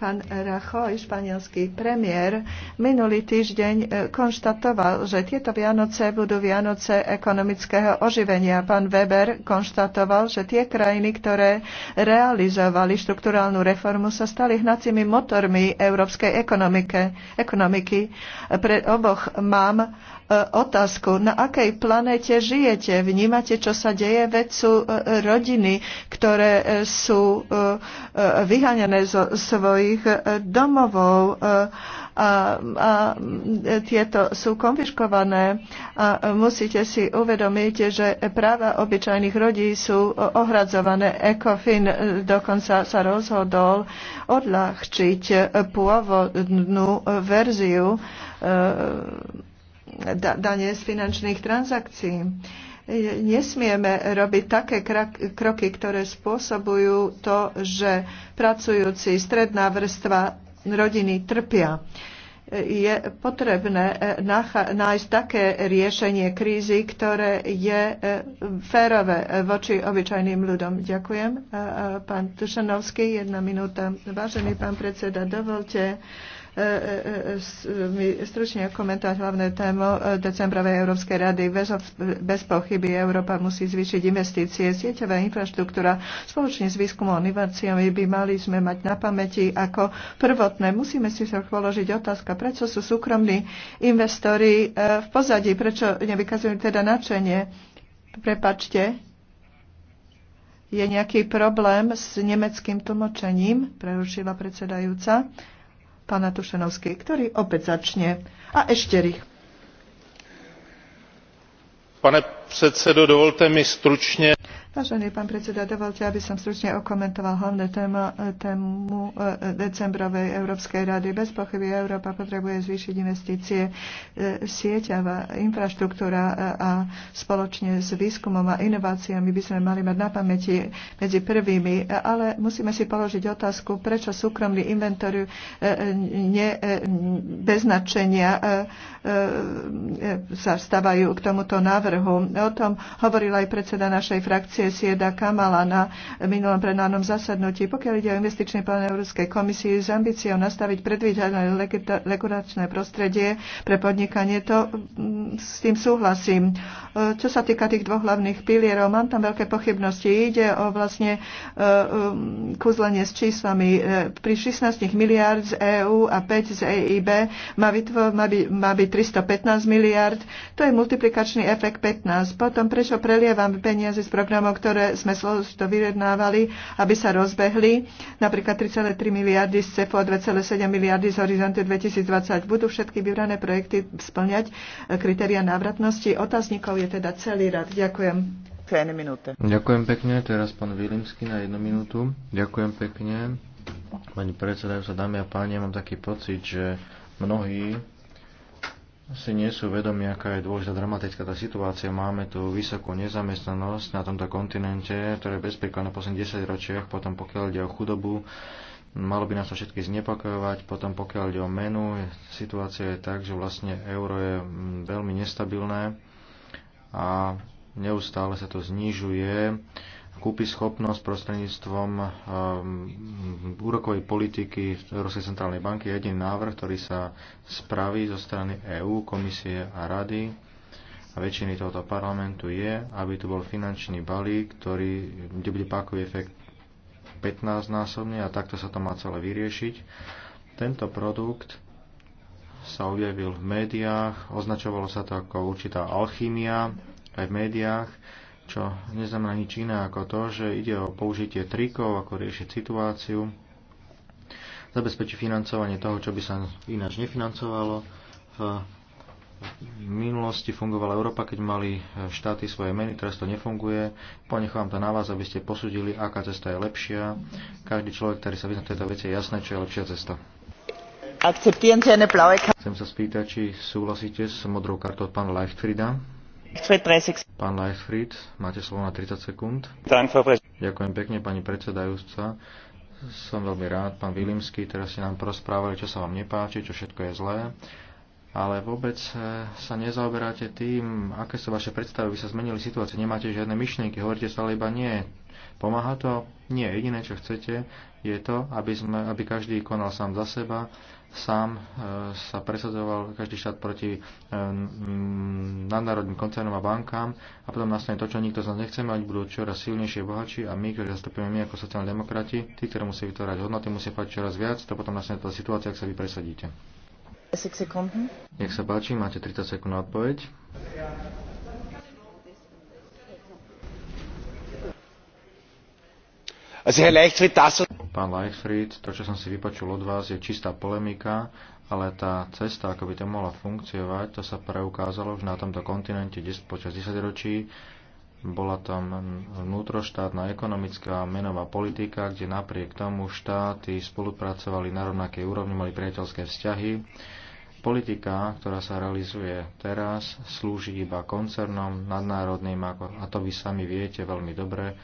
Speaker 5: Pán Rachoj, španielský premiér, minulý týždeň e, konštatoval, že tieto Vianoce budú Vianoce ekonomického oživenia. Pán Weber konštatoval, že tie krajiny, ktoré realizovali štruktúrálnu reformu, sa stali hnacími motormi európskej ekonomike, ekonomiky. Pre oboch mám E, otázku, na akej planete žijete, vnímate, čo sa deje, veď sú e, rodiny, ktoré e, sú vyháňané zo svojich domovov a, a tieto sú konfiškované a musíte si uvedomiť, že práva obyčajných rodí sú ohradzované. ECOFIN dokonca sa rozhodol odľahčiť pôvodnú verziu dane z finančných transakcií. Nesmieme robiť také kroky, ktoré spôsobujú to, že pracujúci stredná vrstva rodiny trpia je potrebné e, nájsť také riešenie krízy, ktoré je e, férové voči obyčajným ľuďom. Ďakujem. Pán Tušanovský, jedna minúta. Vážený pán predseda, dovolte mi stručne komentovať hlavné tému e, decembrovej Európskej rady. Bez pochyby Európa musí zvýšiť investície. Sieťová infraštruktúra spoločne s výskumom a inováciami by mali sme mať na pamäti ako prvotné. Musíme si sa položiť otázka, prečo sú súkromní investori e, v pozadí, prečo nevykazujú teda načenie. Prepačte, je nejaký problém s nemeckým tlmočením, prerušila predsedajúca pána Tušenovský, ktorý opäť začne. A ešte rých.
Speaker 1: Pane predsedo, dovolte mi stručne
Speaker 5: Vážený pán predseda, dovolte, aby som stručne okomentoval hlavné e, tému, tému e, decembrovej Európskej rady. Bez pochyby Európa potrebuje zvýšiť investície e, sieťava, infraštruktúra a spoločne s výskumom a inováciami by sme mali mať na pamäti medzi prvými, ale musíme si položiť otázku, prečo súkromný inventór ne, bez značenia sa stávajú k tomuto návrhu. O tom hovoril aj predseda našej frakcie komisie Sieda Kamala na minulom plenárnom zasadnutí. Pokiaľ ide o investičný plán Európskej komisie s ambíciou nastaviť predvídané regulačné prostredie pre podnikanie, to mm, s tým súhlasím. E, čo sa týka tých dvoch hlavných pilierov, mám tam veľké pochybnosti. Ide o vlastne e, e, kúzlenie s číslami. Pri 16 miliárd z EÚ a 5 z EIB má, vytvo, má, by, má byť 315 miliárd. To je multiplikačný efekt 15. Potom prečo prelievame peniaze z programov ktoré sme to vyjednávali, aby sa rozbehli. Napríklad 3,3 miliardy z CEFO, 2,7 miliardy z Horizontu 2020. Budú všetky vybrané projekty splňať eh, kritéria návratnosti. Otáznikov je teda celý rad. Ďakujem. Ďakujem
Speaker 1: pekne. Teraz pán Vilimsky na jednu minútu. Ďakujem pekne. Pani predsedajúca, dámy a páni, ja mám taký pocit, že mnohí si nie sú vedomi, aká je dôležitá dramatická tá situácia. Máme tu vysokú nezamestnanosť na tomto kontinente, ktorá je bezpeká na posledných 10 ročiach, potom pokiaľ ide o chudobu, malo by nás to všetky znepokojovať, potom pokiaľ ide o menu, situácia je tak, že vlastne euro je mm, veľmi nestabilné a neustále sa to znižuje kúpi schopnosť prostredníctvom ehm, úrokovej politiky Európskej centrálnej banky. Jediný návrh, ktorý sa spraví zo strany EÚ, komisie a rady a väčšiny tohoto parlamentu je, aby tu bol finančný balík, ktorý, kde bude pákový efekt 15-násobný a takto sa to má celé vyriešiť. Tento produkt sa objavil v médiách, označovalo sa to ako určitá alchymia aj v médiách čo neznamená nič iné ako to, že ide o použitie trikov, ako riešiť situáciu, zabezpečiť financovanie toho, čo by sa ináč nefinancovalo. V minulosti fungovala Európa, keď mali štáty svoje meny, teraz to nefunguje. Ponechám to na vás, aby ste posudili, aká cesta je lepšia. Každý človek, ktorý sa vyzná v tejto veci, je jasné, čo je lepšia cesta. Chcem sa spýtať, či súhlasíte s modrou kartou od pána Leichtfrieda. Pán Leichfried, máte slovo na 30 sekúnd. Ďakujem pekne, pani predsedajúca. Som veľmi rád, pán Vilimský, teraz ste nám prosprávali, čo sa vám nepáči, čo všetko je zlé ale vôbec sa nezaoberáte tým, aké sú vaše predstavy, by sa zmenili situácie, nemáte žiadne myšlienky, hovoríte stále iba nie. Pomáha to? Nie. Jediné, čo chcete, je to, aby, sme, aby každý konal sám za seba, sám e, sa presadzoval každý štát proti e, nadnárodným koncernom a bankám a potom nastane to, čo nikto z nás nechceme, mať, budú čoraz silnejšie, bohatší a my, ktorí zastupujeme my ako sociálni demokrati, tí, ktorí musia vytvárať hodnoty, musia fať čoraz viac, to potom nastane tá situácia, ak sa vy presadíte. Nech sa páči, máte 30 sekúnd na odpoveď.
Speaker 3: Pán
Speaker 1: Leichfried, to, čo som si vypočul od vás, je čistá polemika, ale tá cesta, ako by to mohla funkciovať, to sa preukázalo už na tomto kontinente počas 10 ročí. Bola tam vnútroštátna ekonomická menová politika, kde napriek tomu štáty spolupracovali na rovnakej úrovni, mali priateľské vzťahy. Politika, ktorá sa realizuje teraz, slúži iba koncernom nadnárodným, a to vy sami viete veľmi dobre,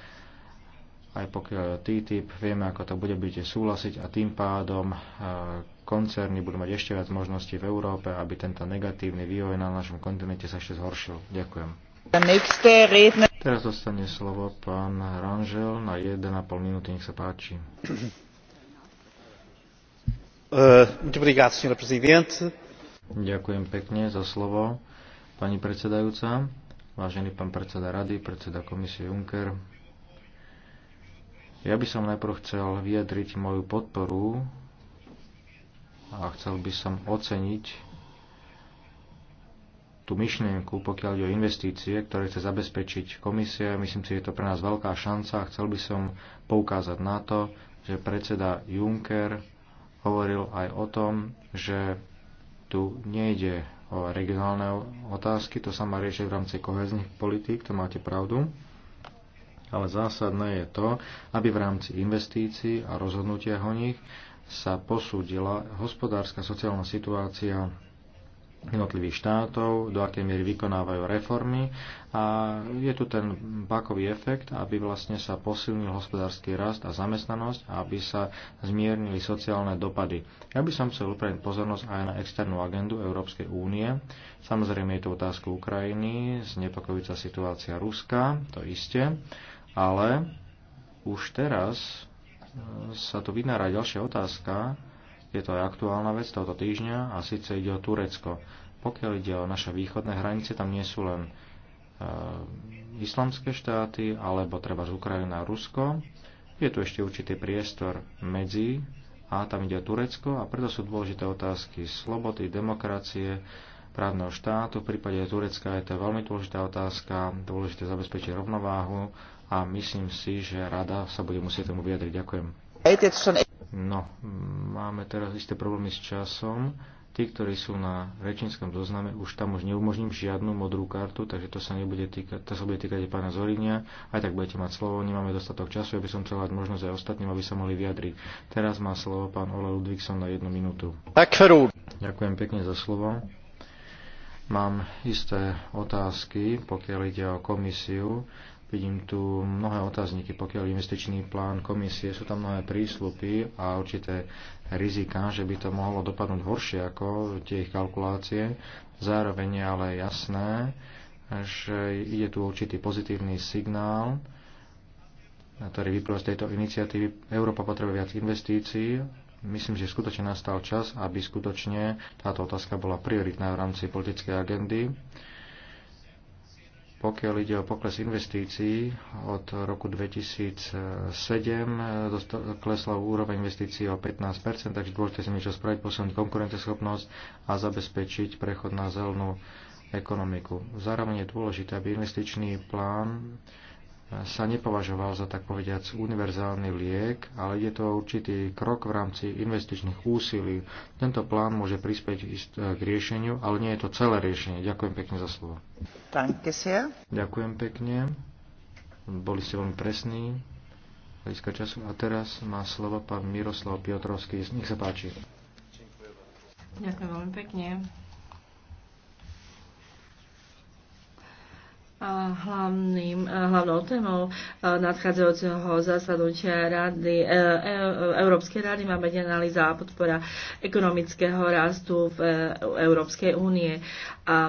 Speaker 1: aj pokiaľ je TTIP, vieme, ako to bude budete súhlasiť a tým pádom e, koncerny budú mať ešte viac možností v Európe, aby tento negatívny vývoj na našom kontinente sa ešte zhoršil. Ďakujem. Teraz dostane slovo pán Ranžel na 1,5 minúty, nech sa páči. E, Ďakujem pekne za slovo, pani predsedajúca, vážený pán predseda rady, predseda komisie Juncker, ja by som najprv chcel vyjadriť moju podporu a chcel by som oceniť tú myšlienku, pokiaľ ide o investície, ktoré chce zabezpečiť komisia. Myslím si, že je to pre nás veľká šanca a chcel by som poukázať na to, že predseda Juncker hovoril aj o tom, že tu nejde o regionálne otázky, to sa má riešiť v rámci kohezných politík, to máte pravdu ale zásadné je to, aby v rámci investícií a rozhodnutia o nich sa posúdila hospodárska sociálna situácia jednotlivých štátov, do akej miery vykonávajú reformy a je tu ten pakový efekt, aby vlastne sa posilnil hospodársky rast a zamestnanosť a aby sa zmiernili sociálne dopady. Ja by som chcel upraviť pozornosť aj na externú agendu Európskej únie. Samozrejme je to otázka Ukrajiny, znepokojúca situácia Ruska, to isté. Ale už teraz eh, sa tu vynára ďalšia otázka, je to aj aktuálna vec tohoto týždňa a síce ide o Turecko. Pokiaľ ide o naše východné hranice, tam nie sú len e, islamské štáty alebo treba z Ukrajina a Rusko. Je tu ešte určitý priestor medzi a tam ide o Turecko a preto sú dôležité otázky slobody, demokracie, právneho štátu. V prípade Turecka je to veľmi dôležitá otázka, dôležité zabezpečiť rovnováhu a myslím si, že rada sa bude musieť tomu vyjadriť. Ďakujem. No, máme teraz isté problémy s časom. Tí, ktorí sú na rečníckom zozname, už tam už neumožním žiadnu modrú kartu, takže to sa, nebude týkať, to sa bude týkať aj pána Zorinia. Aj tak budete mať slovo, nemáme dostatok času, aby som chcel dať možnosť aj ostatným, aby sa mohli vyjadriť. Teraz má slovo pán Ole Ludvíkson na jednu minútu. Ďakujem pekne za slovo. Mám isté otázky, pokiaľ ide o komisiu Vidím tu mnohé otázniky, pokiaľ investičný plán komisie, sú tam mnohé prísľupy a určité rizika, že by to mohlo dopadnúť horšie ako tie ich kalkulácie. Zároveň je ale jasné, že ide tu určitý pozitívny signál, ktorý vyplýva z tejto iniciatívy. Európa potrebuje viac investícií. Myslím, že skutočne nastal čas, aby skutočne táto otázka bola prioritná v rámci politickej agendy. Pokiaľ ide o pokles investícií, od roku 2007 e, klesla úroveň investícií o 15 takže dôležité si niečo spraviť, posunúť konkurenteschopnosť a zabezpečiť prechod na zelenú ekonomiku. Zároveň je dôležité, aby investičný plán sa nepovažoval za tak povediac univerzálny liek, ale je to určitý krok v rámci investičných úsilí. Tento plán môže prispieť k riešeniu, ale nie je to celé riešenie. Ďakujem pekne za slovo. Ďakujem pekne. Boli ste veľmi presní hľadiska času. A teraz má slovo pán Miroslav Piotrovský. Nech sa páči.
Speaker 2: Ďakujem veľmi pekne. Hlavným, hlavnou témou nadchádzajúceho zasadnutia rady, e, e, Európskej rady má byť analýza a podpora ekonomického rastu v e, Európskej únie a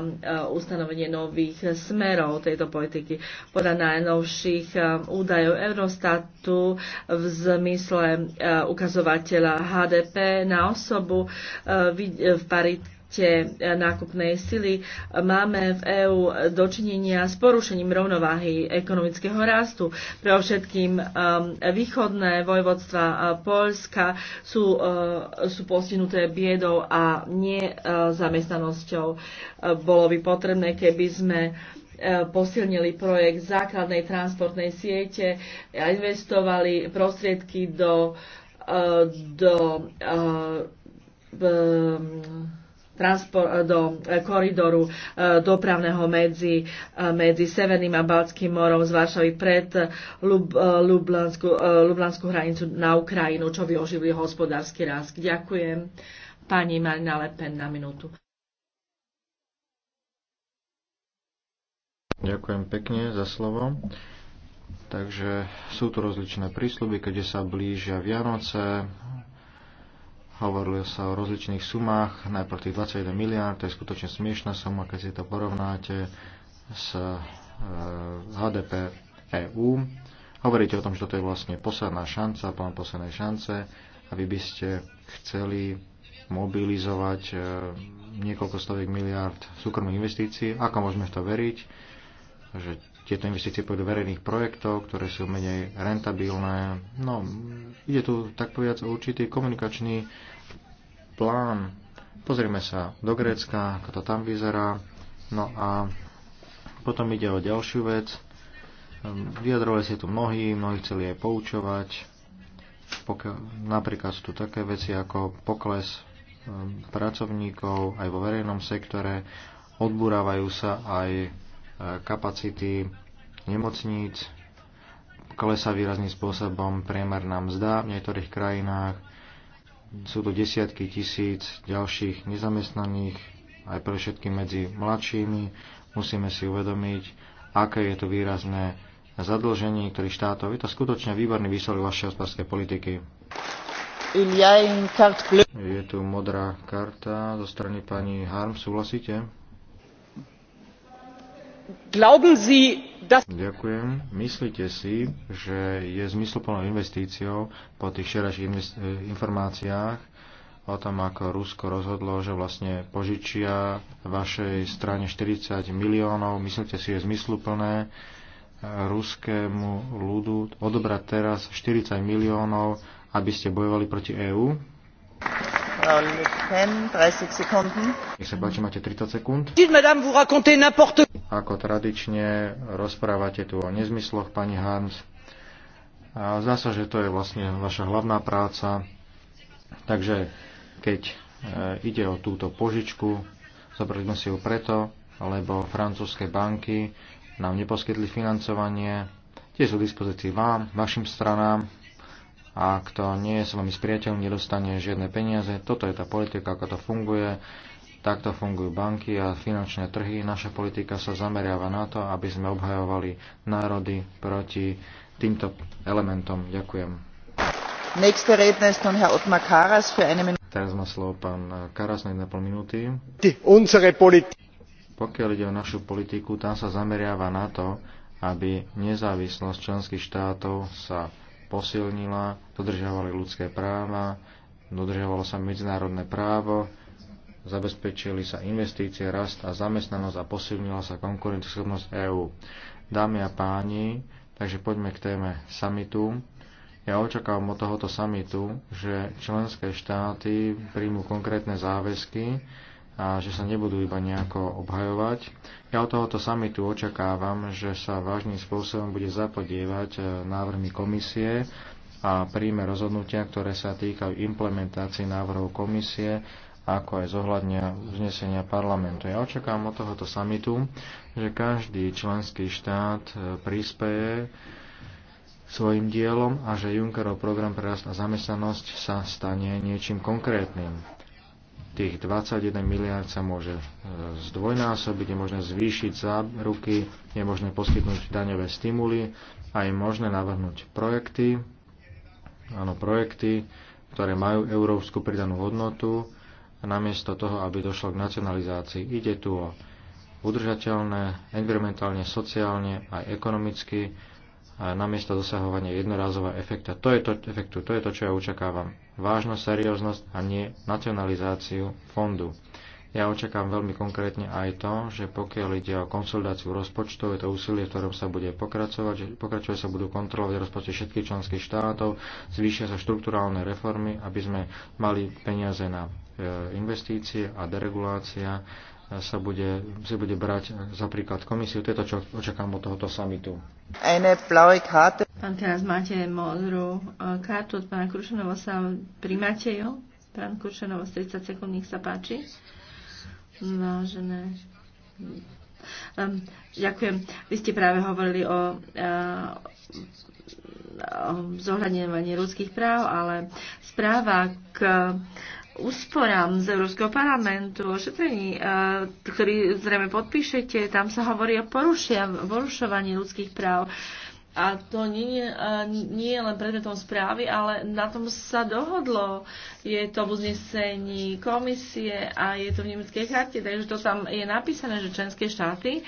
Speaker 2: ustanovenie nových smerov tejto politiky. Podľa najnovších údajov Eurostatu v zmysle ukazovateľa HDP na osobu v parit tie e, nákupnej sily máme v EÚ dočinenia s porušením rovnováhy ekonomického rastu. Pre všetkým e, východné vojvodstva e, Polska sú, sú postihnuté biedou a nezamestnanosťou. Bolo by potrebné, keby sme posilnili projekt základnej transportnej siete a investovali prostriedky do, do, do Eh, do eh, koridoru eh, dopravného medzi, medzi Severným a Baltským morom z Varšavy pred Lublanskú, hranicu na Ukrajinu, čo by oživili hospodársky rast. Ďakujem pani Marina Lepen na minútu.
Speaker 1: Ďakujem pekne za slovo. Takže sú tu rozličné prísľuby, keďže sa blížia Vianoce, Hovoruje sa o rozličných sumách, najprv tých 21 miliárd, to je skutočne smiešná suma, keď si to porovnáte s e, HDP EÚ. Hovoríte o tom, že toto je vlastne posledná šanca, plán poslednej šance aby by ste chceli mobilizovať e, niekoľko stoviek miliárd súkromných investícií. Ako môžeme v to veriť? Že tieto investície pôjdu verejných projektov, ktoré sú menej rentabilné. No, ide tu tak povedať o určitý komunikačný plán. Pozrieme sa do Grécka, ako to tam vyzerá. No a potom ide o ďalšiu vec. Ehm, vyjadrovali si tu mnohí, mnohí chceli aj poučovať. napríklad sú tu také veci ako pokles ehm, pracovníkov aj vo verejnom sektore, odburávajú sa aj e, kapacity nemocníc, klesá výrazným spôsobom priemerná mzda v niektorých krajinách, sú tu desiatky tisíc ďalších nezamestnaných, aj pre všetky medzi mladšími. Musíme si uvedomiť, aké je tu výrazné zadlženie niektorých štátov. Je to skutočne výborný výsledok vašej hospodárskej politiky. Je tu modrá karta zo strany pani Harm. Súhlasíte?
Speaker 4: Glauben Sie, dass...
Speaker 1: Ďakujem. Myslíte si, že je zmysluplnou investíciou po tých včerajších e, informáciách o tom, ako Rusko rozhodlo, že vlastne požičia vašej strane 40 miliónov. Myslíte si, že je zmysluplné e, ruskému ľudu odobrať teraz 40 miliónov, aby ste bojovali proti EÚ? páči, máte 30 sekúnd. Ako tradične rozprávate tu o nezmysloch, pani Harms. A zdá sa, že to je vlastne vaša hlavná práca. Takže keď e, ide o túto požičku, zobrali sme si ju preto, lebo francúzske banky nám neposkytli financovanie. Tie sú dispozícii vám, vašim stranám, a kto nie je s vami spriateľ, nedostane žiadne peniaze. Toto je tá politika, ako to funguje. Takto fungujú banky a finančné trhy. Naša politika sa zameriava na to, aby sme obhajovali národy proti týmto elementom. Ďakujem. Teraz má slovo pán Karas na 1,5 minúty. Pokiaľ ide o našu politiku, tam sa zameriava na to, aby nezávislosť členských štátov sa posilnila, dodržiavali ľudské práva, dodržiavalo sa medzinárodné právo, zabezpečili sa investície, rast a zamestnanosť a posilnila sa konkurenceschopnosť EÚ. Dámy a páni, takže poďme k téme samitu. Ja očakávam od tohoto samitu, že členské štáty príjmú konkrétne záväzky, a že sa nebudú iba nejako obhajovať. Ja od tohoto samitu očakávam, že sa vážnym spôsobom bude zapodievať e, návrhmi komisie a príjme rozhodnutia, ktoré sa týkajú implementácie návrhov komisie, ako aj zohľadňa vznesenia parlamentu. Ja očakávam od tohoto samitu, že každý členský štát e, prispieje svojim dielom a že Junckerov program pre rast a zamestnanosť sa stane niečím konkrétnym. Tých 21 miliard sa môže e, zdvojnásobiť, je možné zvýšiť záruky, je možné poskytnúť daňové stimuly a je možné navrhnúť projekty, áno, projekty, ktoré majú európsku pridanú hodnotu, namiesto toho, aby došlo k nacionalizácii. Ide tu o udržateľné, environmentálne, sociálne aj ekonomicky namiesto dosahovania jednorázového efekta. To je to, efektu, to je to, čo ja očakávam. Vážnosť, serióznosť a nie nacionalizáciu fondu. Ja očakám veľmi konkrétne aj to, že pokiaľ ide o konsolidáciu rozpočtov, je to úsilie, v ktorom sa bude pokračovať, že pokračovať sa budú kontrolovať rozpočty všetkých členských štátov, zvýšia sa štruktúrálne reformy, aby sme mali peniaze na e, investície a deregulácia sa bude, si bude brať za príklad komisiu. To je to, čo očakám od tohoto samitu.
Speaker 2: Pán, teraz máte modrú e, kartu od pána Krušenova. Sa primáte ju? Pán Krušenova, 30 sekúnd, nech sa páči. Vážené Um, ďakujem. Vy ste práve hovorili o, uh, o zohľadňovaní ľudských práv, ale správa k uh, úsporám z Európskeho parlamentu, o šetrení, eh, ktorý zrejme podpíšete, tam sa hovorí o porušovaní ľudských práv. A to nie, eh, nie je len predmetom správy, ale na tom sa dohodlo. Je to v uznesení komisie a je to v nemeckej charte, takže to tam je napísané, že členské štáty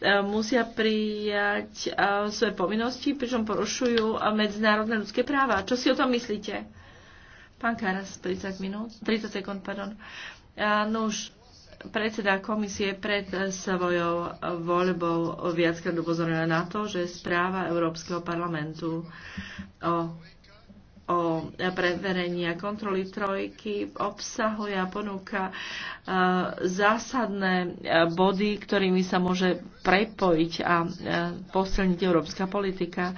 Speaker 2: eh, musia prijať svoje povinnosti, pričom porušujú medzinárodné ľudské práva. Čo si o tom myslíte? Pán Karas, 30 minút, 30 sekúnd, pardon. No už predseda komisie pred svojou voľbou viackrát upozorňuje na to, že správa Európskeho parlamentu o o preverení a kontroly trojky obsahuje a ponúka zásadné body, ktorými sa môže prepojiť a posilniť európska politika.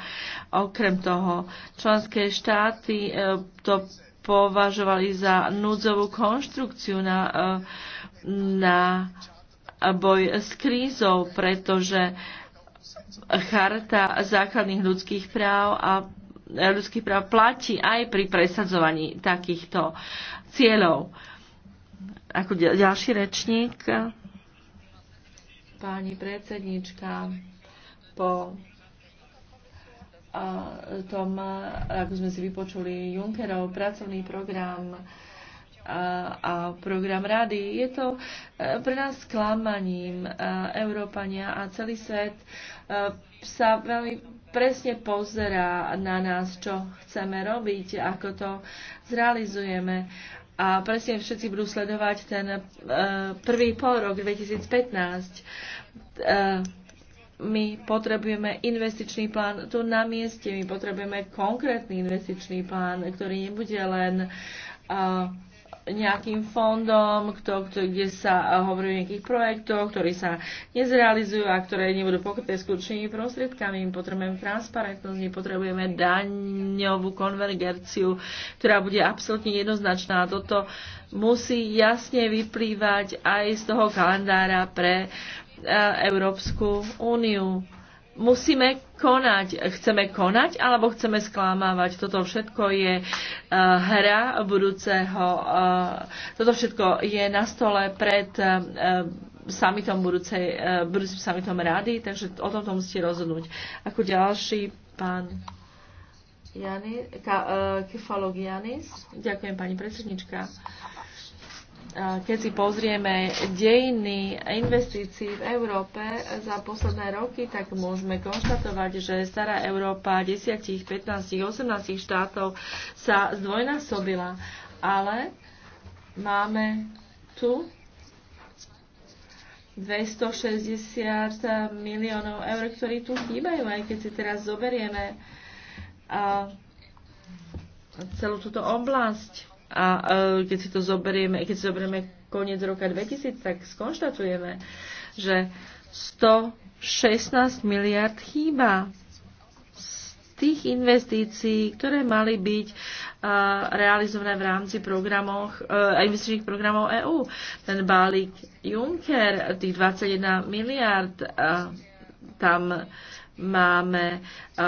Speaker 2: Okrem toho, členské štáty e, to považovali za núdzovú konštrukciu na, eh, na boj s krízou, pretože charta základných ľudských práv a ľudských práv platí aj pri presadzovaní takýchto cieľov. Ako ďalší rečník, pani predsednička, po tom, ako sme si vypočuli Junckerov pracovný program a, a program rady. Je to e, pre nás sklamaním. E, Európania a celý svet e, sa veľmi presne pozerá na nás, čo chceme robiť, ako to zrealizujeme. A presne všetci budú sledovať ten prvý pol rok 2015 my potrebujeme investičný plán tu na mieste, my potrebujeme konkrétny investičný plán, ktorý nebude len uh, nejakým fondom, kto, kto, kde sa hovorí o nejakých projektoch, ktorí sa nezrealizujú a ktoré nebudú pokryté skutočnými prostriedkami. My potrebujeme transparentnosť, my potrebujeme daňovú konvergenciu, ktorá bude absolútne jednoznačná. Toto musí jasne vyplývať aj z toho kalendára pre uh, E, Európsku úniu. Musíme konať. Chceme konať alebo chceme sklamávať? Toto všetko je e, hra budúceho. E, toto všetko je na stole pred summitom budúcej, budúcim summitom rady, takže o tomto musíte rozhodnúť. Ako ďalší pán Janis, ka, Kefalogianis. Ďakujem pani predsednička keď si pozrieme dejiny investícií v Európe za posledné roky, tak môžeme konštatovať, že stará Európa 10, 15, 18 štátov sa zdvojnásobila. Ale máme tu 260 miliónov eur, ktorí tu chýbajú, aj keď si teraz zoberieme celú túto oblasť a e, keď si to zoberieme, keď si zoberieme koniec roka 2000, tak skonštatujeme, že 116 miliard chýba tých investícií, ktoré mali byť uh, realizované v rámci programoch, uh, investičných programov EÚ. Ten balík Juncker, tých 21 miliard, uh, tam máme eh,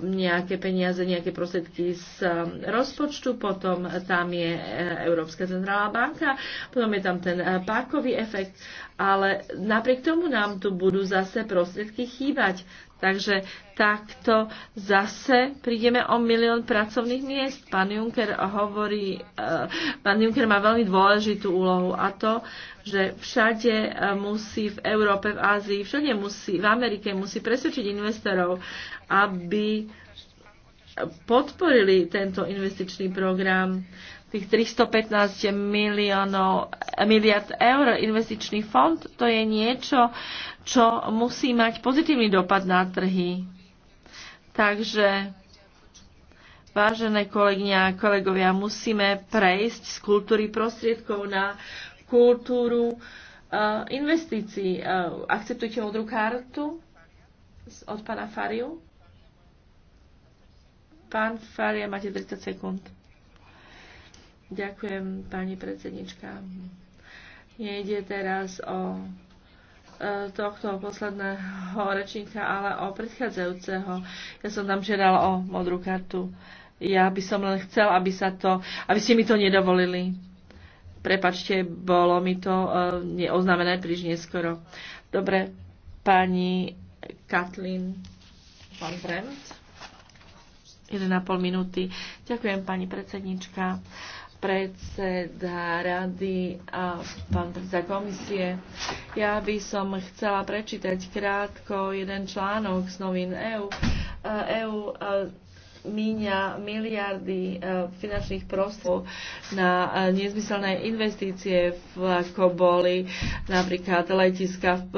Speaker 2: nejaké peniaze, nejaké prostriedky z eh, rozpočtu, potom tam je eh, Európska centrálna banka, potom je tam ten pákový efekt, ale napriek tomu nám tu budú zase prostriedky chýbať. Takže takto zase prídeme o milión pracovných miest. Pán Juncker hovorí, eh, pán Juncker má veľmi dôležitú úlohu a to, že všade eh, musí v Európe, v Ázii, všade musí, v Amerike musí presvedčiť investorov, aby podporili tento investičný program tých 315 miliónov, eh, miliard eur investičný fond, to je niečo, čo musí mať pozitívny dopad na trhy. Takže, vážené kolegyne a kolegovia, musíme prejsť z kultúry prostriedkov na kultúru uh, investícií. Uh, akceptujte modrú kartu od pána Fariu. Pán Faria, máte 30 sekúnd. Ďakujem, pani predsednička. Nejde teraz o tohto posledného rečníka, ale o predchádzajúceho. Ja som tam žiadala o modrú kartu. Ja by som len chcel, aby, sa to, aby ste mi to nedovolili. Prepačte, bolo mi to e, neoznamené príliš neskoro. Dobre, pani Katlin van Brent. 1,5 minúty. Ďakujem, pani predsednička. Uh, predseda rady a pán predseda komisie. Ja by som chcela prečítať krátko jeden článok z novín EU. EU e, míňa miliardy e, finančných prostov na e, nezmyselné investície, ako boli napríklad letiska v,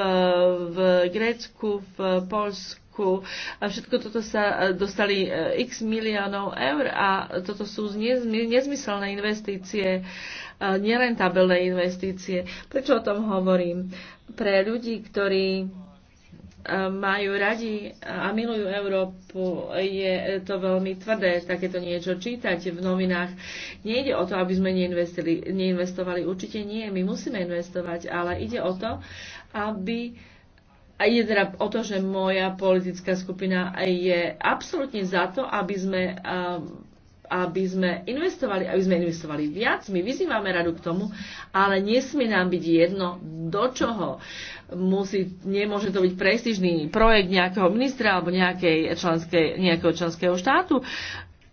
Speaker 2: v Grécku, v Polsku, Turecku a všetko toto sa e, dostali e, x miliónov eur a toto sú nezmyselné investície, e, nerentabilné investície. Prečo o tom hovorím? Pre ľudí, ktorí majú radi a milujú Európu, je to veľmi tvrdé takéto niečo čítať v novinách. Nejde o to, aby sme neinvestovali. Určite nie, my musíme investovať, ale ide o to, aby a ide teda o to, že moja politická skupina je absolútne za to, aby sme, eh, aby sme investovali, aby sme investovali viac. My vyzývame radu k tomu, ale nesmie nám byť jedno, do čoho. Musí, nemôže to byť prestižný projekt nejakého ministra alebo nejakej členskej, nejakého členského štátu.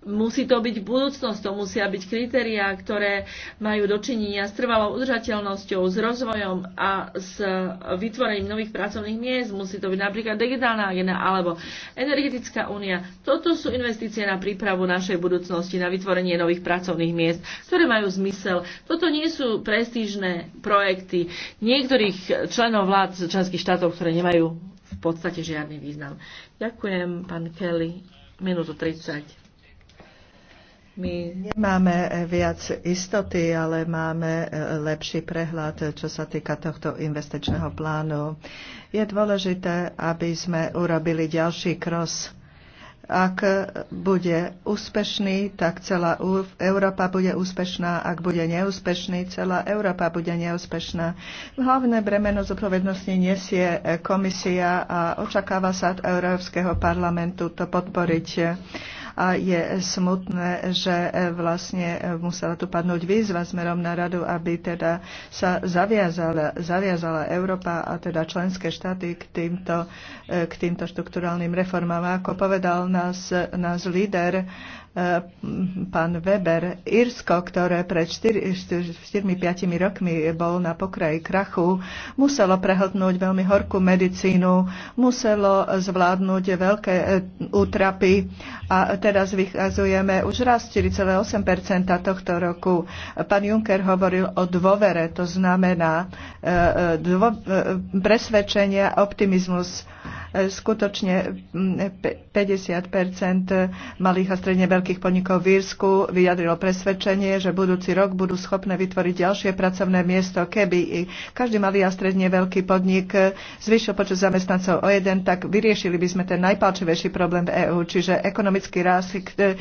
Speaker 2: Musí to byť budúcnosť, to musia byť kritériá, ktoré majú dočinenia s trvalou udržateľnosťou, s rozvojom a s vytvorením nových pracovných miest. Musí to byť napríklad digitálna agenda alebo energetická únia. Toto sú investície na prípravu našej budúcnosti, na vytvorenie nových pracovných miest, ktoré majú zmysel. Toto nie sú prestížne projekty niektorých členov vlád členských štátov, ktoré nemajú v podstate žiadny význam. Ďakujem, pán Kelly. Minútu 30. My
Speaker 5: nemáme eh, viac istoty, ale máme eh, lepší prehľad, eh, čo sa týka tohto investičného plánu. Je dôležité, aby sme urobili ďalší kros. Ak bude úspešný, tak celá Európa bude úspešná. Ak bude neúspešný, celá Európa bude neúspešná. Hlavné bremeno zodpovednosti nesie komisia a očakáva sa od Európskeho parlamentu to podporiť a je smutné, že e, vlastne e, musela tu padnúť výzva smerom na radu, aby teda sa zaviazala, zaviazala Európa a teda členské štáty k týmto, e, k týmto štruktúrálnym reformám. ako povedal nás, nás líder, pán Weber, Irsko, ktoré pred 4-5 rokmi bol na pokraji krachu, muselo prehltnúť veľmi horkú medicínu, muselo zvládnuť veľké útrapy a teraz vykazujeme už raz 4,8 tohto roku. Pán Juncker hovoril o dôvere, to znamená e, e, dvo, e, presvedčenie a optimizmus skutočne 50 malých a stredne veľkých podnikov v Írsku vyjadrilo presvedčenie, že budúci rok budú schopné vytvoriť ďalšie pracovné miesto, keby i každý malý a stredne veľký podnik zvyšil počet zamestnancov o jeden, tak vyriešili by sme ten najpalčivejší problém v EÚ, čiže ekonomický ekonomický rásy, e,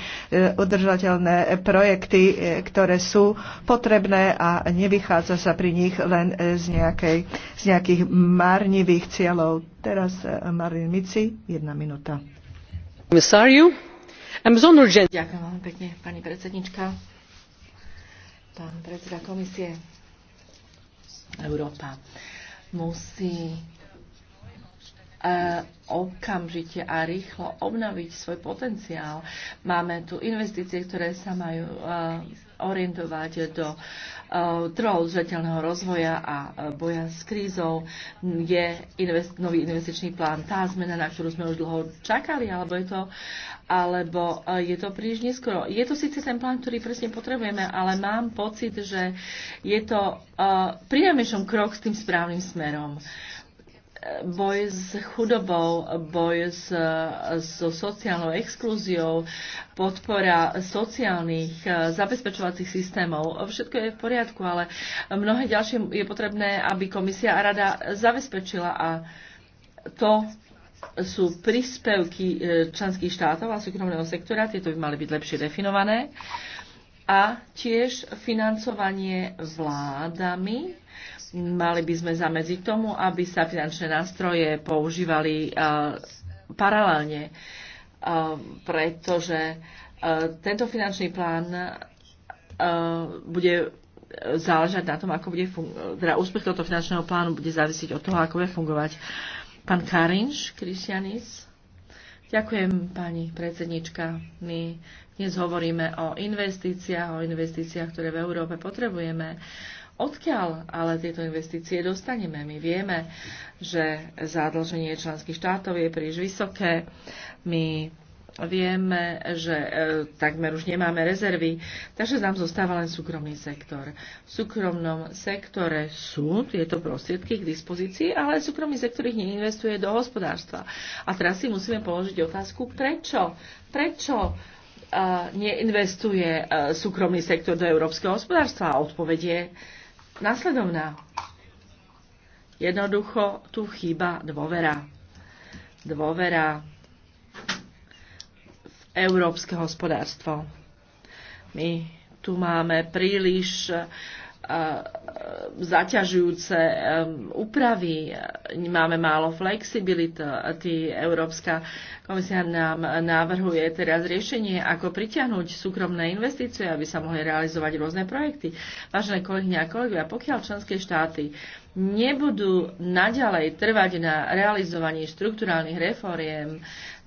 Speaker 5: udržateľné projekty, e, ktoré sú potrebné a nevychádza sa pri nich len e, z, nejakej, z nejakých marnivých cieľov. Teraz Marin Mici,
Speaker 2: jedna minúta. Ďakujem vám pekne, pani predsednička, pán predseda komisie. Európa musí uh, okamžite a rýchlo obnoviť svoj potenciál. Máme tu investície, ktoré sa majú e, orientovať do e, trvalo udržateľného rozvoja a e, boja s krízou. Je invest, nový investičný plán tá zmena, na ktorú sme už dlho čakali, alebo je to, alebo je to príliš neskoro. Je to síce ten plán, ktorý presne potrebujeme, ale mám pocit, že je to uh, pri krok s tým správnym smerom. Uh, boj s chudobou, boj s, so sociálnou exklúziou, podpora sociálnych eh, zabezpečovacích systémov. Všetko je v poriadku, ale mnohé ďalšie je potrebné, aby komisia a rada zabezpečila a to sú príspevky eh, členských štátov a súkromného sektora, tieto by mali byť lepšie definované a tiež financovanie vládami Mali by sme zamedziť tomu, aby sa finančné nástroje používali eh, paralelne, eh, pretože eh, tento finančný plán bude záležať na tom, ako bude teda úspech tohto finančného plánu bude závisiť od toho, ako bude fungovať pán Karinš, Kristianis. Ďakujem, pani predsednička. My dnes hovoríme o investíciách, o investíciách, ktoré v Európe potrebujeme. Uh, odkiaľ ale tieto investície dostaneme. My vieme, že zadlženie členských štátov je príliš vysoké. My vieme, že e, takmer už nemáme rezervy, takže nám zostáva len súkromný sektor. V súkromnom sektore sú tieto prostriedky k dispozícii, ale súkromný sektor ich neinvestuje do hospodárstva. A teraz si musíme položiť otázku, prečo? Prečo e, neinvestuje e, súkromný sektor do európskeho hospodárstva? A odpovedie je nasledovná. Jednoducho tu chýba dôvera. Dôvera v európske hospodárstvo. My tu máme príliš Eh, zaťažujúce eh, úpravy, máme málo flexibility. Európska komisia nám návrhuje teraz riešenie, ako priťahnuť súkromné investície, aby sa mohli realizovať rôzne projekty. Vážené kolegyne a kolegovia, pokiaľ členské štáty nebudú naďalej trvať na realizovaní štruktúrálnych reforiem,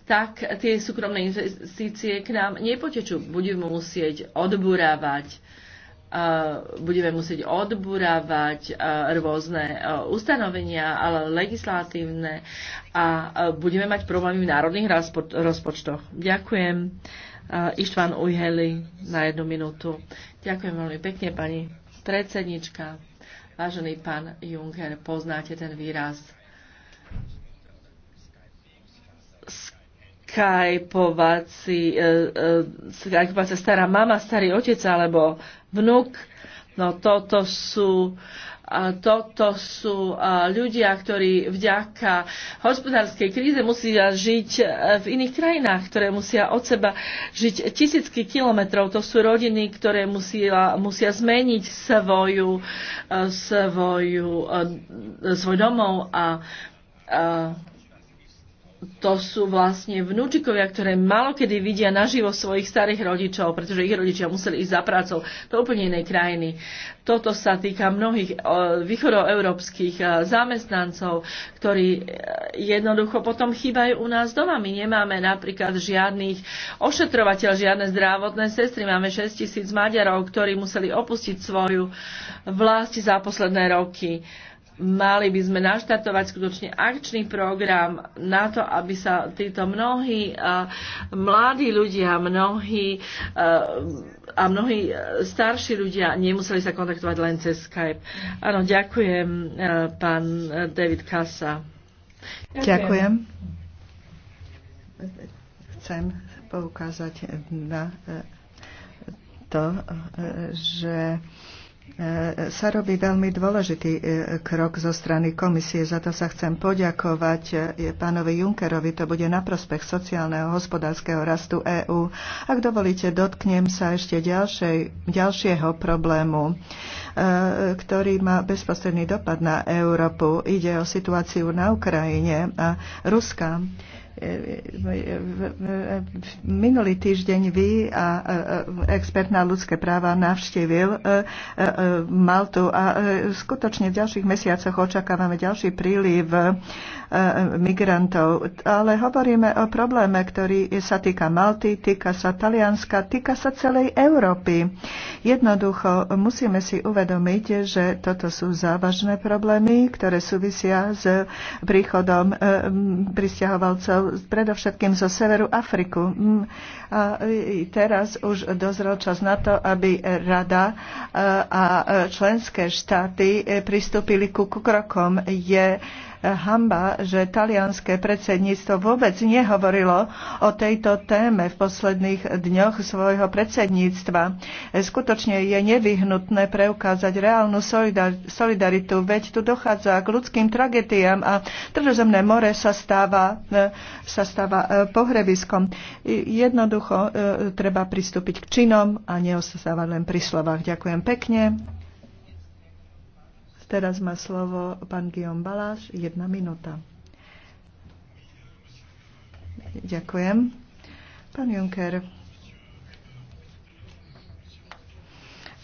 Speaker 2: tak tie súkromné investície k nám nepotečú. Budeme musieť odburávať Eh, budeme musieť odburávať eh, rôzne eh, ustanovenia, ale legislatívne a budeme mať problémy v národných rozpočtoch. Ďakujem. Ištván Ujheli na jednu minútu. Ďakujem veľmi pekne, pani predsednička. Vážený pán Juncker, poznáte ten výraz skypovací, skypovací stará mama, starý otec, alebo vnuk. No toto sú, toto sú ľudia, ktorí vďaka hospodárskej kríze musia žiť e, v iných krajinách, ktoré musia od seba žiť tisícky kilometrov. To sú rodiny, ktoré musia, musia zmeniť svoju, e, svoju, e, svoj domov a, a to sú vlastne vnúčikovia, ktoré malokedy vidia naživo svojich starých rodičov, pretože ich rodičia museli ísť za prácou do úplne inej krajiny. Toto sa týka mnohých e, východoeurópskych e, zamestnancov, ktorí e, jednoducho potom chýbajú u nás doma. My nemáme napríklad žiadnych ošetrovateľ, žiadne zdravotné sestry. Máme 6 tisíc Maďarov, ktorí museli opustiť svoju vlast za posledné roky. Uh, Mali by sme naštartovať skutočne akčný program na to, aby sa títo mnohí eh, mladí ľudia, mnohí eh, a mnohí eh, starší ľudia nemuseli sa kontaktovať len cez Skype. Áno, ďakujem, pán David Kasa. Ďakujem. ďakujem.
Speaker 5: Chcem poukázať na to, že E, e, sa robí veľmi dôležitý e, krok zo strany komisie. Za to sa chcem poďakovať pánovi Junckerovi. To bude na prospech sociálneho hospodárskeho rastu EÚ. Ak dovolíte, dotknem sa ešte ďalšej, ďalšieho problému, ktorý má bezprostredný dopad na Európu. Ide o situáciu na Ukrajine a Ruska minulý týždeň vy a expert na ľudské práva navštívil Maltu a skutočne v ďalších mesiacoch očakávame ďalší príliv migrantov. Ale hovoríme o probléme, ktorý sa týka Malty, týka sa Talianska, týka sa celej Európy. Jednoducho musíme si uvedomiť, že toto sú závažné problémy, ktoré súvisia s príchodom e, pristahovalcov predovšetkým zo severu Afriku. Mm, a teraz už dozrel čas na to, aby rada a členské štáty e, pristúpili ku krokom. Je hamba, že talianské predsedníctvo vôbec nehovorilo o tejto téme v posledných dňoch svojho predsedníctva. Skutočne je nevyhnutné preukázať reálnu solidaritu, veď tu dochádza k ľudským tragédiám a Stredozemné more sa stáva, e, sa stáva e, pohrebiskom. Jednoducho e, treba pristúpiť k činom a neostávať len pri slovách. Ďakujem pekne. Teraz má slovo pán Guillaume Baláš, jedna minúta. Ďakujem. Pán Juncker,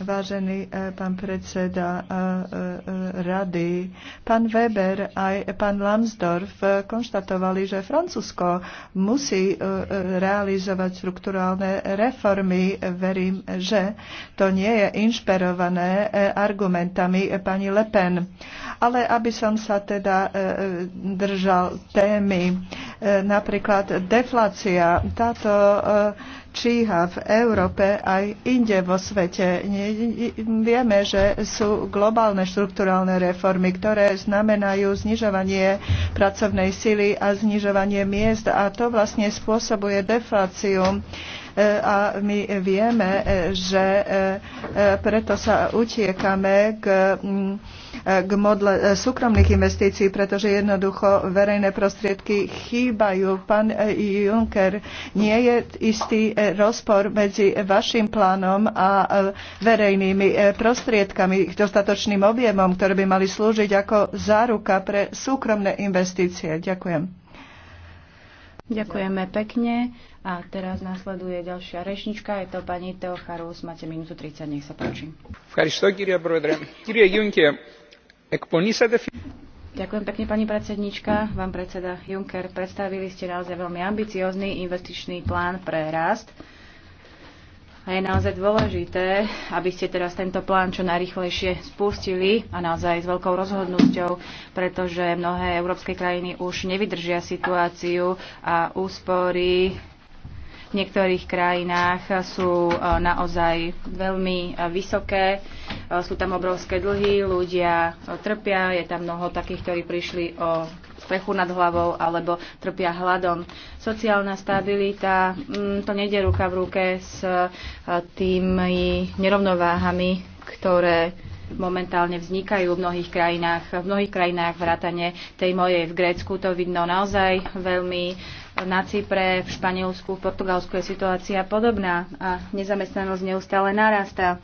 Speaker 5: vážený e, pán predseda e, e, rady. Pán Weber aj pán Lambsdorff konštatovali, že Francúzsko musí realizovať strukturálne reformy. Verím, že to nie je inšperované argumentami pani Le Pen. Ale aby som sa teda držal témy, napríklad deflácia. Táto číha v Európe aj inde vo svete. Vieme, že sú globálne štrukturálne reformy, ktoré znamenajú znižovanie pracovnej sily a znižovanie miest a to vlastne spôsobuje defláciu e, a my vieme, e, že e, preto sa utiekame k k modle e, súkromných investícií, pretože jednoducho verejné prostriedky chýbajú. Pán e, Juncker, nie je istý e, rozpor medzi vašim plánom a verejnými prostriedkami, dostatočným objemom, ktoré by mali slúžiť ako záruka pre súkromné investície. Ďakujem.
Speaker 7: Ďakujeme pekne. A teraz nasleduje ďalšia rečnička, je to pani Teocharus. Máte minútu 30, nech sa páči.
Speaker 3: Ďakujem
Speaker 7: pekne, pani predsednička. Vám predseda Juncker, predstavili ste naozaj veľmi ambiciózny investičný plán pre rast. A je naozaj dôležité, aby ste teraz tento plán čo najrychlejšie spustili a naozaj s veľkou rozhodnosťou, pretože mnohé európske krajiny už nevydržia situáciu a úspory v niektorých krajinách sú eh, naozaj veľmi eh, vysoké, eh, sú tam obrovské dlhy, ľudia trpia, je tam mnoho takých, ktorí prišli o strechu nad hlavou alebo trpia hladom. Sociálna stabilita, mm, to nejde ruka v ruke s tými nerovnováhami, ktoré momentálne vznikajú v mnohých krajinách, v mnohých krajinách vrátane tej mojej v Grécku. To vidno naozaj veľmi na Cypre, v Španielsku, v Portugalsku je situácia podobná a nezamestnanosť neustále narastá.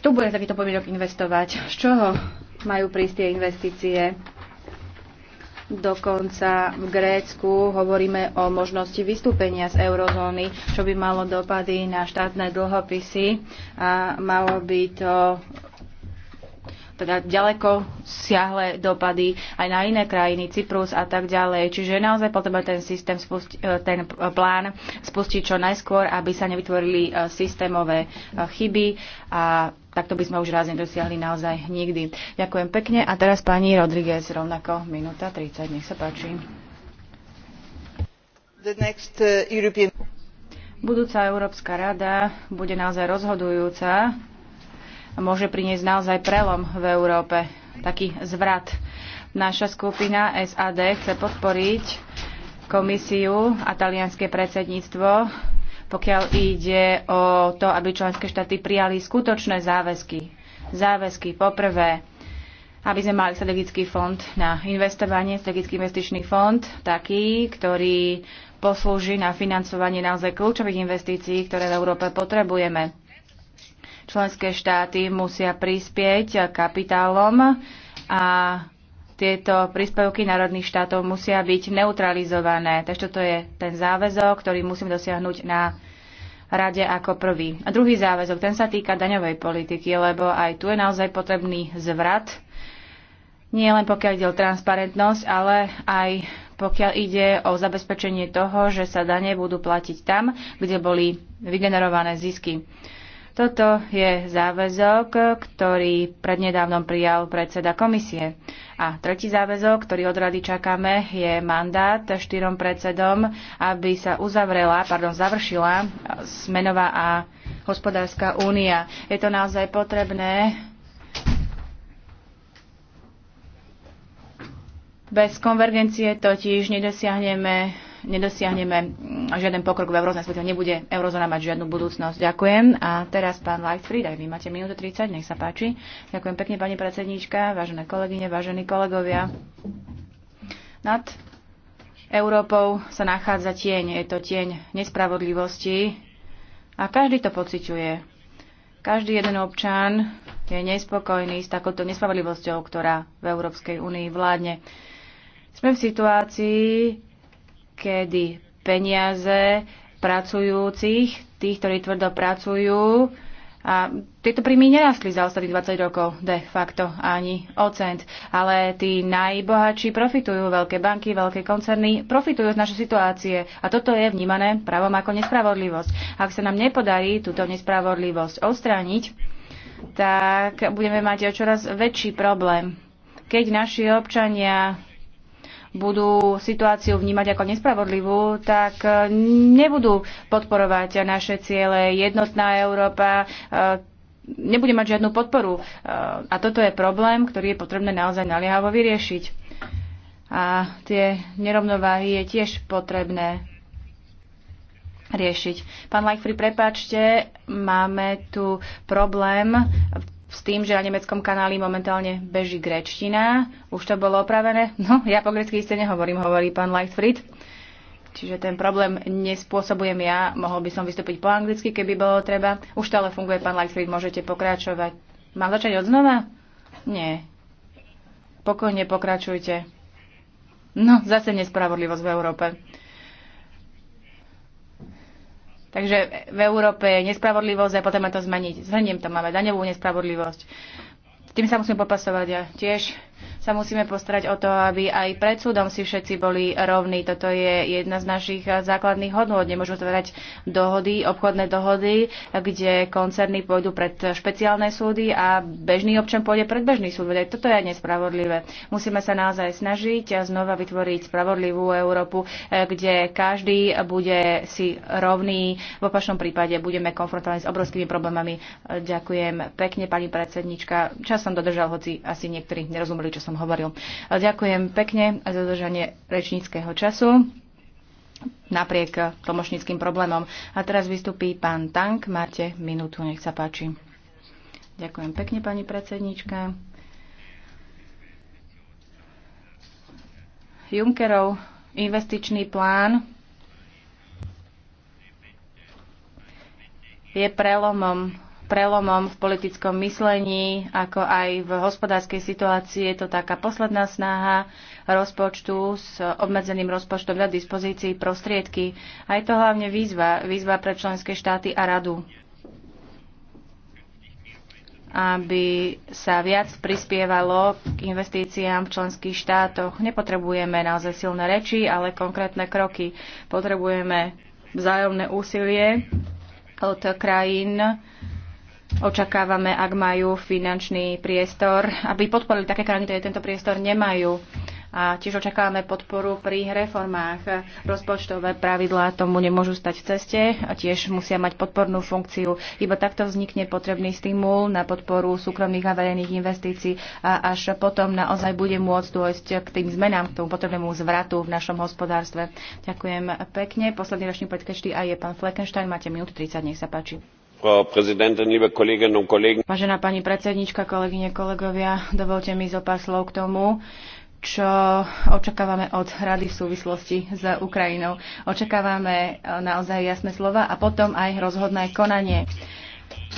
Speaker 7: Kto bude takýto podmienok investovať? Z čoho majú prísť tie investície? Dokonca v Grécku hovoríme o možnosti vystúpenia z eurozóny, čo by malo dopady na štátne dlhopisy a malo by to teda ďaleko siahle dopady aj na iné krajiny, Cyprus a tak ďalej. Čiže je naozaj potreba ten systém, spusti, e, ten plán spustiť čo najskôr, aby sa nevytvorili e, systémové e, chyby a takto by sme už raz nedosiahli naozaj nikdy. Ďakujem pekne a teraz pani Rodriguez rovnako minúta 30, nech sa páči. The next, uh, European... Budúca Európska rada bude naozaj rozhodujúca môže priniesť naozaj prelom v Európe, taký zvrat. Naša skupina SAD chce podporiť komisiu a talianské predsedníctvo, pokiaľ ide o to, aby členské štáty prijali skutočné záväzky. Záväzky poprvé, aby sme mali strategický fond na investovanie, strategický investičný fond, taký, ktorý poslúži na financovanie naozaj kľúčových investícií, ktoré v Európe potrebujeme. Členské štáty musia prispieť kapitálom a tieto príspevky národných štátov musia byť neutralizované. Takže toto je ten záväzok, ktorý musíme dosiahnuť na rade ako prvý. A druhý záväzok, ten sa týka daňovej politiky, lebo aj tu je naozaj potrebný zvrat. Nie len pokiaľ ide o transparentnosť, ale aj pokiaľ ide o zabezpečenie toho, že sa dane budú platiť tam, kde boli vygenerované zisky. Toto je záväzok, ktorý prednedávnom prijal predseda komisie. A tretí záväzok, ktorý od rady čakáme, je mandát štyrom predsedom, aby sa uzavrela, pardon, završila smenová a hospodárska únia. Je to naozaj potrebné Bez konvergencie totiž nedosiahneme nedosiahneme žiaden pokrok v eurozóne, respektíve nebude eurozóna mať žiadnu budúcnosť. Ďakujem. A teraz pán Lightfried, aj vy máte minútu 30, nech sa páči. Ďakujem pekne, pani predsedníčka, vážené kolegyne, vážení kolegovia. Nad Európou sa nachádza tieň, je to tieň nespravodlivosti a každý to pociťuje. Každý jeden občan je nespokojný s takouto nespravodlivosťou, ktorá v Európskej únii vládne. Sme v situácii, kedy peniaze pracujúcich, tých, ktorí tvrdo pracujú, a tieto príjmy nerastli za ostatných 20 rokov, de facto ani o cent. Ale tí najbohatší profitujú, veľké banky, veľké koncerny profitujú z našej situácie. A toto je vnímané právom ako nespravodlivosť. Ak sa nám nepodarí túto nespravodlivosť odstrániť, tak budeme mať čoraz väčší problém. Keď naši občania budú situáciu vnímať ako nespravodlivú, tak e, nebudú podporovať naše ciele. Jednotná Európa e, nebude mať žiadnu podporu. E, a toto je problém, ktorý je potrebné naozaj naliehavo vyriešiť. A tie nerovnováhy je tiež potrebné riešiť. Pán Lajkfri, prepáčte, máme tu problém v s tým, že na nemeckom kanáli momentálne beží grečtina. Už to bolo opravené. No, ja po grecky iste nehovorím, hovorí pán Lightfried. Čiže ten problém nespôsobujem ja. Mohol by som vystúpiť po anglicky, keby bolo treba. Už to ale funguje, pán Lightfried, môžete pokračovať. Mám začať od znova? Nie. Pokojne pokračujte. No, zase nespravodlivosť v Európe. Takže v Európe je nespravodlivosť a potom to zmeniť. Zhrniem to, máme daňovú nespravodlivosť. S tým sa musíme popasovať a tiež sa musíme postarať o to, aby aj pred súdom si všetci boli rovní. Toto je jedna z našich základných hodnôt. Nemôžu tvrdať dohody, obchodné dohody, kde koncerny pôjdu pred špeciálne súdy a bežný občan pôjde pred bežný súd. Veď toto je nespravodlivé. Musíme sa naozaj snažiť a znova vytvoriť spravodlivú Európu, eh, kde každý bude si rovný. V opačnom prípade budeme konfrontovaní s obrovskými problémami. Ďakujem pekne, pani predsednička. Čas som dodržal, hoci asi niektorí nerozumeli čo som hovoril. Ďakujem pekne za zadržanie rečníckého času napriek tlmočníckým problémom. A teraz vystupí pán Tank. Máte minútu, nech sa páči. Ďakujem pekne, pani predsednička. Junckerov investičný plán je prelomom prelomom v politickom myslení, ako aj v hospodárskej situácii. Je to taká posledná snaha rozpočtu s obmedzeným rozpočtom na dispozícii prostriedky. A je to hlavne výzva, výzva pre členské štáty a radu aby sa viac prispievalo k investíciám v členských štátoch. Nepotrebujeme naozaj silné reči, ale konkrétne kroky. Potrebujeme vzájomné úsilie od krajín, očakávame, ak majú finančný priestor, aby podporili také krajiny, ktoré tento priestor nemajú. A tiež očakávame podporu pri reformách. Rozpočtové pravidlá tomu nemôžu stať v ceste a tiež musia mať podpornú funkciu. Iba takto vznikne potrebný stimul na podporu súkromných a verejných investícií a až potom naozaj bude môcť dôjsť k tým zmenám, k tomu potrebnému zvratu v našom hospodárstve. Ďakujem pekne. Posledný ročný predkečty aj je pán Fleckenstein. Máte minútu 30, nech sa páči.
Speaker 5: Vážená
Speaker 7: pani predsednička, kolegyne, kolegovia, dovolte mi zo pár slov k tomu, čo očakávame od rady v súvislosti s Ukrajinou. Očakávame eh, naozaj jasné slova a potom aj rozhodné konanie.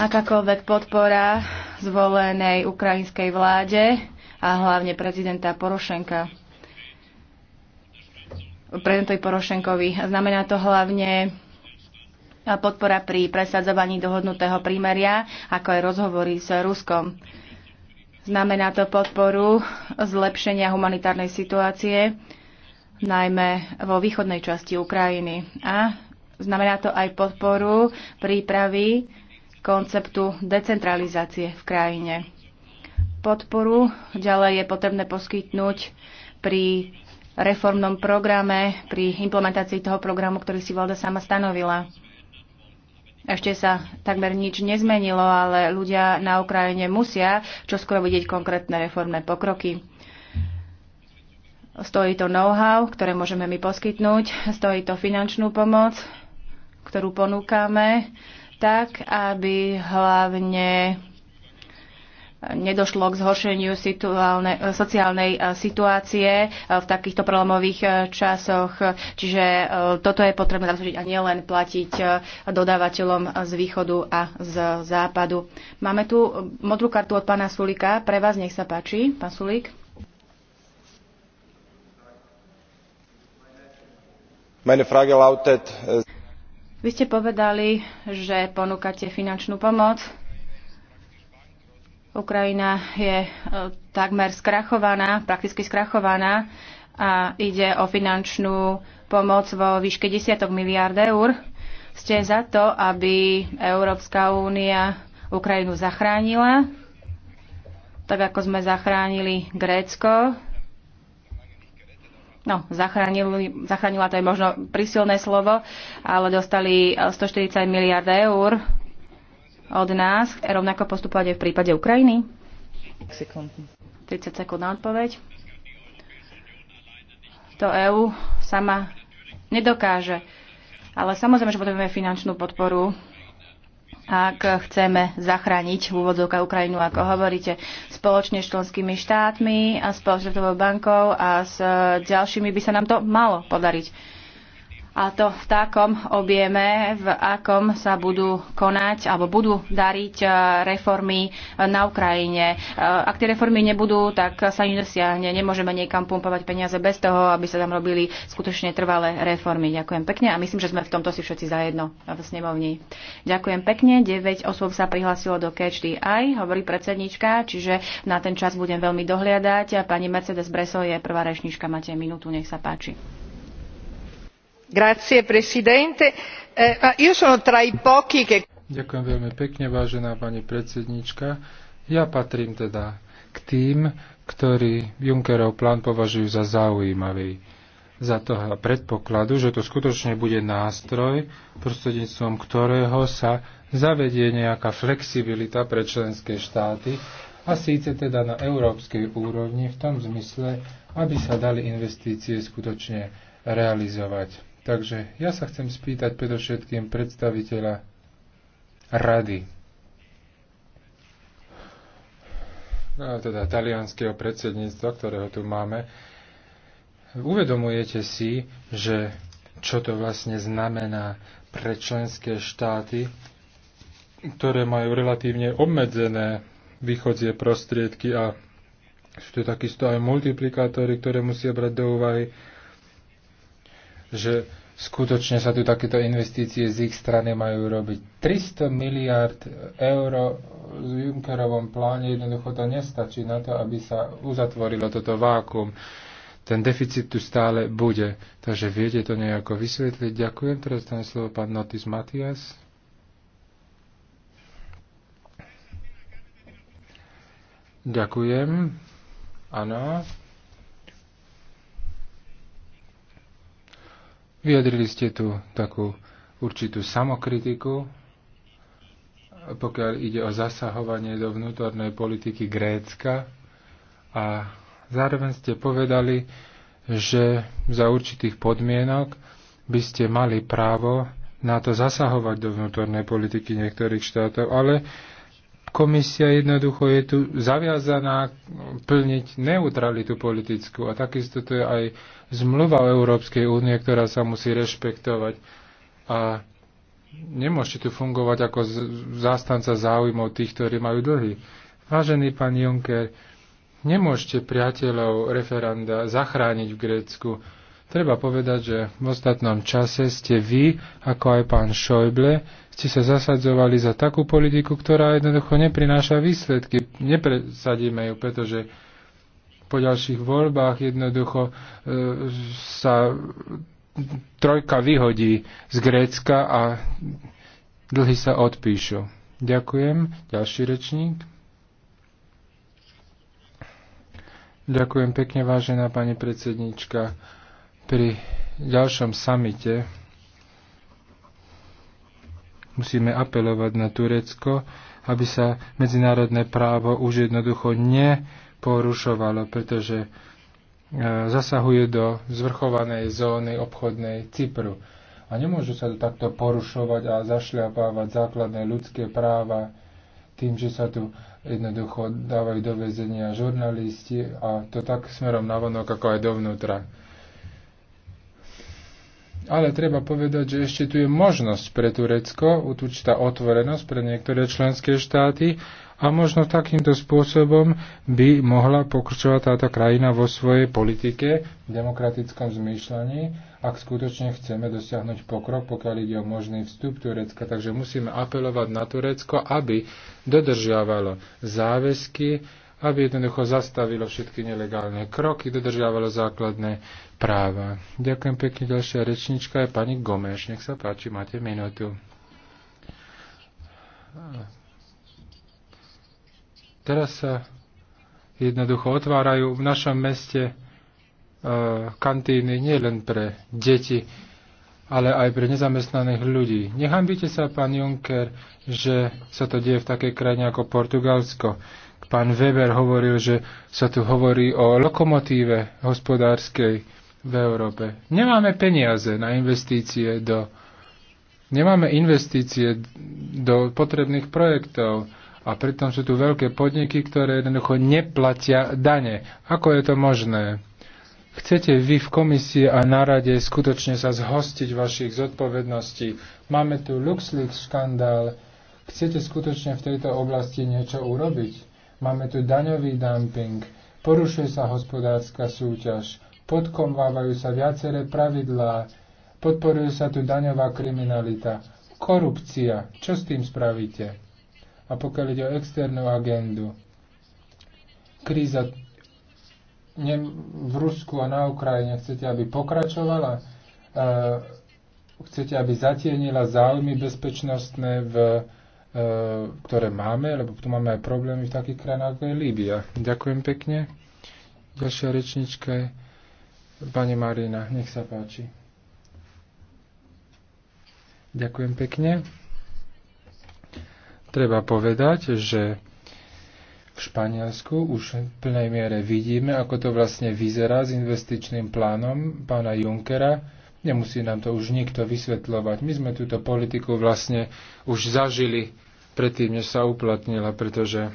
Speaker 7: Akákoľvek podpora zvolenej ukrajinskej vláde a hlavne prezidenta Porošenka prezidentovi Porošenkovi. Znamená to hlavne podpora pri presadzovaní dohodnutého prímeria, ako aj rozhovory s Ruskom. Znamená to podporu zlepšenia humanitárnej situácie, najmä vo východnej časti Ukrajiny. A znamená to aj podporu prípravy konceptu decentralizácie v krajine. Podporu ďalej je potrebné poskytnúť pri reformnom programe, pri implementácii toho programu, ktorý si vláda sama stanovila. Ešte sa takmer nič nezmenilo, ale ľudia na Ukrajine musia čoskoro vidieť konkrétne reformné pokroky. Stojí to know-how, ktoré môžeme my poskytnúť, stojí to finančnú pomoc, ktorú ponúkame, tak aby hlavne nedošlo k zhoršeniu sociálnej e, situácie e, v takýchto prelomových e, časoch. Čiže toto je potrebné zabezpečiť a nielen platiť dodávateľom z východu a z západu. Máme tu modrú kartu od pána Sulika. Pre vás nech sa páči, pán Sulik.
Speaker 3: Meine Frage lautet...
Speaker 7: Vy ste povedali, že ponúkate finančnú pomoc Ukrajina je e, takmer skrachovaná, prakticky skrachovaná a ide o finančnú pomoc vo výške desiatok miliard eur. Ste za to, aby Európska únia Ukrajinu zachránila, tak ako sme zachránili Grécko. No, zachránila to je možno prisilné slovo, ale dostali 140 e, miliard eur od nás rovnako postupovať aj v prípade Ukrajiny? 30 sekúnd na odpoveď. To EÚ sama nedokáže. Ale samozrejme, že potrebujeme finančnú podporu ak chceme zachrániť v úvodzovkách Ukrajinu, ako hovoríte, spoločne s členskými štátmi a s bankou a s ďalšími by sa nám to malo podariť a to v takom objeme, v akom sa budú konať alebo budú dariť e, reformy e, na Ukrajine. E, ak tie reformy nebudú, tak sa nedosiahne. dosiahne. Nemôžeme niekam pumpovať peniaze bez toho, aby sa tam robili skutočne trvalé reformy. Ďakujem pekne a myslím, že sme v tomto si všetci zajedno v snemovni. Ďakujem pekne. 9 osôb sa prihlásilo do Catch aj, hovorí predsednička, čiže na ten čas budem veľmi dohliadať. Pani Mercedes Breso je prvá rečníčka, máte minútu, nech sa páči
Speaker 5: signor presidente eh, onorevoli colleghi
Speaker 3: ďakujem veľmi pekne vážená pani predsedníčka. ja patrím teda k tým ktorí junckerov plán považujú za zaujímavý za toho predpokladu, že to skutočne bude nástroj, prostredníctvom ktorého sa zavedie nejaká flexibilita pre členské štáty, a síce teda na európskej úrovni v tom zmysle, aby sa dali investície skutočne realizovať. Takže ja sa chcem spýtať predovšetkým predstaviteľa rady, no, teda talianského predsedníctva, ktorého tu máme. Uvedomujete si, že čo to vlastne znamená pre členské štáty, ktoré majú relatívne obmedzené východzie prostriedky a sú to takisto aj multiplikátory, ktoré musia brať do úvahy že skutočne sa tu takéto investície z ich strany majú robiť. 300 miliard eur v Junckerovom pláne jednoducho to nestačí na to, aby sa uzatvorilo toto vákum. Ten deficit tu stále bude. Takže viete to nejako vysvetliť. Ďakujem. Teraz dostane slovo pán Notis Matias. Ďakujem. Áno. Vyjadrili ste tu takú určitú samokritiku, pokiaľ ide o zasahovanie do vnútornej politiky Grécka a zároveň ste povedali, že za určitých podmienok by ste mali právo na to zasahovať do vnútornej politiky niektorých štátov, ale Komisia jednoducho je tu zaviazaná plniť neutralitu politickú a takisto to je aj zmluva o Európskej únie, ktorá sa musí rešpektovať. A nemôžete tu fungovať ako zástanca záujmov tých, ktorí majú dlhy. Vážený pán Juncker, nemôžete priateľov referanda zachrániť v Grécku. Treba povedať, že v ostatnom čase ste vy, ako aj pán Schäuble, ste sa zasadzovali za takú politiku, ktorá jednoducho neprináša výsledky. Nepresadíme ju, pretože po ďalších voľbách jednoducho e, sa trojka vyhodí z Grécka a dlhy sa odpíšu. Ďakujem. Ďalší rečník. Ďakujem pekne, vážená pani predsednička. Pri ďalšom samite Musíme apelovať na Turecko, aby sa medzinárodné právo už jednoducho neporušovalo, pretože e, zasahuje do zvrchovanej zóny obchodnej Cypru. A nemôžu sa to takto porušovať a zašľapávať základné ľudské práva tým, že sa tu jednoducho dávajú do väzenia žurnalisti a to tak smerom navonok, ako aj dovnútra. Ale treba povedať, že ešte tu je možnosť pre Turecko, určitá otvorenosť pre niektoré členské štáty a možno takýmto spôsobom by mohla pokračovať táto krajina vo svojej politike, v demokratickom zmýšľaní, ak skutočne chceme dosiahnuť pokrok, pokiaľ ide o možný vstup Turecka. Takže musíme apelovať na Turecko, aby dodržiavalo záväzky, aby jednoducho zastavilo všetky nelegálne kroky, dodržiavalo základné práva. Ďakujem pekne. Ďalšia rečnička je pani Gomeš. Nech sa páči, máte minútu. Teraz sa jednoducho otvárajú v našom meste e, kantíny len pre deti, ale aj pre nezamestnaných ľudí. Nehambíte sa, pán Juncker, že sa to deje v takej krajine ako Portugalsko Pán Weber hovoril, že sa tu hovorí o lokomotíve hospodárskej v Európe. Nemáme peniaze na investície do nemáme investície do potrebných projektov a pritom sú tu veľké podniky, ktoré jednoducho neplatia dane. Ako je to možné? Chcete vy v komisii a na rade skutočne sa zhostiť vašich zodpovedností? Máme tu LuxLeaks škandál. Chcete skutočne v tejto oblasti niečo urobiť? Máme tu daňový dumping, porušuje sa hospodárska súťaž, podkomvávajú sa viaceré pravidlá, podporuje sa tu daňová kriminalita, korupcia. Čo s tým spravíte? A pokiaľ ide o externú agendu, kríza v Rusku a na Ukrajine, chcete, aby pokračovala? E, chcete, aby zatienila záujmy bezpečnostné v E, ktoré máme, lebo tu máme aj problémy v takých krajinách ako je Líbia. Ďakujem pekne. Ďalšia rečnička je pani Marina. Nech sa páči. Ďakujem pekne. Treba povedať, že v Španielsku už v plnej miere vidíme, ako to vlastne vyzerá s investičným plánom pána Junkera, Nemusí nám to už nikto vysvetľovať. My sme túto politiku vlastne už zažili predtým, než sa uplatnila, pretože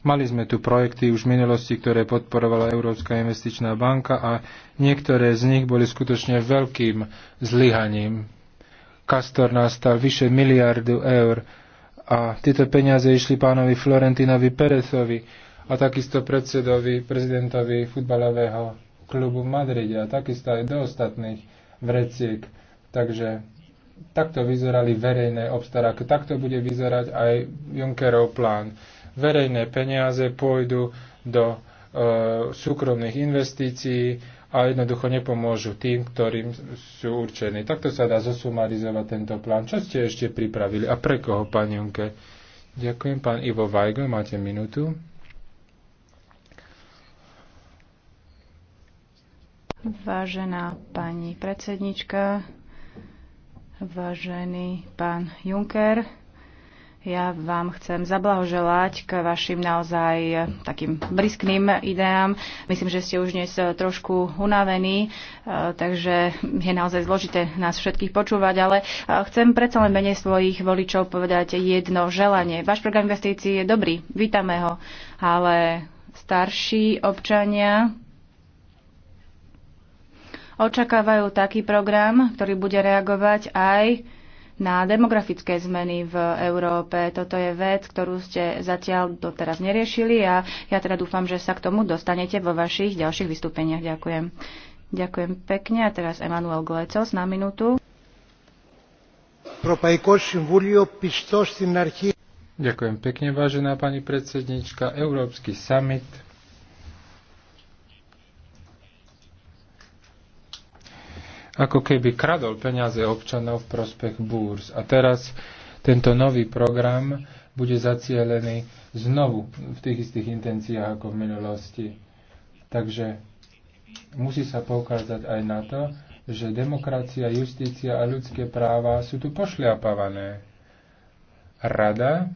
Speaker 3: Mali sme tu projekty už v minulosti, ktoré podporovala Európska investičná banka a niektoré z nich boli skutočne veľkým zlyhaním. Kastor nastal vyše miliardu eur a tieto peniaze išli pánovi Florentinovi Perezovi a takisto predsedovi, prezidentovi futbalového klubu v Madride a takisto aj do ostatných vreciek. Takže takto vyzerali verejné obstaráky, takto bude vyzerať aj Junckerov plán. Verejné peniaze pôjdu do e, súkromných investícií a jednoducho nepomôžu tým, ktorým sú určení. Takto sa dá zosumarizovať tento plán. Čo ste ešte pripravili a pre koho, pán Junke? Ďakujem, pán Ivo Weigl, máte minútu.
Speaker 7: Vážená pani predsednička, vážený pán Juncker, ja vám chcem zablahoželať k vašim naozaj takým briskným ideám. Myslím, že ste už dnes trošku unavení, e, takže je naozaj zložité nás všetkých počúvať, ale e, chcem predsa len menej svojich voličov povedať jedno želanie. Váš program investícií je dobrý, vítame ho, ale starší občania očakávajú taký program, ktorý bude reagovať aj na demografické zmeny v Európe. Toto je vec, ktorú ste zatiaľ doteraz neriešili a ja teda dúfam, že sa k tomu dostanete vo vašich ďalších vystúpeniach. Ďakujem. Ďakujem pekne. A teraz Emanuel Glecos na minútu.
Speaker 3: Ďakujem pekne, vážená pani predsednička. Európsky summit ako keby kradol peniaze občanov v prospech búrs. A teraz tento nový program bude zacielený znovu v tých istých intenciách ako v minulosti. Takže musí sa poukázať aj na to, že demokracia, justícia a ľudské práva sú tu pošliapavané. Rada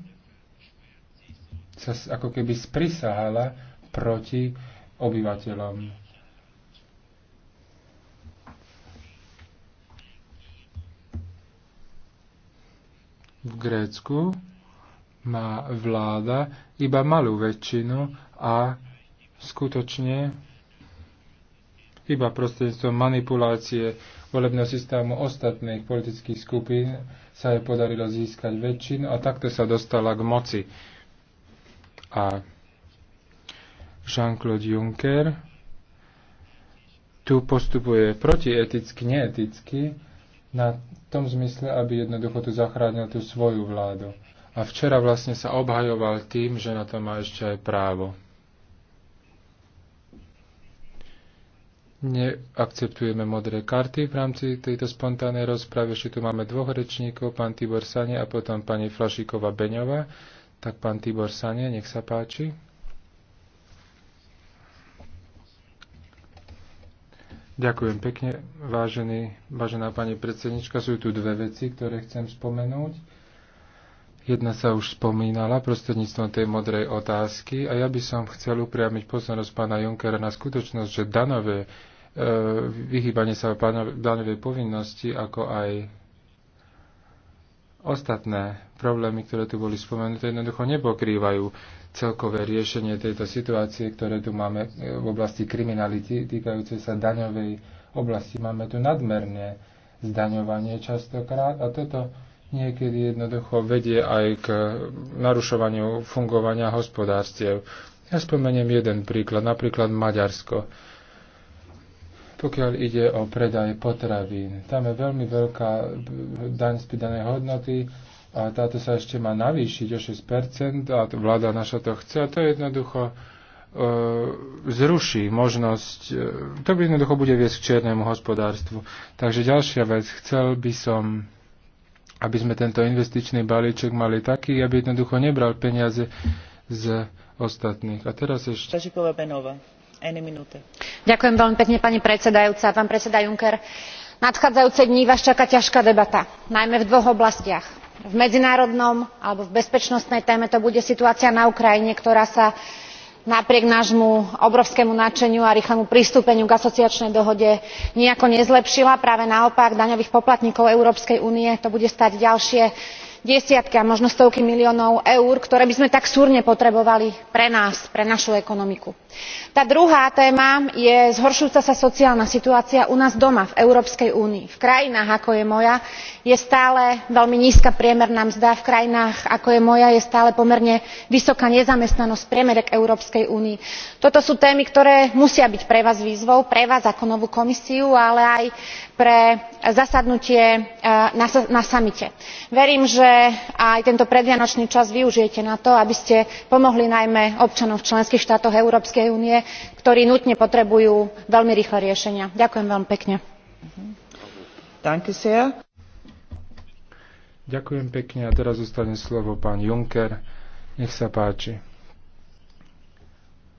Speaker 3: sa ako keby sprisahala proti obyvateľom V Grécku má vláda iba malú väčšinu a skutočne iba prostredníctvom manipulácie volebného systému ostatných politických skupín sa jej podarilo získať väčšinu a takto sa dostala k moci. A Jean-Claude Juncker tu postupuje protieticky, neeticky, na tom zmysle, aby jednoducho tu zachránil tú svoju vládu. A včera vlastne sa obhajoval tým, že na to má ešte aj právo. Neakceptujeme modré karty v rámci tejto spontánnej rozpravy. Ešte tu máme dvoch rečníkov, pán Tibor Sane a potom pani Flašíková Beňová. Tak pán Tibor Sane, nech sa páči. Ďakujem pekne, vážený, vážená pani predsednička. Sú tu dve veci, ktoré chcem spomenúť. Jedna sa už spomínala prostredníctvom tej modrej otázky a ja by som chcel upriamiť pozornosť pána Junkera na skutočnosť, že danové e, vyhýbanie sa danovej povinnosti, ako aj ostatné problémy, ktoré tu boli spomenuté, jednoducho nepokrývajú celkové riešenie tejto situácie, ktoré tu máme e, v oblasti kriminality týkajúcej sa daňovej oblasti. Máme tu nadmerné zdaňovanie častokrát a toto niekedy jednoducho vedie aj k narušovaniu fungovania hospodárstiev. Ja spomeniem jeden príklad, napríklad Maďarsko pokiaľ ide o predaj potravín, tam je veľmi veľká daň z pridanej hodnoty a táto sa ešte má navýšiť o 6% a vláda naša to chce a to je jednoducho e, zruší možnosť, e, to by jednoducho bude viesť k čiernemu hospodárstvu. Takže ďalšia vec, chcel by som, aby sme tento investičný balíček mali taký, aby jednoducho nebral peniaze z ostatných. A teraz ešte... Paži
Speaker 6: pán predseda juncker nadchádzajúce dni vás čaká ťažká debata najmä v dvoch oblastiach v medzinárodnom alebo v bezpečnostnej téme to bude situácia na ukrajine ktorá sa napriek nášmu obrovskému nadšeniu a rýchlemu pristúpeniu k asociačnej dohode nijako nezlepšila práve naopak daňových poplatníkov európskej únie to bude stáť ďalšie miliardy eur ročne desiatky a možno stovky miliónov eur ktoré by sme tak súrne potrebovali pre nás pre našu ekonomiku. tá druhá téma je zhoršujúca sa sociálna situácia u nás doma v európskej únii v krajinách ako je moja je stále veľmi nízka priemerná mzda v krajinách ako je moja je stále pomerne vysoká nezamestnanosť priemer v európskej únii. toto sú témy ktoré musia byť pre vás výzvou pre vás ako novú komisiu ale aj pre zasadnutie e, na samite. verím že aj tento predvianočný čas využijete na to aby ste pomohli najmä občanom v členských štátoch európskej únie ktorí nútne potrebujú veľmi rýchle riešenia. ďakujem veľmi pekne.
Speaker 3: Ďakujem pekne a teraz zostane slovo pán Juncker. Nech sa páči.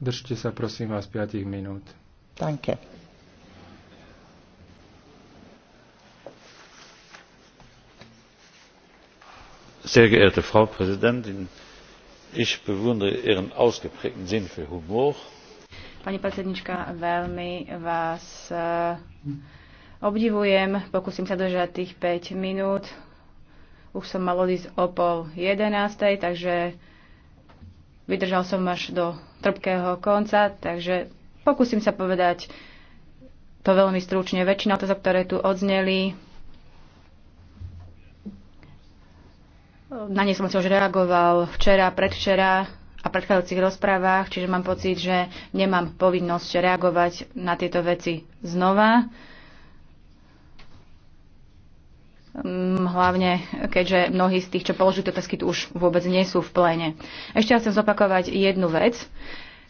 Speaker 3: Držte sa prosím vás 5 minút. Danke.
Speaker 1: Sehr geehrte Frau Präsidentin, ich bewundere Ihren ausgeprägten Sinn für Humor.
Speaker 7: Pani predsednička, veľmi vás eh, obdivujem. Pokúsim sa dožať tých 5 minút. Už som mal odísť o pol jedenástej, takže vydržal som až do trpkého konca, takže pokúsim sa povedať to veľmi stručne. Väčšina to, ktoré tu odzneli, na ne som si už reagoval včera, predvčera a predchádzajúcich rozprávach, čiže mám pocit, že nemám povinnosť reagovať na tieto veci znova. Mm, hlavne keďže mnohí z tých, čo položili otázky, tu už vôbec nie sú v pléne. Ešte chcem zopakovať jednu vec.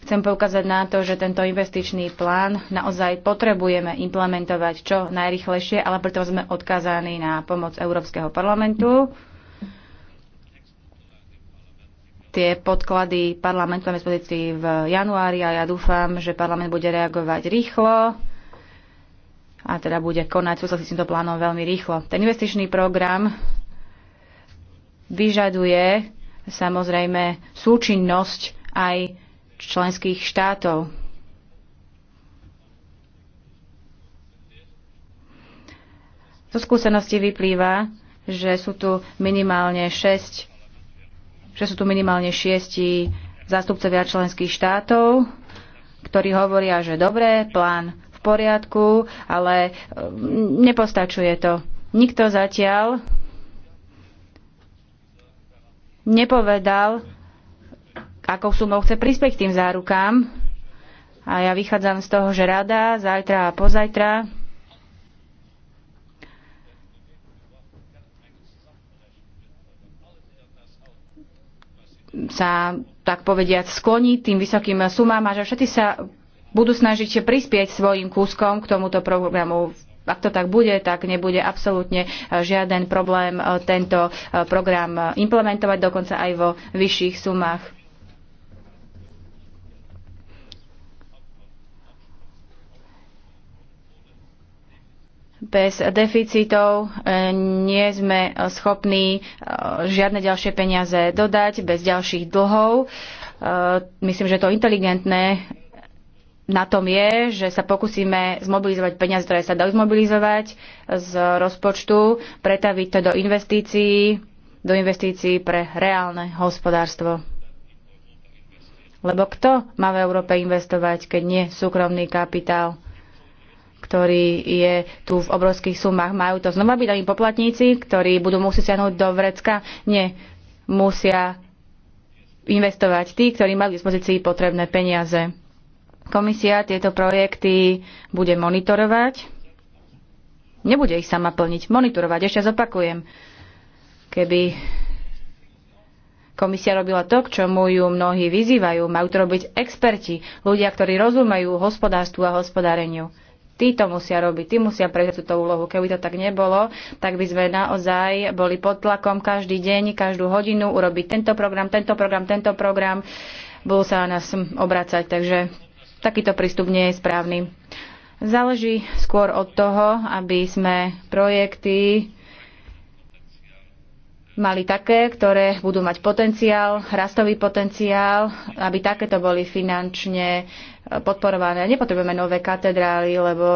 Speaker 7: Chcem poukázať na to, že tento investičný plán naozaj potrebujeme implementovať čo najrychlejšie, ale preto sme odkázaní na pomoc Európskeho parlamentu. Tie podklady parlamentu máme v januári a ja dúfam, že parlament bude reagovať rýchlo a teda bude konať sa s týmto plánom veľmi rýchlo. Ten investičný program vyžaduje samozrejme súčinnosť aj členských štátov. Zo skúsenosti vyplýva, že sú tu minimálne 6 že sú tu minimálne šiesti zástupcovia členských štátov, ktorí hovoria, že dobré, plán poriadku, ale mm, nepostačuje to. Nikto zatiaľ nepovedal, akou sumou chce prispieť k tým zárukám. A ja vychádzam z toho, že rada zajtra a pozajtra sa tak povediať skloní tým vysokým sumám a že všetci sa budú snažiť prispieť svojim kúskom k tomuto programu. Ak to tak bude, tak nebude absolútne e, žiaden problém e, tento e, program implementovať, dokonca aj vo vyšších sumách. bez deficitov nie sme schopní žiadne ďalšie peniaze dodať, bez ďalších dlhov. Myslím, že to inteligentné na tom je, že sa pokúsime zmobilizovať peniaze, ktoré sa dali zmobilizovať z rozpočtu, pretaviť to do investícií, do investícií pre reálne hospodárstvo. Lebo kto má v Európe investovať, keď nie súkromný kapitál, ktorý je tu v obrovských sumách? Majú to znova byť daní poplatníci, ktorí budú musieť siahnuť do vrecka? Nie, musia investovať tí, ktorí majú k dispozícii potrebné peniaze Komisia tieto projekty bude monitorovať. Nebude ich sama plniť. Monitorovať. Ešte zopakujem. Keby komisia robila to, k čomu ju mnohí vyzývajú, majú to robiť experti, ľudia, ktorí rozumejú hospodárstvu a hospodáreniu. Tí to musia robiť, tí musia prejsť túto úlohu. Keby to tak nebolo, tak by sme naozaj boli pod tlakom každý deň, každú hodinu urobiť tento program, tento program, tento program. Budú sa na nás obracať, takže Takýto prístup nie je správny. Záleží skôr od toho, aby sme projekty mali také, ktoré budú mať potenciál, rastový potenciál, aby takéto boli finančne e, podporované. Nepotrebujeme nové katedrály, lebo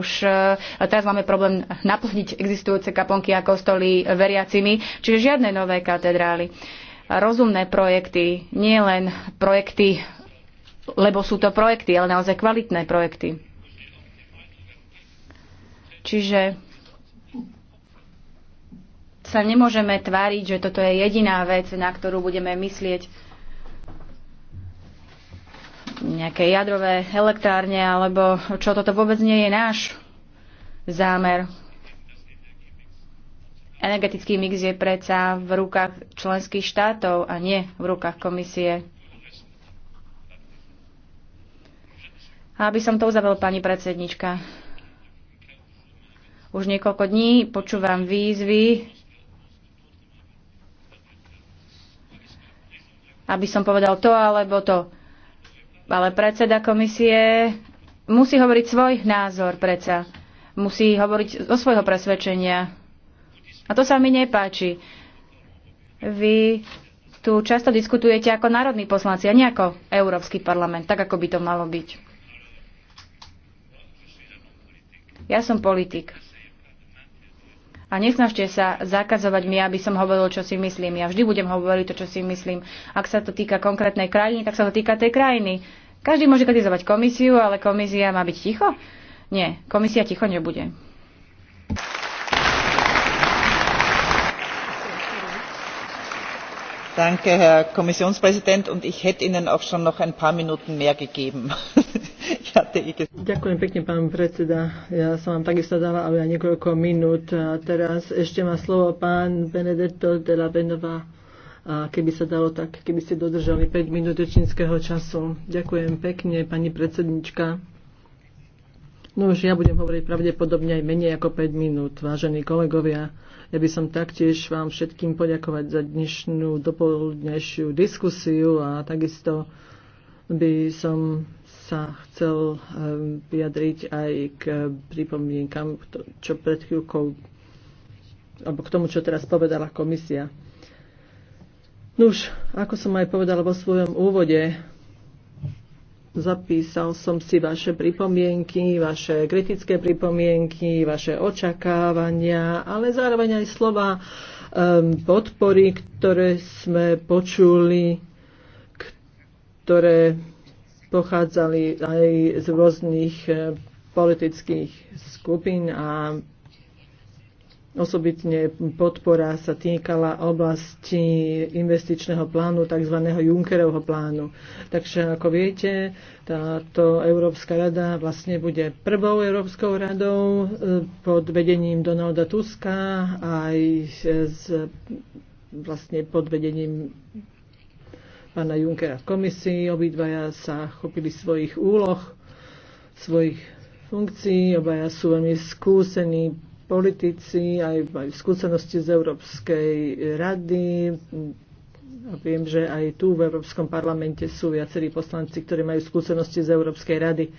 Speaker 7: už e, teraz máme problém naplniť existujúce kaponky a kostoly veriacimi, čiže žiadne nové katedrály rozumné projekty, nie len projekty lebo sú to projekty, ale naozaj kvalitné projekty. Čiže sa nemôžeme tváriť, že toto je jediná vec, na ktorú budeme myslieť nejaké jadrové elektrárne, alebo čo toto vôbec nie je náš zámer. Energetický mix je predsa v rukách členských štátov a nie v rukách komisie. Aby som to uzavol, pani predsednička. Už niekoľko dní počúvam výzvy, aby som povedal to alebo to. Ale predseda komisie musí hovoriť svoj názor predsa. Musí hovoriť zo svojho presvedčenia. A to sa mi nepáči. Vy tu často diskutujete ako národní poslanci a nie ako Európsky parlament, tak ako by to malo byť. Ja som politik. A nesnažte sa zakazovať mi, aby som hovoril, čo si myslím. Ja vždy budem hovoriť to, čo si myslím. Ak sa to týka konkrétnej krajiny, tak sa to týka tej krajiny. Každý môže kritizovať komisiu, ale komisia má byť ticho? Nie, komisia ticho nebude.
Speaker 5: danke herr kommissionspräsident und ich hätte ihnen auch schon noch ein paar
Speaker 4: minuten mehr gegeben. Eh Ďakujem pekne, pán predseda. Ja som vám takisto dala ale niekoľko minút. A teraz ešte má slovo pán Benedetto de la Benova. A keby sa dalo tak, keby ste dodržali 5 minút rečníckého času. Ďakujem pekne, pani predsednička. No už ja budem hovoriť pravdepodobne aj menej ako 5 minút, vážení kolegovia. Ja by som taktiež vám všetkým poďakovať za dnešnú dopoludnejšiu diskusiu a takisto by som sa chcel eh, vyjadriť aj k pripomienkam, čo pred chvíľkou, alebo k tomu, čo teraz povedala komisia. Nuž, ako som aj povedala vo svojom úvode, Zapísal som si vaše pripomienky, vaše kritické pripomienky, vaše očakávania, ale zároveň aj slova um, podpory, ktoré sme počuli, ktoré pochádzali aj z rôznych eh, politických skupín a Osobitne podpora sa týkala oblasti investičného plánu, tzv. Junckerovho plánu. Takže ako viete, táto Európska rada vlastne bude prvou Európskou radou eh, pod vedením Donalda Tuska aj s, vlastne pod vedením pána Junckera v komisii. Obidvaja sa chopili svojich úloh, svojich funkcií, obaja sú veľmi skúsení politici, aj majú skúsenosti z Európskej rady, a viem, že aj tu v Európskom parlamente sú viacerí poslanci, ktorí majú skúsenosti z Európskej rady. E,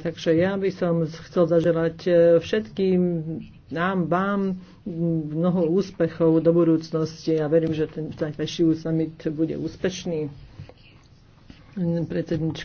Speaker 4: takže ja by som chcel zaželať e, všetkým nám, vám mnoho úspechov do budúcnosti a verím, že ten najväčší summit bude úspešný. Predsednička.